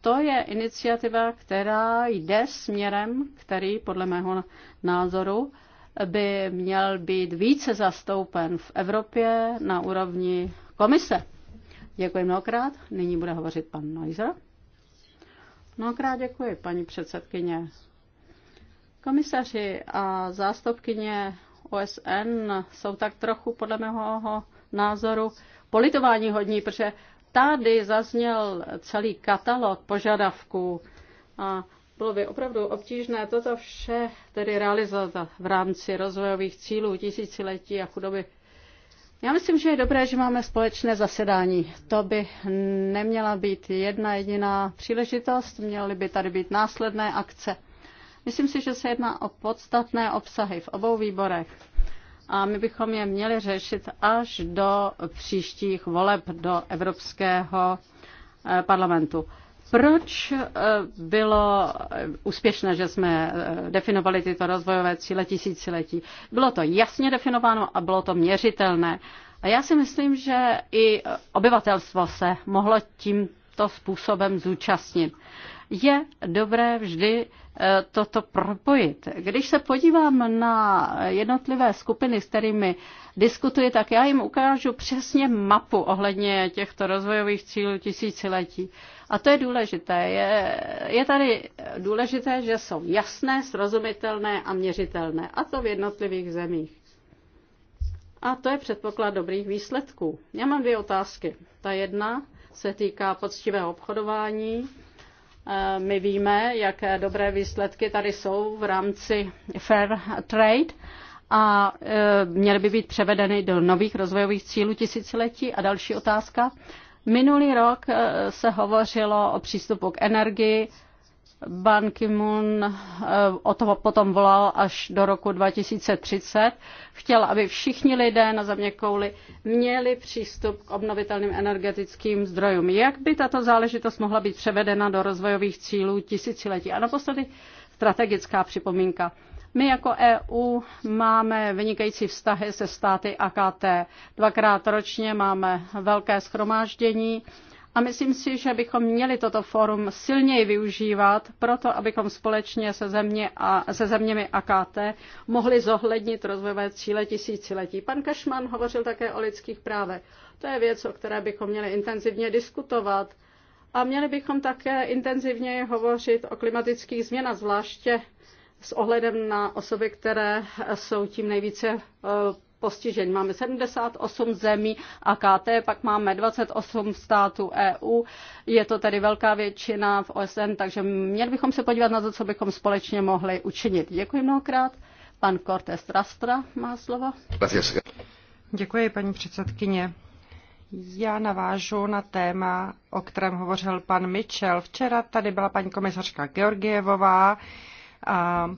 To je iniciativa, která jde směrem, který podle mého názoru by měl být více zastoupen v Evropě na úrovni komise. Děkuji mnohokrát. Nyní bude hovořit pan Neuser. Mnohokrát děkuji, paní předsedkyně. Komisaři a zástupkyně OSN jsou tak trochu podle mého názoru politování hodní, protože tady zazněl celý katalog požadavků a bylo by opravdu obtížné toto vše tedy realizovat v rámci rozvojových cílů tisíciletí a chudoby já myslím, že je dobré, že máme společné zasedání. To by neměla být jedna jediná příležitost, měly by tady být následné akce. Myslím si, že se jedná o podstatné obsahy v obou výborech a my bychom je měli řešit až do příštích voleb do Evropského eh, parlamentu. Proč eh, bylo eh, úspěšné, že jsme eh, definovali tyto rozvojové cíle tisíciletí? Bylo to jasně definováno a bylo to měřitelné. A já si myslím, že i obyvatelstvo se mohlo tímto způsobem zúčastnit. Je dobré vždy toto propojit. Když se podívám na jednotlivé skupiny, s kterými diskutuji, tak já jim ukážu přesně mapu ohledně těchto rozvojových cílů tisíciletí. A to je důležité. Je, je tady důležité, že jsou jasné, srozumitelné a měřitelné. A to v jednotlivých zemích. A to je předpoklad dobrých výsledků. Já mám dvě otázky. Ta jedna se týká poctivého obchodování. E, my víme, jaké dobré výsledky tady jsou v rámci Fair Trade a e, měly by být převedeny do nových rozvojových cílů tisíciletí. A další otázka Minulý rok eh, se hovořilo o přístupu k energii. Ban Ki-moon eh, o toho potom volal až do roku 2030. Chtěl, aby všichni lidé na země kouli měli přístup k obnovitelným energetickým zdrojům. Jak by tato záležitost mohla být převedena do rozvojových cílů tisíciletí? A naposledy strategická připomínka. My jako EU máme vynikající vztahy se státy AKT. Dvakrát ročně máme velké schromáždění a myslím si, že bychom měli toto fórum silněji využívat, proto abychom společně se, země a, se zeměmi AKT mohli zohlednit rozvojové cíle tisíciletí. Pan Kašman hovořil také o lidských právech. To je věc, o které bychom měli intenzivně diskutovat. A měli bychom také intenzivněji hovořit o klimatických změnách, zvláště s ohledem na osoby, které jsou tím nejvíce eh, postižen. Máme 78 zemí a KT, pak máme 28 států EU. Je to tedy velká většina v OSN, takže měli bychom se podívat na to, co bychom společně mohli učinit. Děkuji mnohokrát. Pan Cortés Rastra má slovo. Děkuji, paní předsedkyně. Já navážu na téma, o kterém hovořil pan Mitchell. Včera tady byla paní komisařka Georgievová, a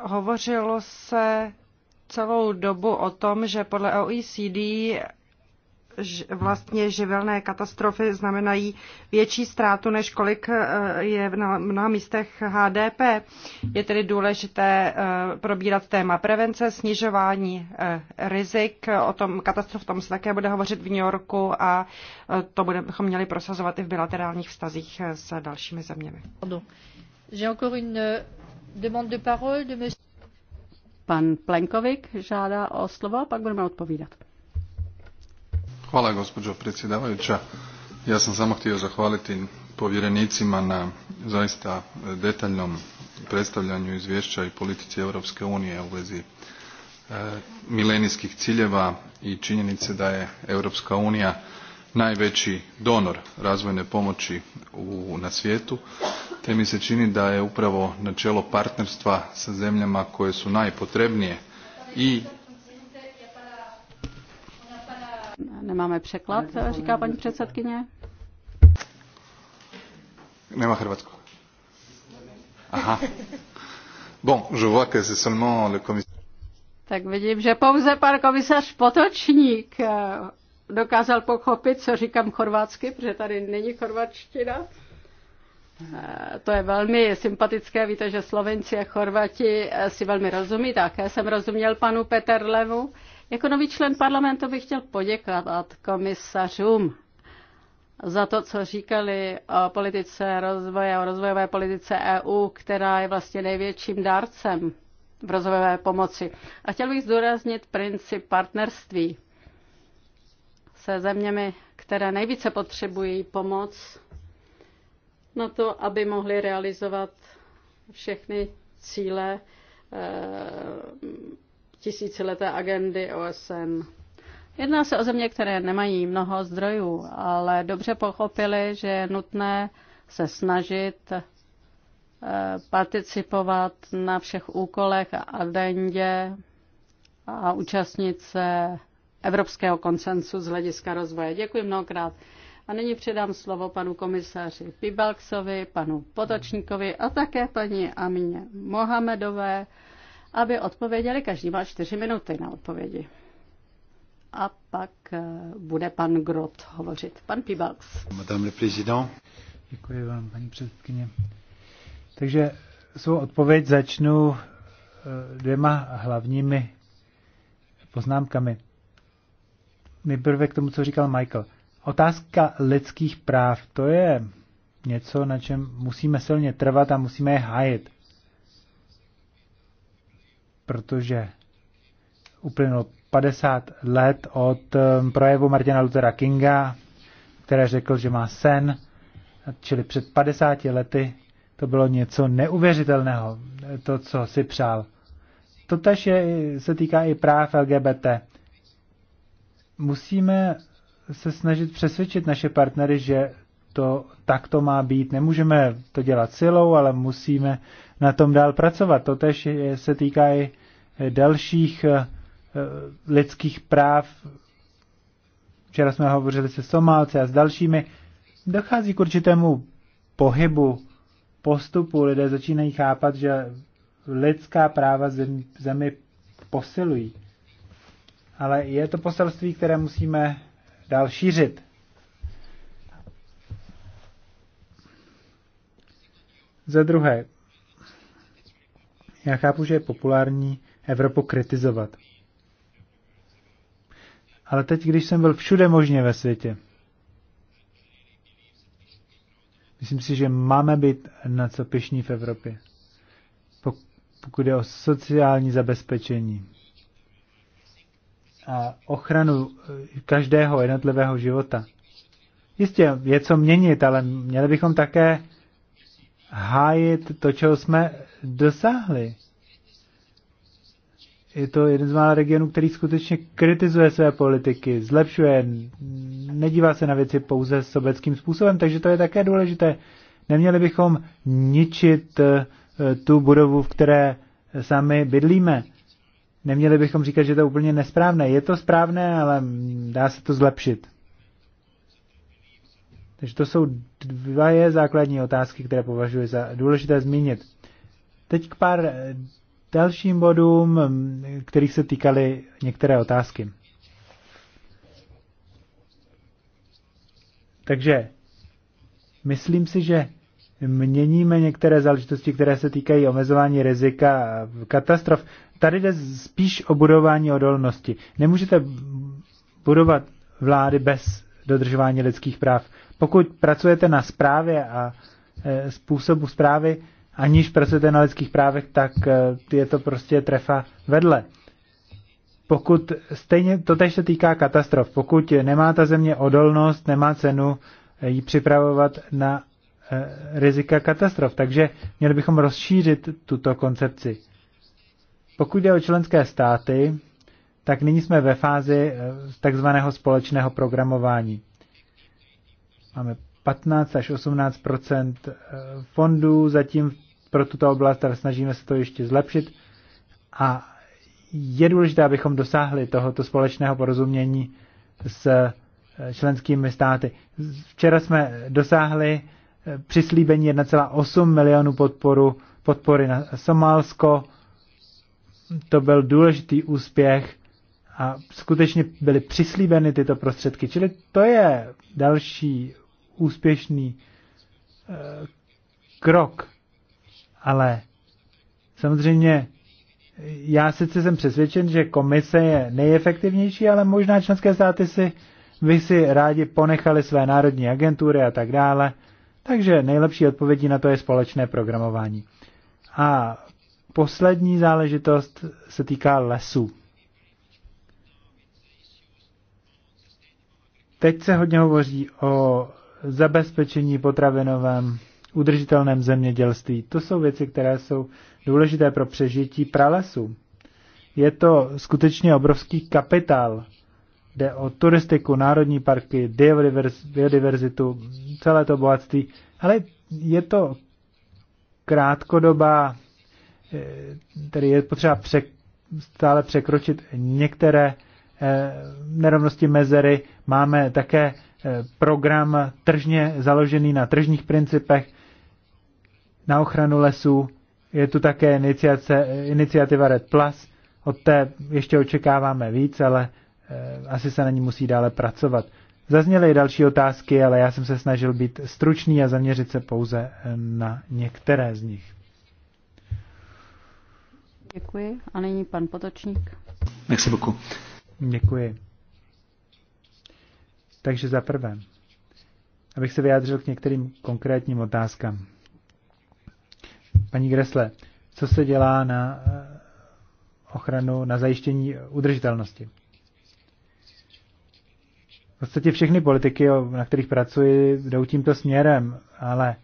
hovořilo se celou dobu o tom, že podle OECD vlastně živelné katastrofy znamenají větší ztrátu, než kolik eh, je na mnoha místech HDP. Je tedy důležité eh, probírat téma prevence, snižování eh, rizik. O tom katastrof tom se také bude hovořit v New Yorku a to bychom měli prosazovat i v bilaterálních vztazích s dalšími zeměmi. Euh, Pan Plenkovič žádá o slovo pak budeme odpovídat. Hvala, gospođo predsjedavajuća. Ja sam samo htio zahvaliti povjerenicima na zaista e, detaljnom predstavljanju izvješća i politici Europske unije u vezi e, milenijskih ciljeva i činjenice da je Europska unija najveći donor razvojne pomoći u, na svijetu te mi se čini da je upravo načelo partnerstva sa zemljama koje su najpotrebnije i Nemáme překlad, říká paní předsedkyně. Nemá Chorvatsko. Aha. Bon, je vois que c'est seulement le commissaire. Tak vidím, že pouze pan komisař Potočník eh, dokázal pochopit, co říkám chorvatsky, protože tady není chorvatština. Eh, to je velmi sympatické. Víte, že Slovenci a Chorvati eh, si velmi rozumí. Také jsem rozuměl panu Peterlevu. Jako nový člen parlamentu bych chtěl poděkovat komisařům za to, co říkali o politice rozvoje, o rozvojové politice EU, která je vlastně největším dárcem v rozvojové pomoci. A chtěl bych zdůraznit princip partnerství se zeměmi, které nejvíce potřebují pomoc na to, aby mohli realizovat všechny cíle eh, tisícileté agendy OSN. Jedná se o země, které nemají mnoho zdrojů, ale dobře pochopili, že je nutné se snažit eh, participovat na všech úkolech a agendě a účastnit se evropského koncensu z hlediska rozvoje. Děkuji mnohokrát. A nyní předám slovo panu komisáři Pibalksovi, panu Potočníkovi a také paní Amině Mohamedové, aby odpověděli. Každý má čtyři minuty na odpovědi. A pak eh, bude pan Grot hovořit. Pan Pibalks. Madame le président. Děkuji vám, paní předsedkyně. Takže svou odpověď začnu eh, dvěma hlavními poznámkami. Nejprve k tomu, co říkal Michael. Otázka lidských práv, to je něco, na čem musíme silně trvat a musíme je hájit. Protože uplynulo 50 let od um, projevu Martina Luthera Kinga, který řekl, že má sen, čili před 50 lety to bylo něco neuvěřitelného, to, co si přál. Totež je, se týká i práv LGBT. Musíme se snažit přesvědčit naše partnery, že to tak to má být. Nemůžeme to dělat silou, ale musíme na tom dál pracovat. To tež se týká i dalších eh, lidských práv. Včera jsme hovořili se Somálci a s dalšími. Dochází k určitému pohybu, postupu. Lidé začínají chápat, že lidská práva zemi posilují. Ale je to poselství, které musíme dál šířit. Za druhé, já chápu, že je populární Evropu kritizovat. Ale teď, když jsem byl všude možně ve světě, myslím si, že máme být na co pišní v Evropě. Pokud je o sociální zabezpečení, a ochranu eh, každého jednotlivého života. Jistě je co měnit, ale měli bychom také hájit to, čeho jsme dosáhli. Je to jeden z mála regionů, který skutečně kritizuje své politiky, zlepšuje, nedívá se na věci pouze sobeckým způsobem, takže to je také důležité. Neměli bychom ničit eh, tu budovu, v které sami bydlíme neměli bychom říkat, že to je úplně nesprávné. Je to správné, ale dá se to zlepšit. Takže to jsou dva je základní otázky, které považuji za důležité zmínit. Teď k pár dalším bodům, kterých se týkaly některé otázky. Takže myslím si, že měníme některé záležitosti, které se týkají omezování rizika katastrof. Tady jde spíš o budování odolnosti. Nemůžete budovat vlády bez dodržování lidských práv. Pokud pracujete na správě a e, způsobu zprávy, aniž pracujete na lidských právech, tak e, je to prostě trefa vedle. Pokud stejně, to tež se týká katastrof, pokud nemá ta země odolnost, nemá cenu e, ji připravovat na rizika katastrof. Takže měli bychom rozšířit tuto koncepci. Pokud jde o členské státy, tak nyní jsme ve fázi eh, takzvaného společného programování. Máme 15 až 18 eh, fondů zatím pro tuto oblast, ale snažíme se to ještě zlepšit. A je důležité, abychom dosáhli tohoto společného porozumění s eh, členskými státy. Včera jsme dosáhli přislíbení 1,8 milionů podporu, podpory na Somálsko, to byl důležitý úspěch a skutečně byly přislíbeny tyto prostředky. Čili to je další úspěšný e, krok. Ale samozřejmě já sice jsem přesvědčen, že komise je nejefektivnější, ale možná členské státy si by si rádi ponechali své národní agentury a tak dále. Takže nejlepší odpovědí na to je společné programování. A poslední záležitost se týká lesů. Teď se hodně hovoří o zabezpečení potravinovém, udržitelném zemědělství. To jsou věci, které jsou důležité pro přežití pralesu. Je to skutečně obrovský kapitál. Jde o turistiku, národní parky, biodiverzitu, celé to bohatství. Ale je to krátkodobá Eh, tedy je potřeba přek, stále překročit některé eh, nerovnosti mezery. Máme také eh, program tržně založený na tržních principech na ochranu lesů. Je tu také iniciace, iniciativa Red Plus. Od té ještě očekáváme víc, ale asi se na ní musí dále pracovat. Zazněly i další otázky, ale já jsem se snažil být stručný a zaměřit se pouze na některé z nich. Děkuji. A nyní pan Potočník. Merci beaucoup. Děkuji. Takže za prvé, abych se vyjádřil k některým konkrétním otázkám. Paní Gresle, co se dělá na eh, ochranu, na zajištění udržitelnosti? V podstatě všechny politiky, na kterých pracuji, jdou tímto směrem, ale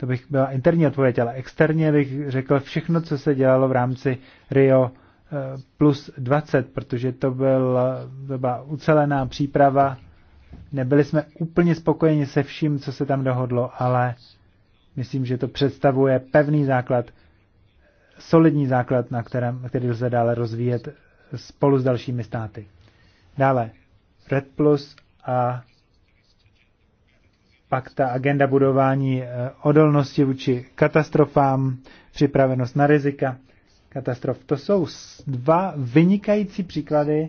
to bych byla interní odpověď, ale externě bych řekl všechno, co se dělalo v rámci Rio eh, plus 20, protože to, byl, to byla ucelená příprava. Nebyli jsme úplně spokojeni se vším, co se tam dohodlo, ale myslím, že to představuje pevný základ, solidní základ, na kterém, který lze dále rozvíjet spolu s dalšími státy. Dále Red Plus a pak ta agenda budování eh, odolnosti vůči katastrofám, připravenost na rizika katastrof. To jsou dva vynikající příklady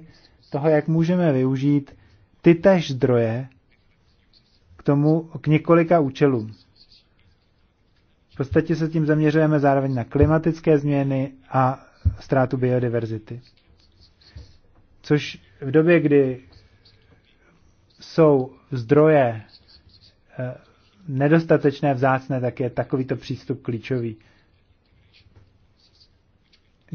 toho, jak můžeme využít ty tež zdroje k tomu, k několika účelům. V podstatě se tím zaměřujeme zároveň na klimatické změny a ztrátu biodiverzity. Což v době, kdy jsou zdroje Eh, nedostatečné, vzácné, tak je takovýto přístup klíčový.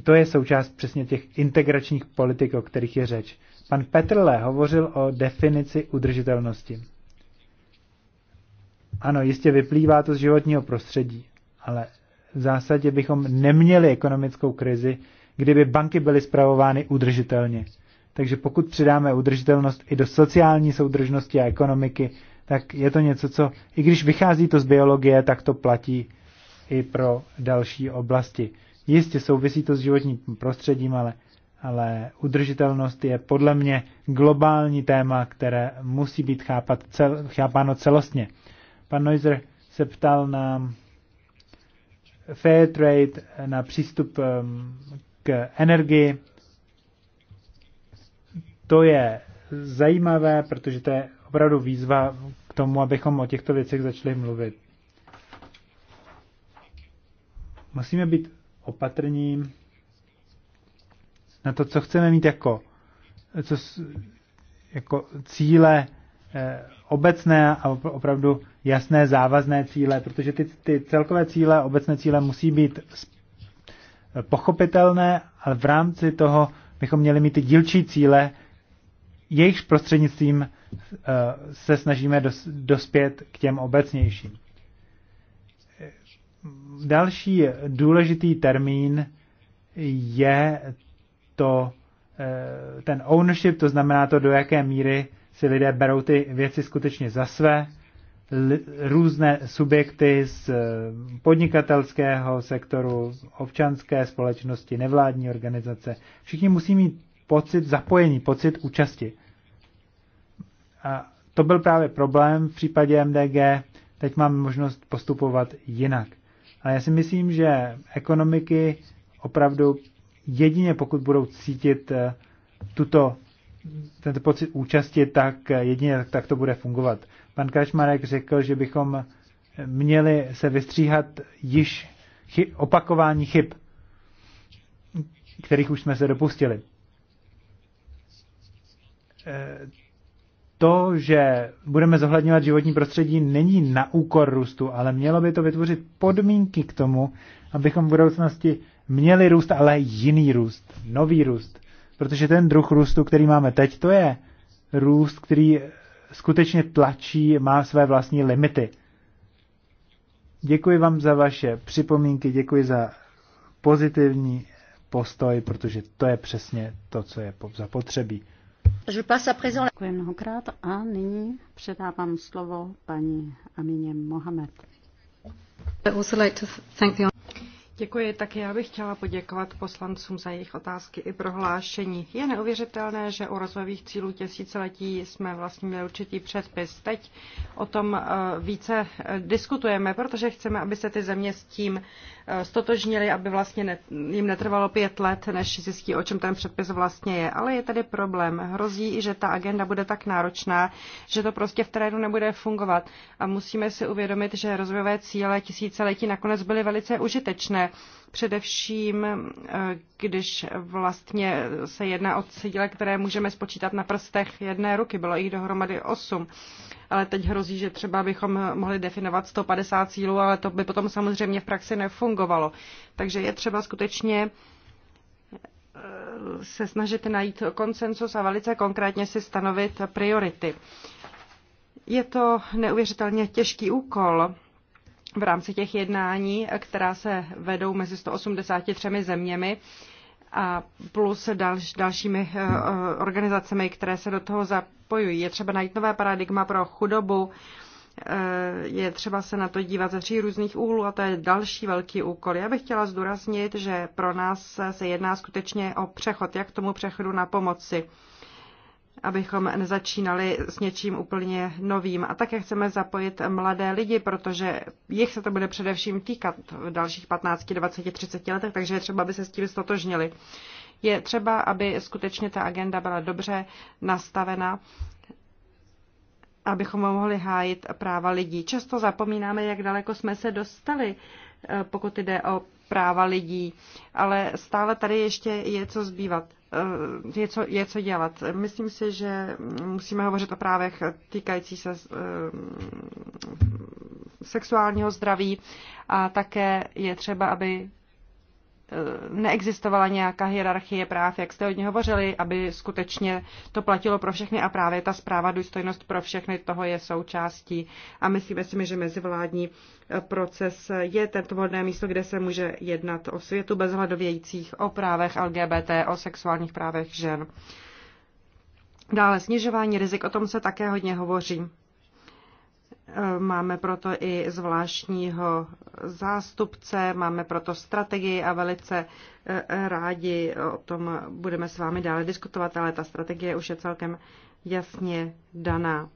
To je součást přesně těch integračních politik, o kterých je řeč. Pan Petrle hovořil o definici udržitelnosti. Ano, jistě vyplývá to z životního prostředí, ale v zásadě bychom neměli ekonomickou krizi, kdyby banky byly zpravovány udržitelně. Takže pokud přidáme udržitelnost i do sociální soudržnosti a ekonomiky, tak je to něco, co, i když vychází to z biologie, tak to platí i pro další oblasti. Jistě souvisí to s životním prostředím, ale, ale udržitelnost je podle mě globální téma, které musí být chápat cel, chápáno celostně. Pan Neuser se ptal na fair trade, na přístup ehm, k energii. To je zajímavé, protože to je opravdu výzva, tomu, abychom o těchto věcech začali mluvit. Musíme být opatrní na to, co chceme mít jako, co, jako cíle eh, obecné a opravdu jasné závazné cíle, protože ty, ty celkové cíle, obecné cíle musí být eh, pochopitelné, ale v rámci toho bychom měli mít ty dílčí cíle, jejichž prostřednictvím Eh, se snažíme dospět k těm obecnějším. Další důležitý termín je to, eh, ten ownership, to znamená to, do jaké míry si lidé berou ty věci skutečně za své. Různé subjekty z eh, podnikatelského sektoru, občanské společnosti, nevládní organizace, všichni musí mít pocit zapojení, pocit účasti. A to byl právě problém v případě MDG. Teď máme možnost postupovat jinak. Ale já si myslím, že ekonomiky opravdu jedině pokud budou cítit eh, tuto, tento pocit účasti, tak eh, jedině tak to bude fungovat. Pan Kašmarek řekl, že bychom eh, měli se vystříhat již chy, opakování chyb, kterých už jsme se dopustili to, že budeme zohledňovat životní prostředí, není na úkor růstu, ale mělo by to vytvořit podmínky k tomu, abychom v budoucnosti měli růst, ale jiný růst, nový růst. Protože ten druh růstu, který máme teď, to je růst, který skutečně tlačí, má své vlastní limity. Děkuji vám za vaše připomínky, děkuji za pozitivní postoj, protože to je přesně to, co je zapotřebí. Je passe à présent... Děkuji mnohokrát a nyní předávám slovo paní Amině Mohamed. Děkuji, tak já bych chtěla poděkovat poslancům za jejich otázky i prohlášení. Je neuvěřitelné, že u rozvojových cílů tisíciletí jsme vlastně měli určitý předpis. Teď o tom eh, více eh, diskutujeme, protože chceme, aby se ty země s tím Eh, stotožnili, aby vlastně ne, jim netrvalo pět let, než zjistí, o čem ten předpis vlastně je. Ale je tady problém. Hrozí, že ta agenda bude tak náročná, že to prostě v terénu nebude fungovat. A musíme si uvědomit, že rozvojové cíle tisíciletí nakonec byly velice užitečné především eh, když vlastně se jedná o cíle, které můžeme spočítat na prstech jedné ruky, bylo jich dohromady 8. Ale teď hrozí, že třeba bychom mohli definovat 150 cílů, ale to by potom samozřejmě v praxi nefungovalo. Takže je třeba skutečně eh, se snažit najít konsensus a velice konkrétně si stanovit priority. Je to neuvěřitelně těžký úkol, v rámci těch jednání, která se vedou mezi 183 zeměmi a plus dalšími eh, eh, organizacemi, které se do toho zapojují. Je třeba najít nové paradigma pro chudobu, eh, je třeba se na to dívat ze tří různých úhlů a to je další velký úkol. Já bych chtěla zdůraznit, že pro nás se jedná skutečně o přechod, jak tomu přechodu na pomoci abychom nezačínali s něčím úplně novým. A také chceme zapojit mladé lidi, protože jich se to bude především týkat v dalších 15, 20, 30 letech, takže je třeba, aby se s tím stotožnili. Je třeba, aby skutečně ta agenda byla dobře nastavena, abychom mohli hájit práva lidí. Často zapomínáme, jak daleko jsme se dostali, eh, pokud jde o práva lidí, ale stále tady ještě je co zbývat je eh, co, je co dělat. Myslím si, že musíme hovořit o právech týkající se eh, sexuálního zdraví a také je třeba, aby Eh, neexistovala nějaká hierarchie práv, jak jste od něho hovořili, aby skutečně to platilo pro všechny a právě ta zpráva důstojnost pro všechny toho je součástí a myslíme si, že mezivládní eh, proces je tento vhodné místo, kde se může jednat o světu bezhladovějících, o právech LGBT, o sexuálních právech žen. Dále snižování rizik, o tom se také hodně hovoří. Máme proto i zvláštního zástupce, máme proto strategii a velice eh, rádi o tom budeme s vámi dále diskutovat, ale ta strategie už je celkem jasně daná.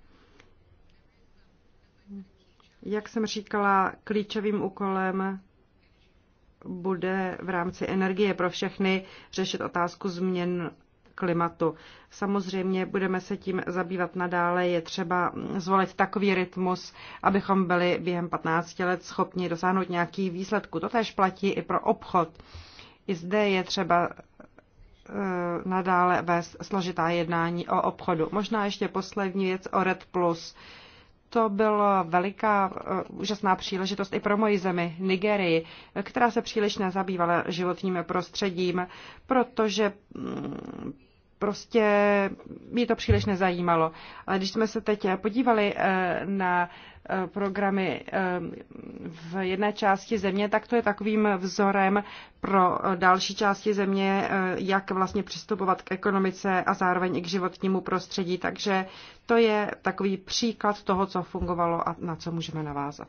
Jak jsem říkala, klíčovým úkolem bude v rámci energie pro všechny řešit otázku změn klimatu. Samozřejmě budeme se tím zabývat nadále. Je třeba zvolit takový rytmus, abychom byli během 15 let schopni dosáhnout nějaký výsledku. To tež platí i pro obchod. I zde je třeba eh, nadále vést složitá jednání o obchodu. Možná ještě poslední věc o Red Plus. To byla veliká, eh, úžasná příležitost i pro moji zemi, Nigerii, která se příliš nezabývala životním prostředím, protože mm, prostě mě to příliš nezajímalo. Ale když jsme se teď eh, podívali eh, na eh, programy v jedné části země, tak to je takovým vzorem pro další části země, jak vlastně přistupovat k ekonomice a zároveň i k životnímu prostředí. Takže to je takový příklad toho, co fungovalo a na co můžeme navázat.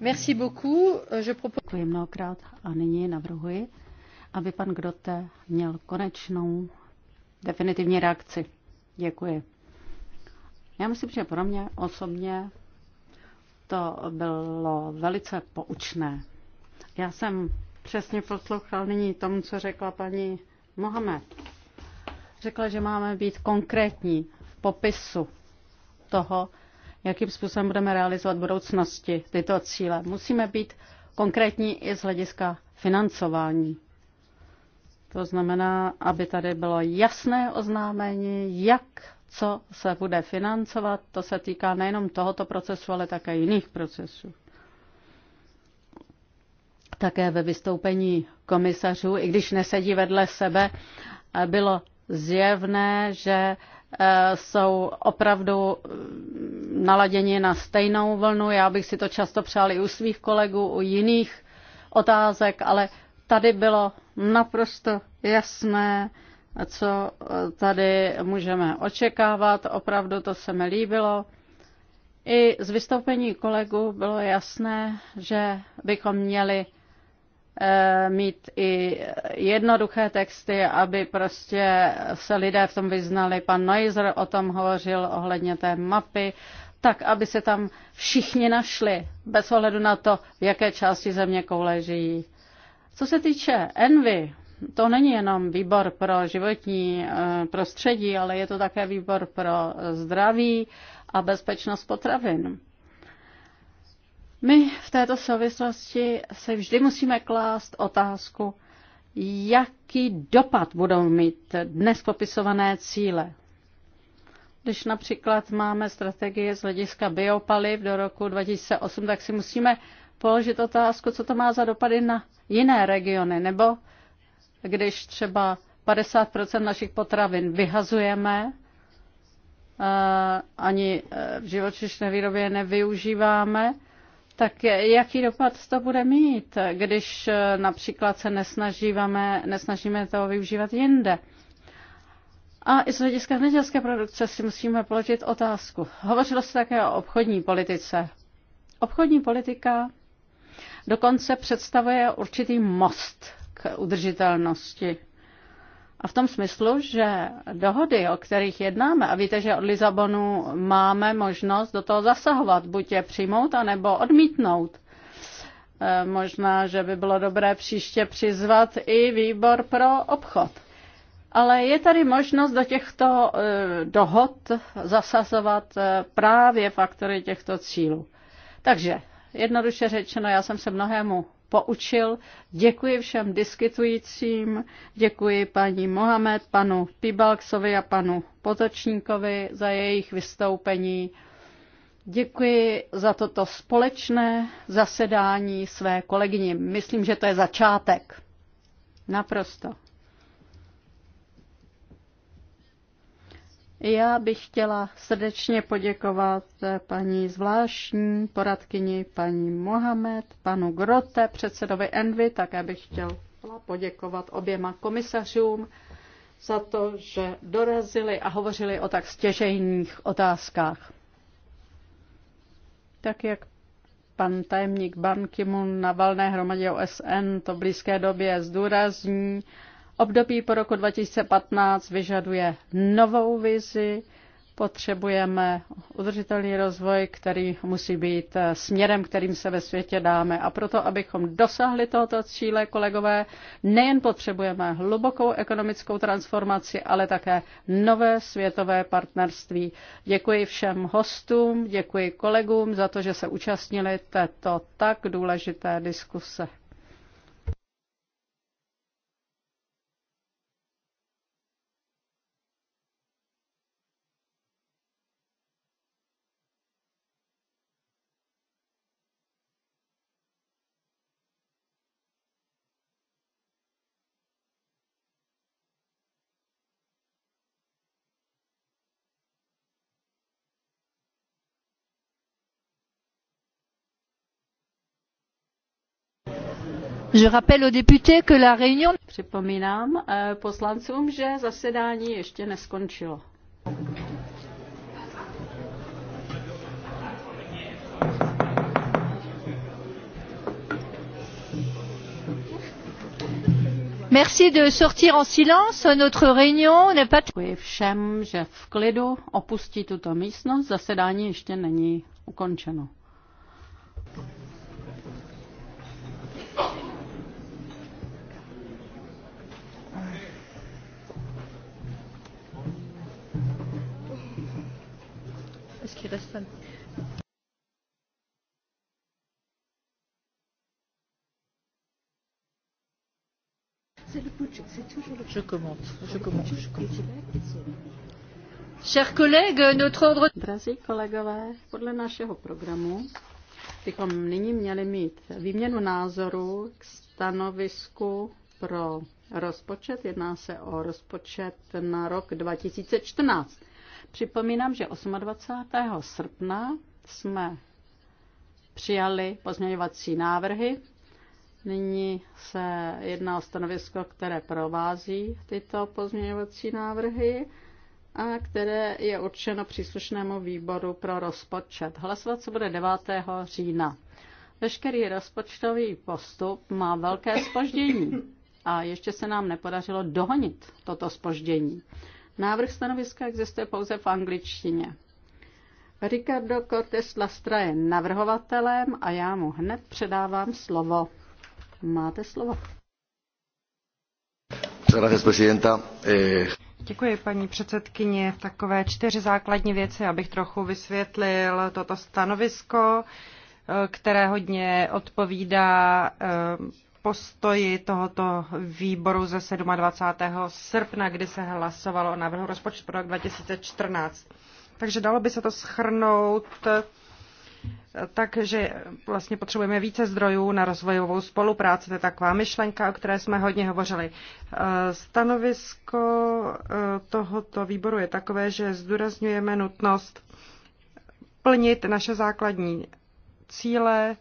Merci beaucoup. Je propos... Děkuji mnohokrát a nyní navrhuji, aby pan Grote měl konečnou definitivní reakci. Děkuji. Já myslím, že pro mě osobně to bylo velice poučné. Já jsem přesně poslouchal nyní tomu, co řekla paní Mohamed. Řekla, že máme být konkrétní v popisu toho, jakým způsobem budeme realizovat v budoucnosti tyto cíle. Musíme být konkrétní i z hlediska financování. To znamená, aby tady bylo jasné oznámení, jak co se bude financovat. To se týká nejenom tohoto procesu, ale také jiných procesů. Také ve vystoupení komisařů, i když nesedí vedle sebe, bylo zjevné, že eh, jsou opravdu mm, naladěni na stejnou vlnu. Já bych si to často přál i u svých kolegů, u jiných otázek, ale tady bylo naprosto jasné, co tady můžeme očekávat. Opravdu to se mi líbilo. I z vystoupení kolegů bylo jasné, že bychom měli eh, mít i jednoduché texty, aby prostě se lidé v tom vyznali. Pan Neuser o tom hovořil ohledně té mapy, tak, aby se tam všichni našli, bez ohledu na to, v jaké části země koule žijí. Co se týče Envy, to není jenom výbor pro životní eh, prostředí, ale je to také výbor pro zdraví a bezpečnost potravin. My v této souvislosti se vždy musíme klást otázku, jaký dopad budou mít dnes popisované cíle. Když například máme strategie z hlediska biopaliv do roku 2008, tak si musíme položit otázku, co to má za dopady na jiné regiony, nebo když třeba 50 našich potravin vyhazujeme, eh, ani eh, v živočišné výrobě nevyužíváme, tak jaký dopad to bude mít, když eh, například se nesnažíme, nesnažíme to využívat jinde? A i z hlediska zemědělské produkce si musíme položit otázku. Hovořilo se také o obchodní politice. Obchodní politika dokonce představuje určitý most k udržitelnosti. A v tom smyslu, že dohody, o kterých jednáme, a víte, že od Lisabonu máme možnost do toho zasahovat, buď je přijmout, anebo odmítnout. Eh, možná, že by bylo dobré příště přizvat i výbor pro obchod. Ale je tady možnost do těchto eh, dohod zasazovat eh, právě faktory těchto cílů. Takže Jednoduše řečeno, já jsem se mnohému poučil. Děkuji všem diskutujícím, děkuji paní Mohamed, panu Pibalksovi a panu Potočníkovi za jejich vystoupení. Děkuji za toto společné zasedání své kolegyni. Myslím, že to je začátek. Naprosto Já bych chtěla srdečně poděkovat eh, paní zvláštní poradkyni paní Mohamed, panu Grote, předsedovi Envy, také bych chtěla poděkovat oběma komisařům za to, že dorazili a hovořili o tak stěžejných otázkách. Tak jak pan tajemník Ban Ki-moon na valné hromadě OSN to v blízké době zdůrazní, Období po roku 2015 vyžaduje novou vizi, potřebujeme udržitelný rozvoj, který musí být směrem, kterým se ve světě dáme. A proto, abychom dosáhli tohoto cíle, kolegové, nejen potřebujeme hlubokou ekonomickou transformaci, ale také nové světové partnerství. Děkuji všem hostům, děkuji kolegům za to, že se účastnili této tak důležité diskuse. Je rappelle aux députés que la réunion... Připomínám eh, poslancům, že zasedání ještě neskončilo. Merci de sortir en silence, notre réunion n'est pas... Děkuji všem, že v klidu opustí tuto místnost, zasedání ještě není ukončeno. Ci restano. Je commente, je commente, je commente. Chers collègues, notre ordre... Drazí kolegové, podle našeho programu bychom nyní měli mít výměnu názoru k stanovisku pro rozpočet. Jedná se o rozpočet na rok 2014. Připomínám, že 28. srpna jsme přijali pozměňovací návrhy. Nyní se jedná o stanovisko, které provází tyto pozměňovací návrhy a které je určeno příslušnému výboru pro rozpočet. Hlasovat se bude 9. října. Veškerý rozpočtový postup má velké spoždění a ještě se nám nepodařilo dohonit toto spoždění. Návrh stanoviska existuje pouze v angličtině. Ricardo Cortes Lastra je navrhovatelem a já mu hned předávám slovo. Máte slovo. Eh, Děkuji, paní předsedkyně. Takové čtyři základní věci, abych trochu vysvětlil toto stanovisko, eh, které hodně odpovídá eh, postoji tohoto výboru ze 27. srpna, kdy se hlasovalo o návrhu rozpočtu pro rok 2014. Takže dalo by se to schrnout eh, takže vlastně potřebujeme více zdrojů na rozvojovou spolupráci. To je taková myšlenka, o které jsme hodně hovořili. Eh, stanovisko eh, tohoto výboru je takové, že zdůrazňujeme nutnost plnit naše základní cíle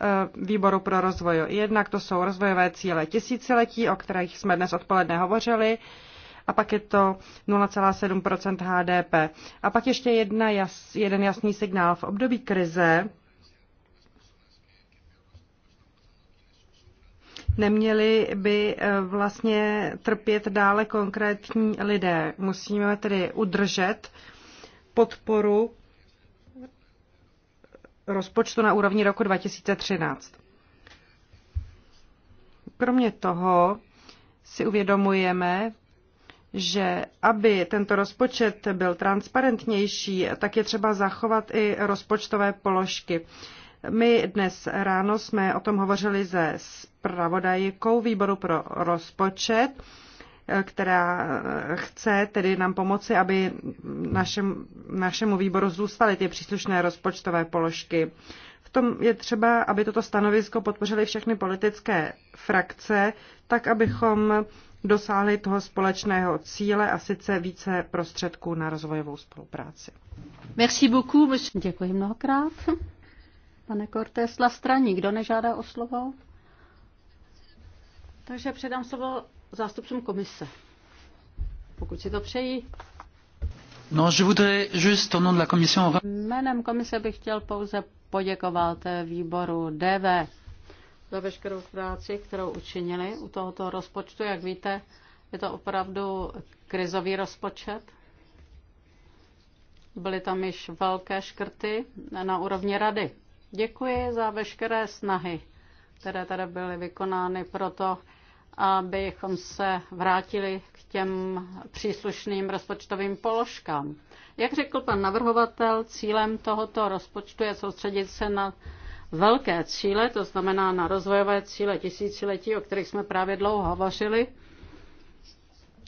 Eh, výboru pro rozvoj. Jednak to jsou rozvojové cíle tisíciletí, o kterých jsme dnes odpoledne hovořili, a pak je to 0,7 HDP. A pak ještě jedna jas, jeden jasný signál. V období krize neměli by eh, vlastně trpět dále konkrétní lidé. Musíme tedy udržet podporu rozpočtu na úrovni roku 2013. Kromě toho si uvědomujeme, že aby tento rozpočet byl transparentnější, tak je třeba zachovat i rozpočtové položky. My dnes ráno jsme o tom hovořili se zpravodajkou výboru pro rozpočet která eh, chce tedy nám pomoci, aby našem, našemu výboru zůstaly ty příslušné rozpočtové položky. V tom je třeba, aby toto stanovisko podpořily všechny politické frakce, tak abychom dosáhli toho společného cíle a sice více prostředků na rozvojovou spolupráci. Merci beaucoup. Monsieur. Děkuji mnohokrát. Pane Cortés Lastra, nikdo nežádá o slovo? Takže předám slovo zástupcům komise, pokud si to přejí. No, je voudrais juste au nom de la commission... Jménem komise bych chtěl pouze poděkovat výboru DV za veškerou práci, kterou učinili u tohoto rozpočtu. Jak víte, je to opravdu krizový rozpočet. Byly tam již velké škrty na úrovni rady. Děkuji za veškeré snahy, které tady byly vykonány pro to, abychom se vrátili k těm příslušným rozpočtovým položkám. Jak řekl pan navrhovatel, cílem tohoto rozpočtu je soustředit se na velké cíle, to znamená na rozvojové cíle tisíciletí, o kterých jsme právě dlouho hovořili.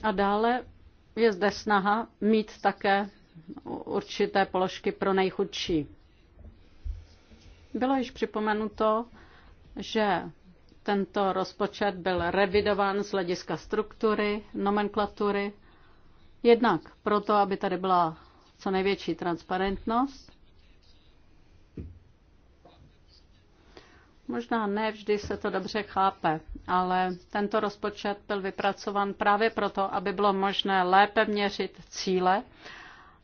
A dále je zde snaha mít také určité položky pro nejchudší. Bylo již připomenuto, že tento rozpočet byl revidován z hlediska struktury, nomenklatury, jednak proto, aby tady byla co největší transparentnost. Možná ne vždy se to dobře chápe, ale tento rozpočet byl vypracován právě proto, aby bylo možné lépe měřit cíle,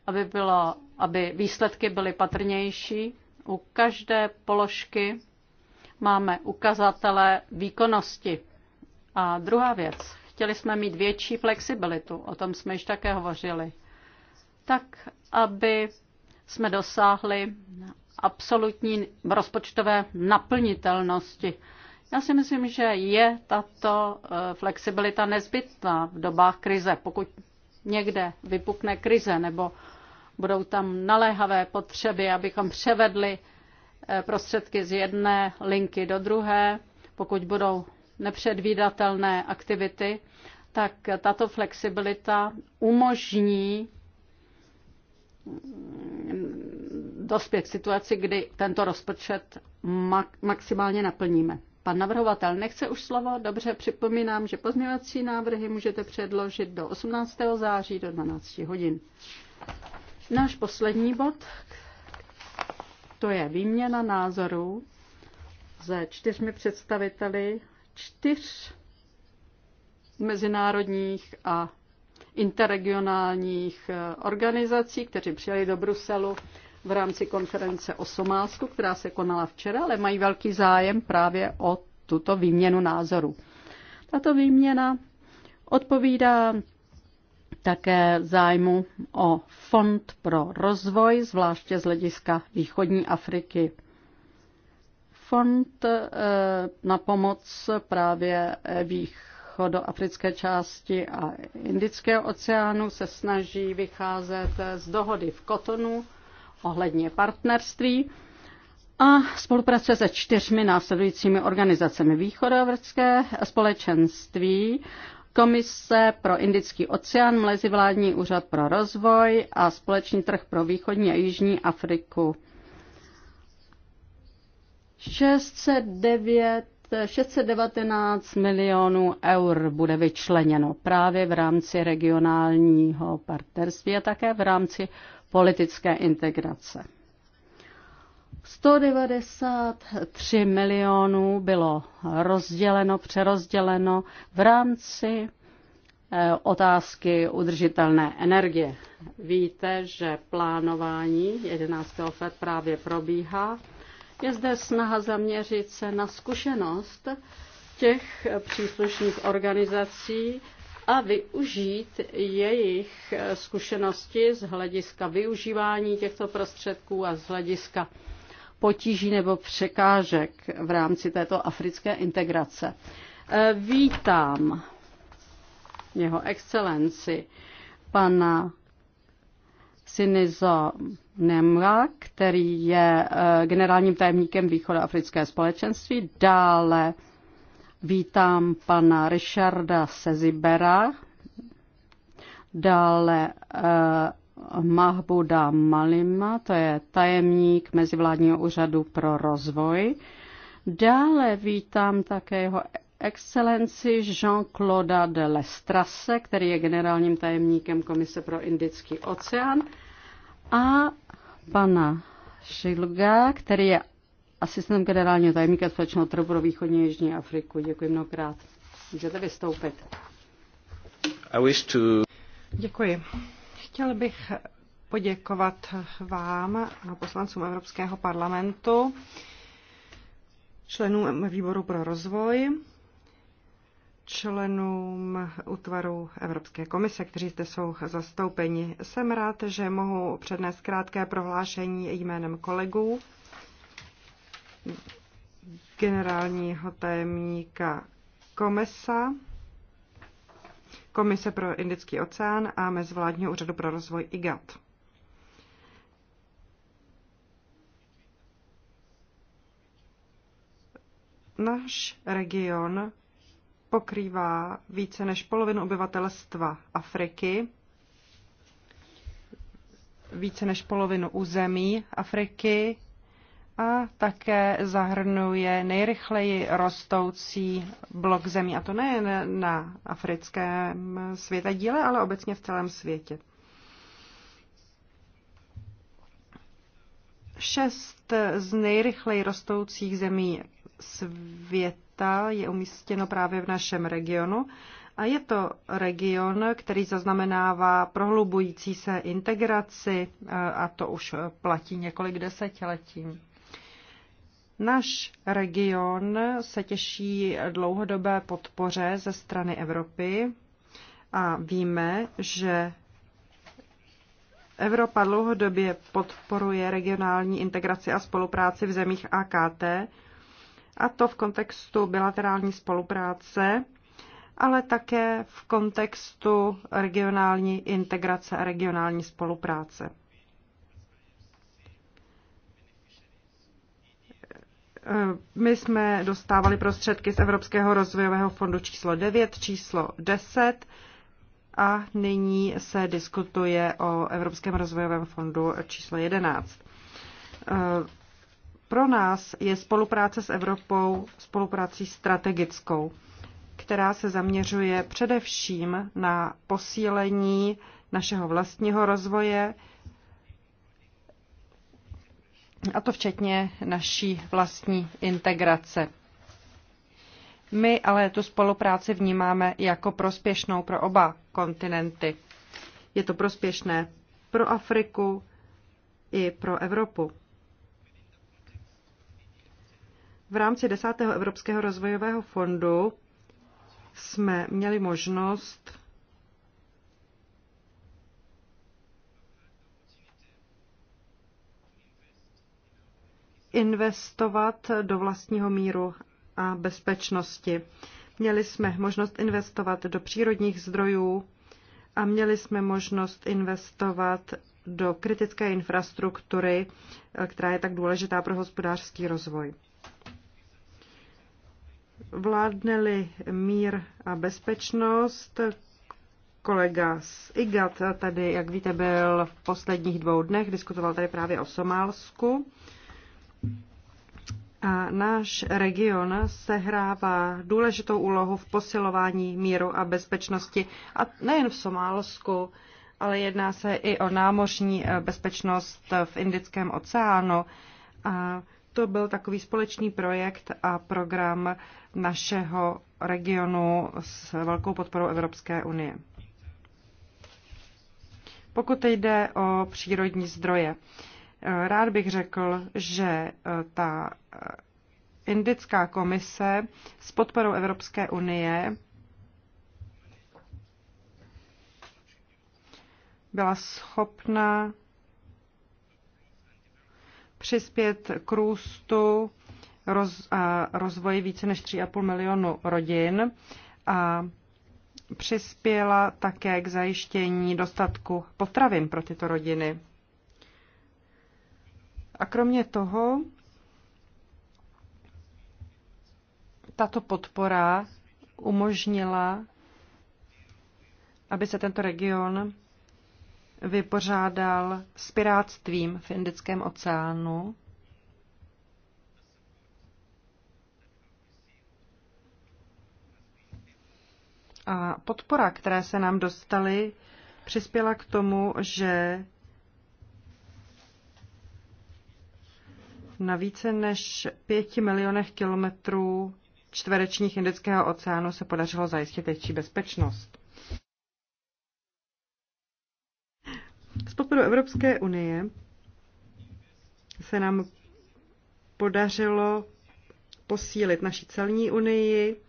aby, bylo, aby výsledky byly patrnější u každé položky máme ukazatele výkonnosti. A druhá věc, chtěli jsme mít větší flexibilitu, o tom jsme již také hovořili, tak aby jsme dosáhli absolutní rozpočtové naplnitelnosti. Já si myslím, že je tato e, flexibilita nezbytná v dobách krize. Pokud někde vypukne krize nebo budou tam naléhavé potřeby, abychom převedli Eh, prostředky z jedné linky do druhé, pokud budou nepředvídatelné aktivity, tak tato flexibilita umožní mm, dospět k situaci, kdy tento rozpočet maximálně naplníme. Pan navrhovatel nechce už slovo, dobře připomínám, že pozměňovací návrhy můžete předložit do 18. září do 12 hodin. Náš poslední bod, to je výměna názorů se čtyřmi představiteli čtyř mezinárodních a interregionálních eh, organizací, kteří přijeli do Bruselu v rámci konference o Somálsku, která se konala včera, ale mají velký zájem právě o tuto výměnu názorů. Tato výměna odpovídá také zájmu o fond pro rozvoj, zvláště z hlediska východní Afriky. Fond eh, na pomoc právě východoafrické části a Indického oceánu se snaží vycházet z dohody v Kotonu ohledně partnerství a spolupráce se čtyřmi následujícími organizacemi. Východoafrické společenství Komise pro Indický oceán, Mlezivládní úřad pro rozvoj a Společný trh pro východní a jižní Afriku. 609 619 milionů eur bude vyčleněno právě v rámci regionálního partnerství a také v rámci politické integrace. 193 milionů bylo rozděleno, přerozděleno v rámci eh, otázky udržitelné energie. Víte, že plánování 11. FED právě probíhá. Je zde snaha zaměřit se na zkušenost těch příslušných organizací a využít jejich zkušenosti z hlediska využívání těchto prostředků a z hlediska potíží nebo překážek v rámci této africké integrace. E, vítám jeho excelenci pana Sinizo Nemra, který je e, generálním tajemníkem africké společenství. Dále vítám pana Richarda Sezibera, dále e, Mahbuda Malima, to je tajemník Mezivládního úřadu pro rozvoj. Dále vítám také jeho excelenci Jean-Claude de Lestrasse, který je generálním tajemníkem Komise pro Indický oceán, a pana Šilga, který je asistentem generálního tajemníka Společného trhu pro východní a jižní Afriku. Děkuji mnohokrát. Můžete vystoupit. I wish to... Děkuji. Chtěl bych poděkovat vám a poslancům Evropského parlamentu, členům výboru pro rozvoj, členům útvaru Evropské komise, kteří zde jsou zastoupeni. Jsem rád, že mohu přednést krátké prohlášení jménem kolegů generálního tajemníka Komesa, Komise pro Indický oceán a Mezvládního úřadu pro rozvoj IGAT. Náš region pokrývá více než polovinu obyvatelstva Afriky, více než polovinu území Afriky a také zahrnuje nejrychleji rostoucí blok zemí, a to nejen na africkém světě díle, ale obecně v celém světě. Šest z nejrychleji rostoucích zemí světa je umístěno právě v našem regionu a je to region, který zaznamenává prohlubující se integraci a to už platí několik desetiletí. Náš region se těší dlouhodobé podpoře ze strany Evropy a víme, že Evropa dlouhodobě podporuje regionální integraci a spolupráci v zemích AKT, a to v kontextu bilaterální spolupráce, ale také v kontextu regionální integrace a regionální spolupráce. Eh, my jsme dostávali prostředky z Evropského rozvojového fondu číslo 9, číslo 10 a nyní se diskutuje o Evropském rozvojovém fondu číslo 11. Eh, pro nás je spolupráce s Evropou spoluprací strategickou, která se zaměřuje především na posílení našeho vlastního rozvoje, a to včetně naší vlastní integrace. My ale tu spolupráci vnímáme jako prospěšnou pro oba kontinenty. Je to prospěšné pro Afriku i pro Evropu. V rámci 10. Evropského rozvojového fondu jsme měli možnost investovat do vlastního míru a bezpečnosti. Měli jsme možnost investovat do přírodních zdrojů a měli jsme možnost investovat do kritické infrastruktury, která je tak důležitá pro hospodářský rozvoj. Vládneli mír a bezpečnost, kolega z IGAT tady, jak víte, byl v posledních dvou dnech, diskutoval tady právě o Somálsku. A náš region sehrává důležitou úlohu v posilování míru a bezpečnosti, a nejen v Somálsku, ale jedná se i o námořní eh, bezpečnost v Indickém oceánu. A to byl takový společný projekt a program našeho regionu s velkou podporou Evropské unie. Pokud jde o přírodní zdroje, Rád bych řekl, že eh, ta eh, Indická komise s podporou Evropské unie byla schopna přispět k růstu roz, a eh, rozvoji více než 3,5 milionu rodin a přispěla také k zajištění dostatku potravin pro tyto rodiny. A kromě toho, tato podpora umožnila, aby se tento region vypořádal s piráctvím v Indickém oceánu. A podpora, které se nám dostaly, přispěla k tomu, že Na více než pěti milionech kilometrů čtverečních Indického oceánu se podařilo zajistit větší bezpečnost. Z podporu Evropské unie se nám podařilo posílit naši celní unii,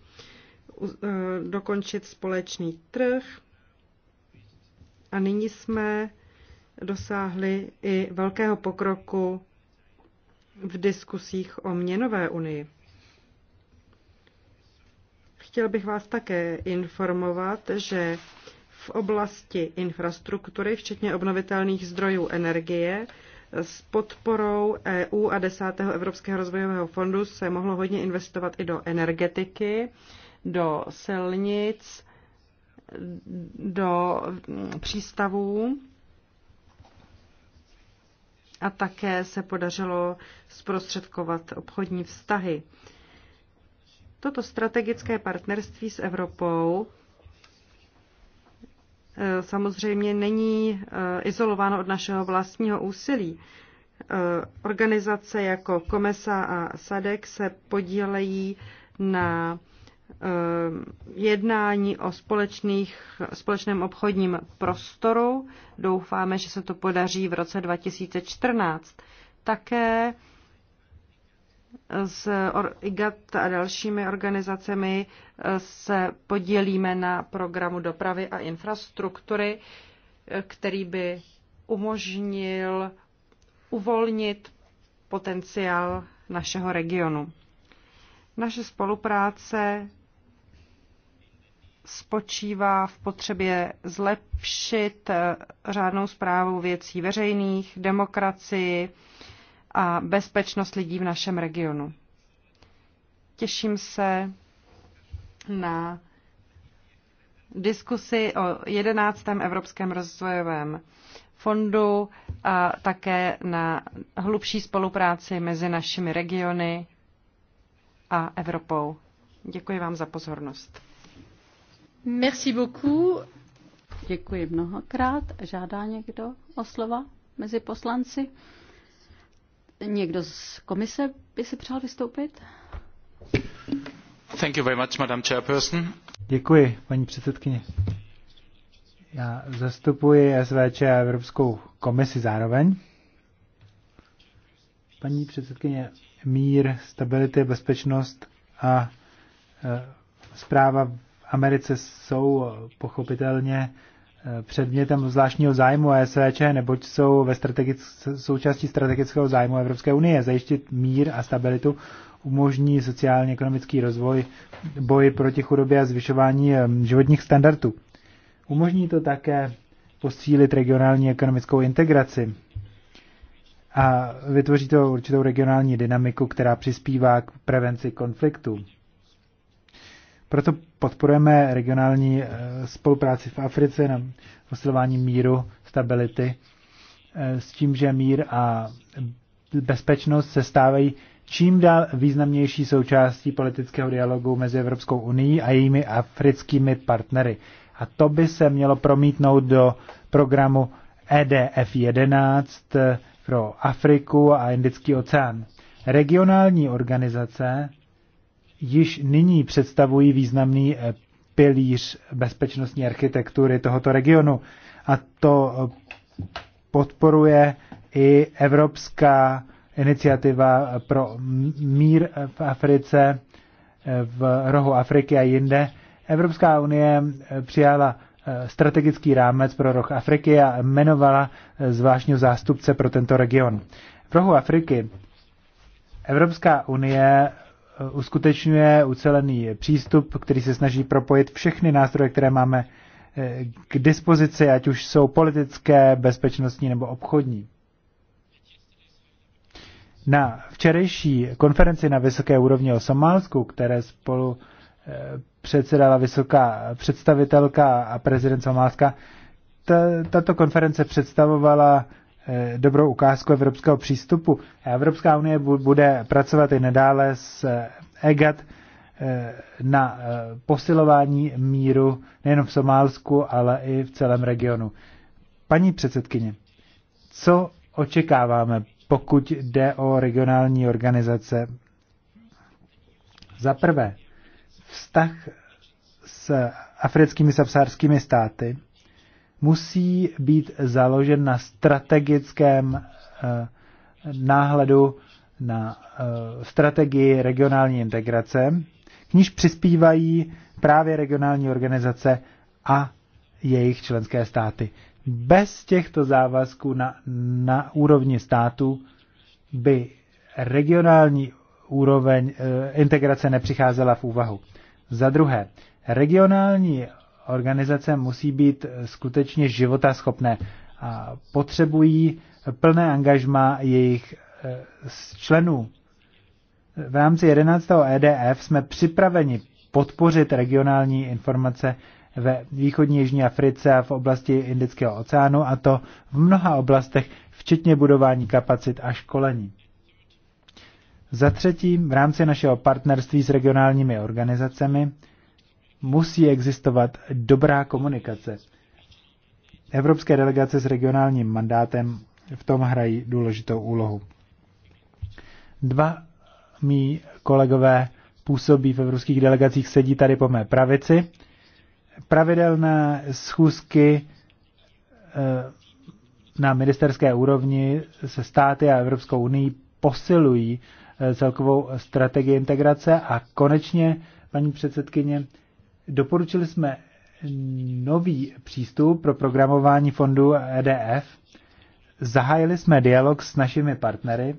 eh, dokončit společný trh a nyní jsme dosáhli i velkého pokroku v diskusích o měnové unii. Chtěl bych vás také informovat, že v oblasti infrastruktury, včetně obnovitelných zdrojů energie, s podporou EU a 10. Evropského rozvojového fondu se mohlo hodně investovat i do energetiky, do silnic, do přístavů a také se podařilo zprostředkovat obchodní vztahy. Toto strategické partnerství s Evropou eh, samozřejmě není eh, izolováno od našeho vlastního úsilí. Eh, organizace jako Komesa a SADEK se podílejí na Eh, jednání o společných, společném obchodním prostoru. Doufáme, že se to podaří v roce 2014. Také s IGAT a dalšími organizacemi eh, se podělíme na programu dopravy a infrastruktury, eh, který by umožnil uvolnit potenciál našeho regionu. Naše spolupráce spočívá v potřebě zlepšit eh, řádnou zprávu věcí veřejných, demokracii a bezpečnost lidí v našem regionu. Těším se na diskusi o 11. Evropském rozvojovém fondu a také na hlubší spolupráci mezi našimi regiony a Evropou. Děkuji vám za pozornost. Merci beaucoup. Děkuji mnohokrát. Žádá někdo o slova mezi poslanci? Někdo z komise by si přál vystoupit? Thank you very much, Madam Chairperson. Děkuji, paní předsedkyně. Já zastupuji SVČ a Evropskou komisi zároveň. Paní předsedkyně, mír, stability, bezpečnost a e, zpráva v Americe jsou pochopitelně e, předmětem zvláštního zájmu ESVČ, neboť jsou ve strategic, součástí strategického zájmu Evropské unie. Zajištit mír a stabilitu umožní sociálně ekonomický rozvoj, boji proti chudobě a zvyšování e, životních standardů. Umožní to také posílit regionální ekonomickou integraci a vytvoří to určitou regionální dynamiku, která přispívá k prevenci konfliktů. Proto podporujeme regionální eh, spolupráci v Africe na posilování míru, stability, eh, s tím, že mír a bezpečnost se stávají čím dál významnější součástí politického dialogu mezi Evropskou unii a jejími africkými partnery. A to by se mělo promítnout do programu e EDF 11, eh, pro Afriku a Indický oceán. Regionální organizace již nyní představují významný eh, pilíř bezpečnostní architektury tohoto regionu a to eh, podporuje i Evropská iniciativa eh, pro mír v Africe, v rohu Afriky a jinde. Evropská unie přijala Eh, strategický rámec pro roh Afriky a jmenovala eh, zvláštního zástupce pro tento region. V rohu Afriky Evropská unie eh, uskutečňuje ucelený přístup, který se snaží propojit všechny nástroje, které máme k dispozici, ať už jsou politické, bezpečnostní nebo obchodní. Na včerejší konferenci na vysoké úrovni o Somálsku, které spolu předsedala vysoká představitelka a prezident Somálska. Tato konference představovala eh, dobrou ukázku evropského přístupu. Evropská unie bude pracovat i nadále s eh, EGAT eh, na posilování míru nejen v Somálsku, ale i v celém regionu. Paní předsedkyně, co očekáváme, pokud jde o regionální organizace? Za prvé, vztah s africkými sapsárskými státy musí být založen na strategickém eh, náhledu na eh, strategii regionální integrace, k níž přispívají právě regionální organizace a jejich členské státy. Bez těchto závazků na, na úrovni státu by regionální úroveň eh, integrace nepřicházela v úvahu. Za druhé, regionální organizace musí být skutečně životaschopné a potřebují plné angažma jejich eh, členů. V rámci 11. EDF jsme připraveni podpořit regionální informace ve východní Jižní Africe a v oblasti Indického oceánu, a to v mnoha oblastech, včetně budování kapacit a školení. Za třetí, v rámci našeho partnerství s regionálními organizacemi musí existovat dobrá komunikace. Evropské delegace s regionálním mandátem v tom hrají důležitou úlohu. Dva mý kolegové působí v evropských delegacích, sedí tady po mé pravici. Pravidelné schůzky eh, na ministerské úrovni se státy a Evropskou unii posilují Eh, celkovou strategii integrace. A konečně, paní předsedkyně, doporučili jsme nový přístup pro programování fondu EDF. Zahájili jsme dialog s našimi partnery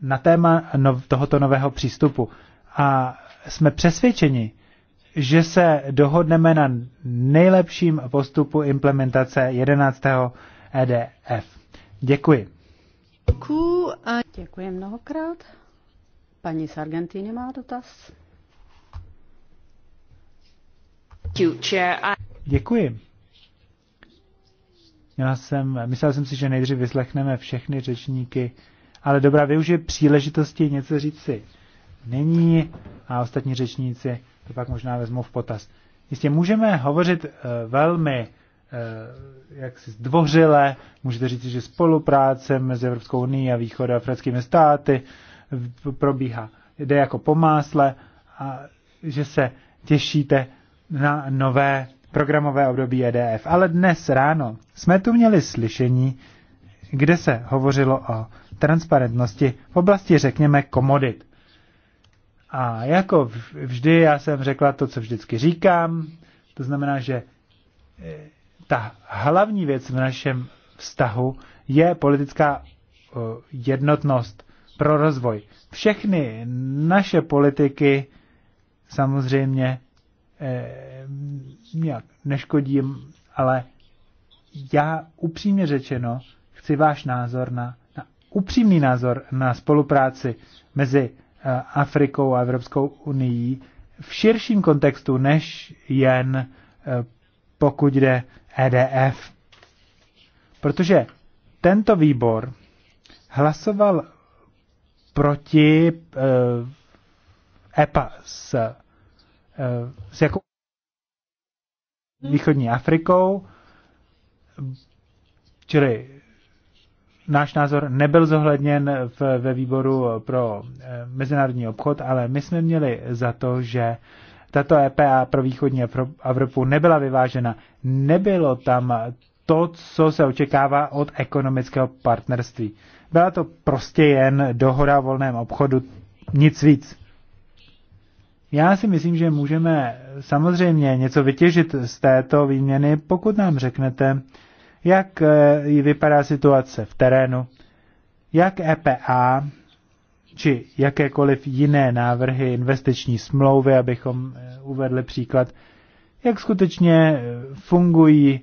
na téma tohoto nového přístupu. A jsme přesvědčeni, že se dohodneme na nejlepším postupu implementace 11. EDF. Děkuji. Děkuji a Děkuji mnohokrát. Paní z Argentíny má dotaz. Děkuji. Já jsem, myslel jsem si, že nejdřív vyslechneme všechny řečníky, ale dobrá, využije příležitosti něco říct si. Není a ostatní řečníci to pak možná vezmou v potaz. Jistě můžeme hovořit eh, velmi Eh, jak si zdvořile, můžete říct, že spolupráce mezi Evropskou unii a africkými státy probíhá, jde jako po másle a že se těšíte na nové programové období EDF. Ale dnes ráno jsme tu měli slyšení, kde se hovořilo o transparentnosti v oblasti, řekněme, komodit. A jako vždy, já jsem řekla to, co vždycky říkám, to znamená, že eh, ta hlavní věc v našem vztahu je politická eh, jednotnost pro rozvoj. Všechny naše politiky samozřejmě eh, nějak neškodím, ale já upřímně řečeno chci váš názor na, na upřímný názor na spolupráci mezi eh, Afrikou a Evropskou unii v širším kontextu, než jen pokud jde EDF. Protože tento výbor hlasoval proti uh, eh, EPA s, uh, s jako východní Afrikou, čili náš názor nebyl zohledněn v, ve výboru pro eh, mezinárodní obchod, ale my jsme měli za to, že uh, tato EPA pro východní Evropu nebyla vyvážena. Nebylo tam to, co se očekává od ekonomického partnerství. Byla to prostě jen dohoda o volném obchodu, nic víc. Já si myslím, že můžeme samozřejmě něco vytěžit z této výměny, pokud nám řeknete, jak eh, vypadá situace v terénu, jak EPA či jakékoliv jiné návrhy investiční smlouvy, abychom eh, uvedli příklad, jak skutečně eh, fungují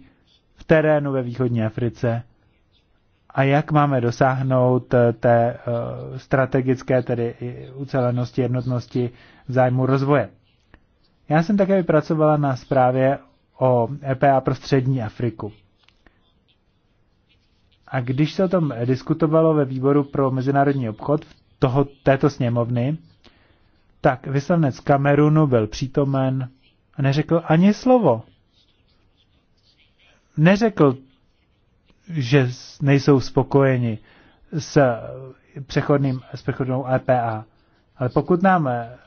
v terénu ve východní Africe a jak máme dosáhnout eh, té strategické, tedy ucelenosti, jednotnosti zájmu rozvoje. Já jsem také vypracovala na zprávě o EPA pro střední Afriku. A když se o tom diskutovalo ve výboru pro mezinárodní obchod, v toho, této sněmovny, tak vyslanec Kamerunu byl přítomen a neřekl ani slovo. Neřekl, že nejsou spokojeni s, přechodným, s přechodnou EPA. Ale pokud nám eh,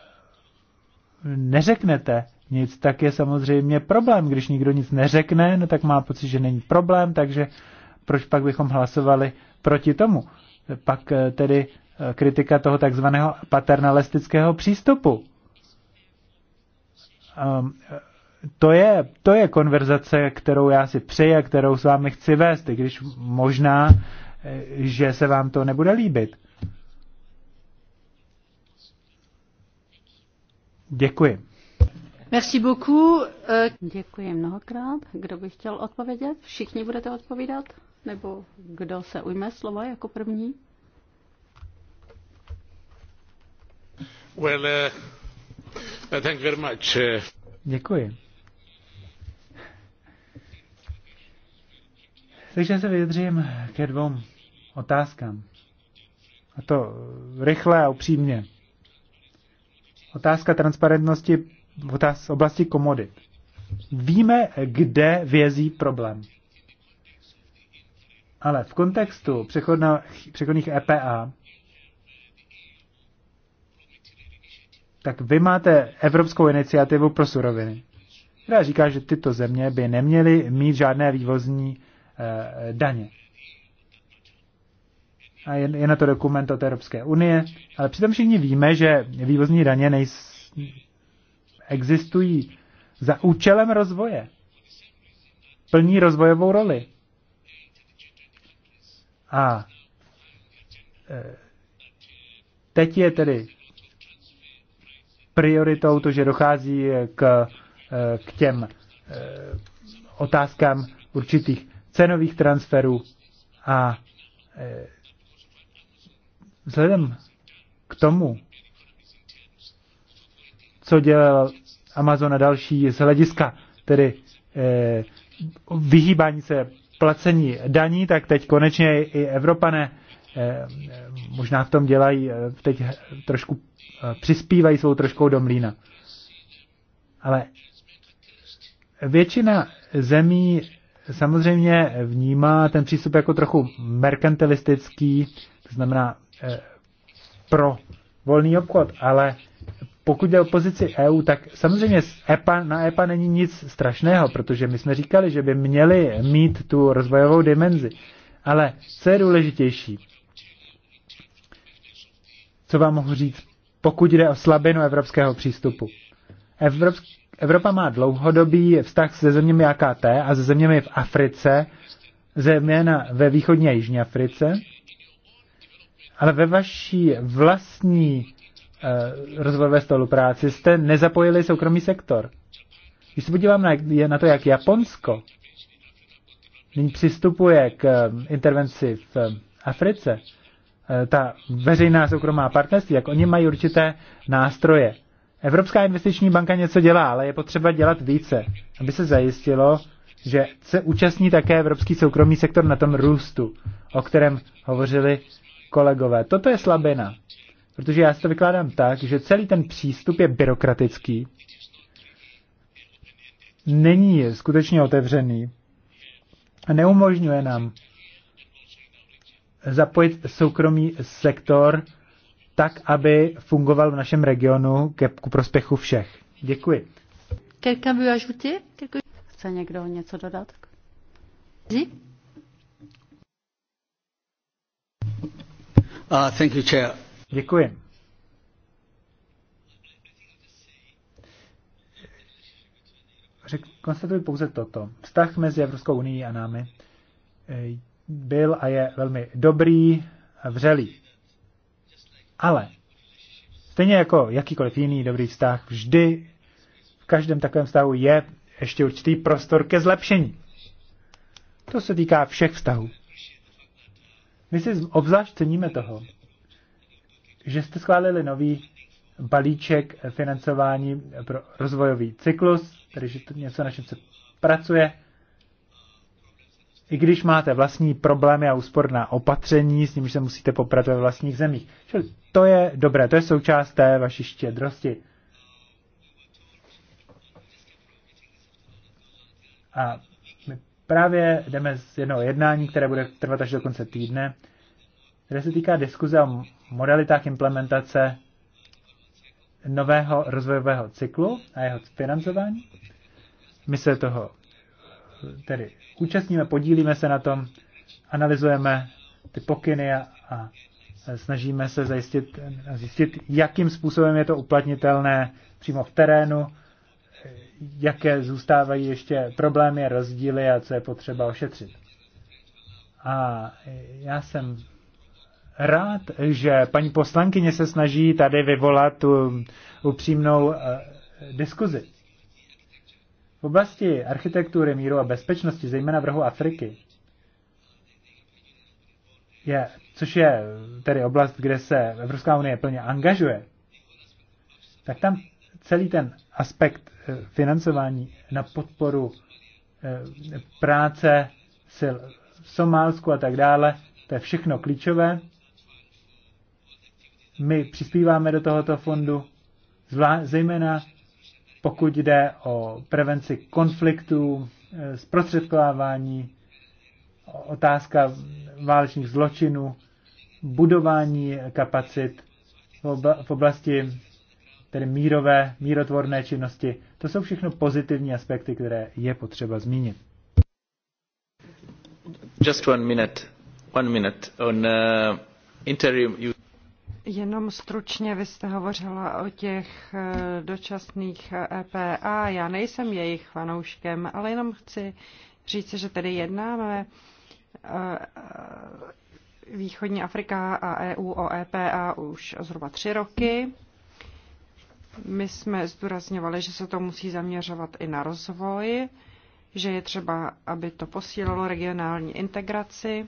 neřeknete nic, tak je samozřejmě problém. Když nikdo nic neřekne, no tak má pocit, že není problém, takže proč pak bychom hlasovali proti tomu? Pak eh, tedy Eh, kritika toho takzvaného paternalistického přístupu. Um, to je, to je konverzace, kterou já si přeji a kterou s vámi chci vést, i když možná, eh, že se vám to nebude líbit. Děkuji. Merci beaucoup. Děkuji mnohokrát. Kdo by chtěl odpovědět? Všichni budete odpovídat? Nebo kdo se ujme slova jako první? Uh, uh, uh. Děkuji. Takže se vyjadřím ke dvou otázkám. A to rychle a upřímně. Otázka transparentnosti v oblasti komodit. Víme, kde vězí problém. Ale v kontextu přechodných EPA tak vy máte Evropskou iniciativu pro suroviny, která říká, že tyto země by neměly mít žádné vývozní eh, daně. A je, je na to dokument od Evropské unie, ale přitom všichni víme, že vývozní daně nejs, existují za účelem rozvoje. Plní rozvojovou roli. A eh, teď je tedy prioritou to, že dochází k, k těm eh, otázkám určitých cenových transferů a eh, vzhledem k tomu, co dělal Amazon a další z hlediska tedy eh, vyhýbání se placení daní, tak teď konečně i Evropané možná v tom dělají, eh, teď trošku eh, přispívají svou troškou do mlína. Ale většina zemí samozřejmě vnímá ten přístup jako trochu merkantilistický, to znamená eh, pro volný obchod, ale pokud jde o pozici EU, tak samozřejmě EPA, na EPA není nic strašného, protože my jsme říkali, že by měli mít tu rozvojovou dimenzi. Ale co je důležitější? co vám mohu říct, pokud jde o slabinu evropského přístupu. Evropsk, Evropa má dlouhodobý vztah se zeměmi AKT a se zeměmi v Africe, zejména ve východní a jižní Africe, ale ve vaší vlastní uh, rozvojové spolupráci jste nezapojili soukromý sektor. Když se podívám na, na to, jak Japonsko nyní přistupuje k eh, intervenci v eh, Africe, Eh, ta veřejná soukromá partnerství, jak oni mají určité nástroje. Evropská investiční banka něco dělá, ale je potřeba dělat více, aby se zajistilo, že se účastní také evropský soukromý sektor na tom růstu, o kterém hovořili kolegové. Toto je slabina, protože já si to vykládám tak, že celý ten přístup je byrokratický, není skutečně otevřený a neumožňuje nám zapojit soukromý sektor tak, aby fungoval v našem regionu ke, ku prospěchu všech. Děkuji. Chce někdo něco dodat? Uh, thank you, chair. Děkuji. Řek, konstatuji pouze toto. Vztah mezi Evropskou unii a námi eh, byl a je velmi dobrý a vřelý. Ale stejně jako jakýkoliv jiný dobrý vztah, vždy v každém takovém vztahu je ještě určitý prostor ke zlepšení. To se týká všech vztahů. My si obzvlášť ceníme toho, že jste schválili nový balíček financování pro rozvojový cyklus, tedy že to něco, na čem se pracuje i když máte vlastní problémy a úsporná opatření, s nimiž se musíte poprat ve vlastních zemích. Čili to je dobré, to je součást té vaší štědrosti. A my právě jdeme z jednoho jednání, které bude trvat až do konce týdne, které se týká diskuze o modalitách implementace nového rozvojového cyklu a jeho financování. My se toho tedy účastníme, podílíme se na tom, analyzujeme ty pokyny a, a snažíme se zajistit, zjistit, jakým způsobem je to uplatnitelné přímo v terénu, jaké zůstávají ještě problémy, rozdíly a co je potřeba ošetřit. A já jsem rád, že paní poslankyně se snaží tady vyvolat tu upřímnou eh, diskuzi. V oblasti architektury míru a bezpečnosti, zejména v rohu Afriky, je, což je tedy oblast, kde se Evropská unie plně angažuje, tak tam celý ten aspekt eh, financování na podporu eh, práce sil v Somálsku a tak dále, to je všechno klíčové. My přispíváme do tohoto fondu, zejména pokud jde o prevenci konfliktů, eh, zprostředkovávání, otázka válečných zločinů, budování kapacit v oblasti tedy mírové, mírotvorné činnosti. To jsou všechno pozitivní aspekty, které je potřeba zmínit. Just one minute, one minute on uh, interim Jenom stručně vy jste hovořila o těch eh, dočasných EPA. Eh, e Já nejsem jejich fanouškem, ale jenom chci říct, že tedy jednáme eh, Východní Afrika a EU o EPA už zhruba tři roky. My jsme zdůrazňovali, že se to musí zaměřovat i na rozvoj, že je třeba, aby to posílalo regionální integraci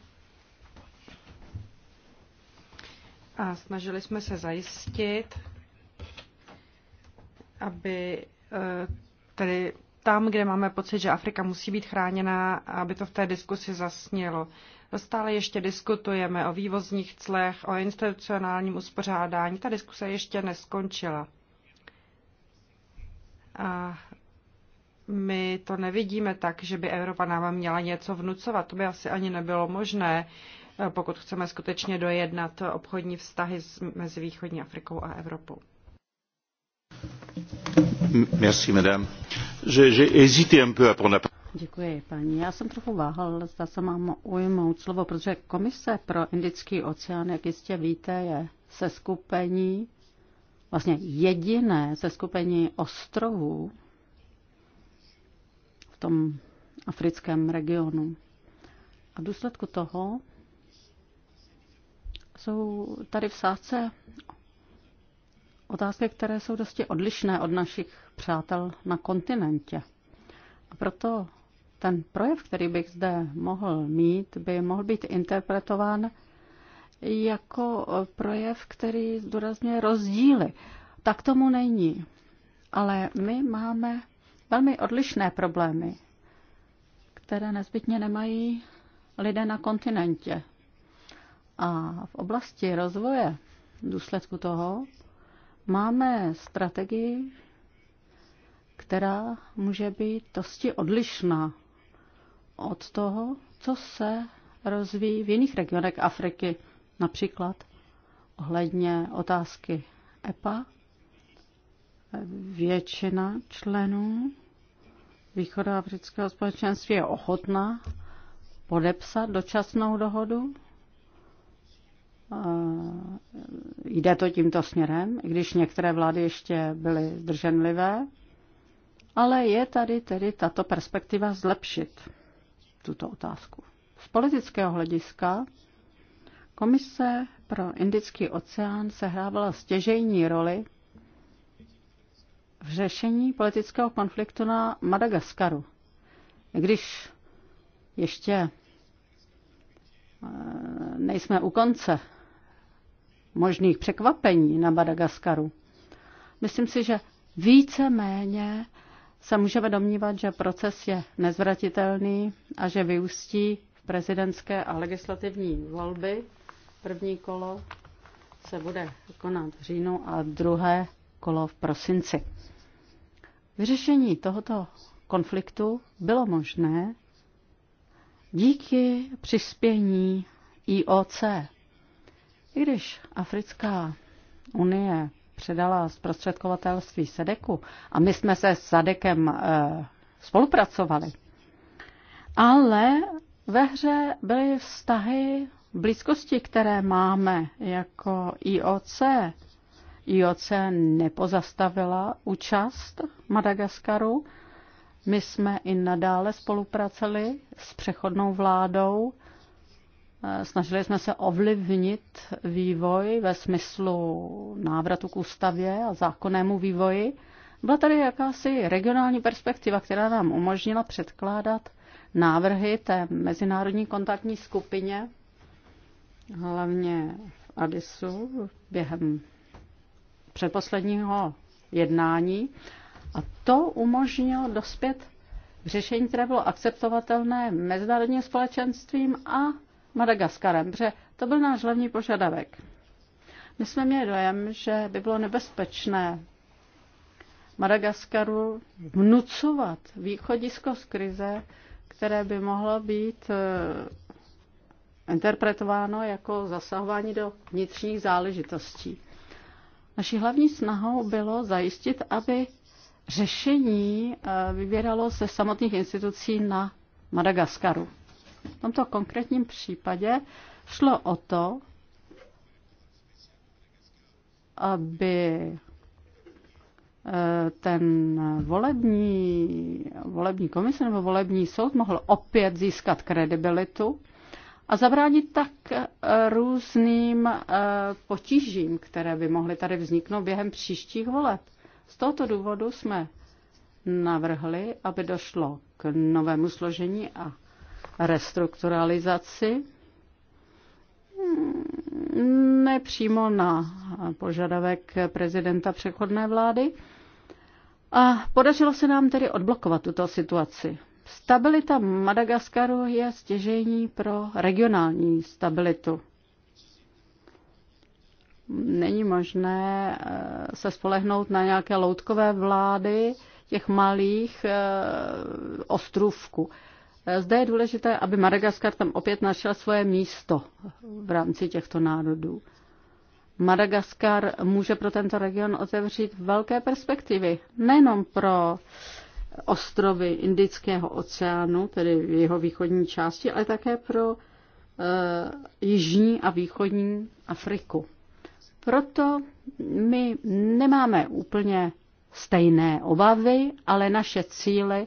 a snažili jsme se zajistit, aby eh, tedy tam, kde máme pocit, že Afrika musí být chráněná, aby to v té diskusi zasnělo. Stále ještě diskutujeme o vývozních clech, o institucionálním uspořádání. Ta diskuse ještě neskončila. A my to nevidíme tak, že by Evropa nám měla něco vnucovat. To by asi ani nebylo možné pokud chceme skutečně dojednat obchodní vztahy mezi východní Afrikou a Evropou. Merci, madame. Je, je hésité un peu à prendre la Děkuji, paní. Já jsem trochu váhal, zda se mám ujmout slovo, protože Komise pro Indický oceán, jak jistě víte, je se skupení, vlastně jediné se skupení ostrovů v tom africkém regionu. A v důsledku toho jsou tady v sázce otázky, které jsou dosti odlišné od našich přátel na kontinentě. A proto ten projev, který bych zde mohl mít, by mohl být interpretován jako projev, který zdůrazňuje rozdíly. Tak tomu není. Ale my máme velmi odlišné problémy, které nezbytně nemají lidé na kontinentě. A v oblasti rozvoje v důsledku toho máme strategii, která může být dosti odlišná od toho, co se rozvíjí v jiných regionech Afriky, například ohledně otázky EPA. Většina členů východoafrického společenství je ochotná podepsat dočasnou dohodu Eh, jde to tímto směrem, i když některé vlády ještě byly zdrženlivé, ale je tady tedy tato perspektiva zlepšit tuto otázku. Z politického hlediska komise pro Indický oceán sehrávala stěžejní roli v řešení politického konfliktu na Madagaskaru. Když ještě Eh, nejsme u konce možných překvapení na Madagaskaru. Myslím si, že více méně se můžeme domnívat, že proces je nezvratitelný a že vyústí v prezidentské a legislativní volby. První kolo se bude konat v říjnu a druhé kolo v prosinci. Vyřešení tohoto konfliktu bylo možné díky přispění IOC. I když Africká unie předala zprostředkovatelství Sedeku a my jsme se s Sadekem eh, spolupracovali, ale ve hře byly vztahy blízkosti, které máme jako IOC. IOC nepozastavila účast Madagaskaru, my jsme i nadále spolupracovali s přechodnou vládou. Eh, Snažili jsme se ovlivnit vývoj ve smyslu návratu k ústavě a zákonnému vývoji. Byla tady jakási regionální perspektiva, která nám umožnila předkládat návrhy té mezinárodní kontaktní skupině, hlavně v Adisu během předposledního jednání. A to umožnilo dospět k řešení, které bylo akceptovatelné mezinárodním společenstvím a Madagaskarem, protože to byl náš hlavní požadavek. My jsme měli dojem, že by bylo nebezpečné Madagaskaru vnucovat východisko z krize, které by mohlo být eh, interpretováno jako zasahování do vnitřních záležitostí. Naší hlavní snahou bylo zajistit, aby řešení eh, vybíralo se samotných institucí na Madagaskaru. V tomto konkrétním případě šlo o to, aby eh, ten volební, volební komise nebo volební soud mohl opět získat kredibilitu a zabránit tak eh, různým potížím, které by mohly tady vzniknout během příštích voleb. Z tohoto důvodu jsme navrhli, aby došlo k novému složení a restrukturalizaci nepřímo na požadavek prezidenta přechodné vlády. A podařilo se nám tedy odblokovat tuto situaci. Stabilita Madagaskaru je stěžejní pro regionální stabilitu. Není možné eh, se spolehnout na nějaké loutkové vlády těch malých eh, ostrůvků. Eh, zde je důležité, aby Madagaskar tam opět našel svoje místo v rámci těchto národů. Madagaskar může pro tento region otevřít velké perspektivy, nejenom pro ostrovy Indického oceánu, tedy v jeho východní části, ale také pro e, jižní a východní Afriku. Proto my nemáme úplně stejné obavy, ale naše cíly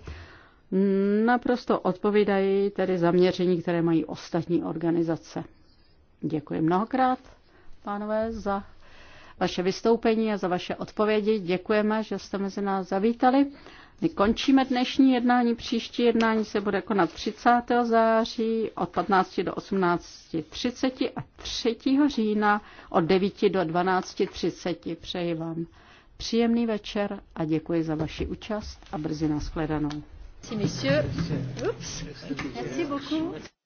naprosto odpovídají tedy zaměření, které mají ostatní organizace. Děkuji mnohokrát, pánové, za vaše vystoupení a za vaše odpovědi. Děkujeme, že jste mezi nás zavítali. My končíme dnešní jednání, příští jednání se bude konat 30. září od 15 do 18.30 a 3. října od 9 do 12.30. Přeji vám příjemný večer a děkuji za vaši účast a brzy nashledanou. Merci, monsieur. Oups. Merci beaucoup.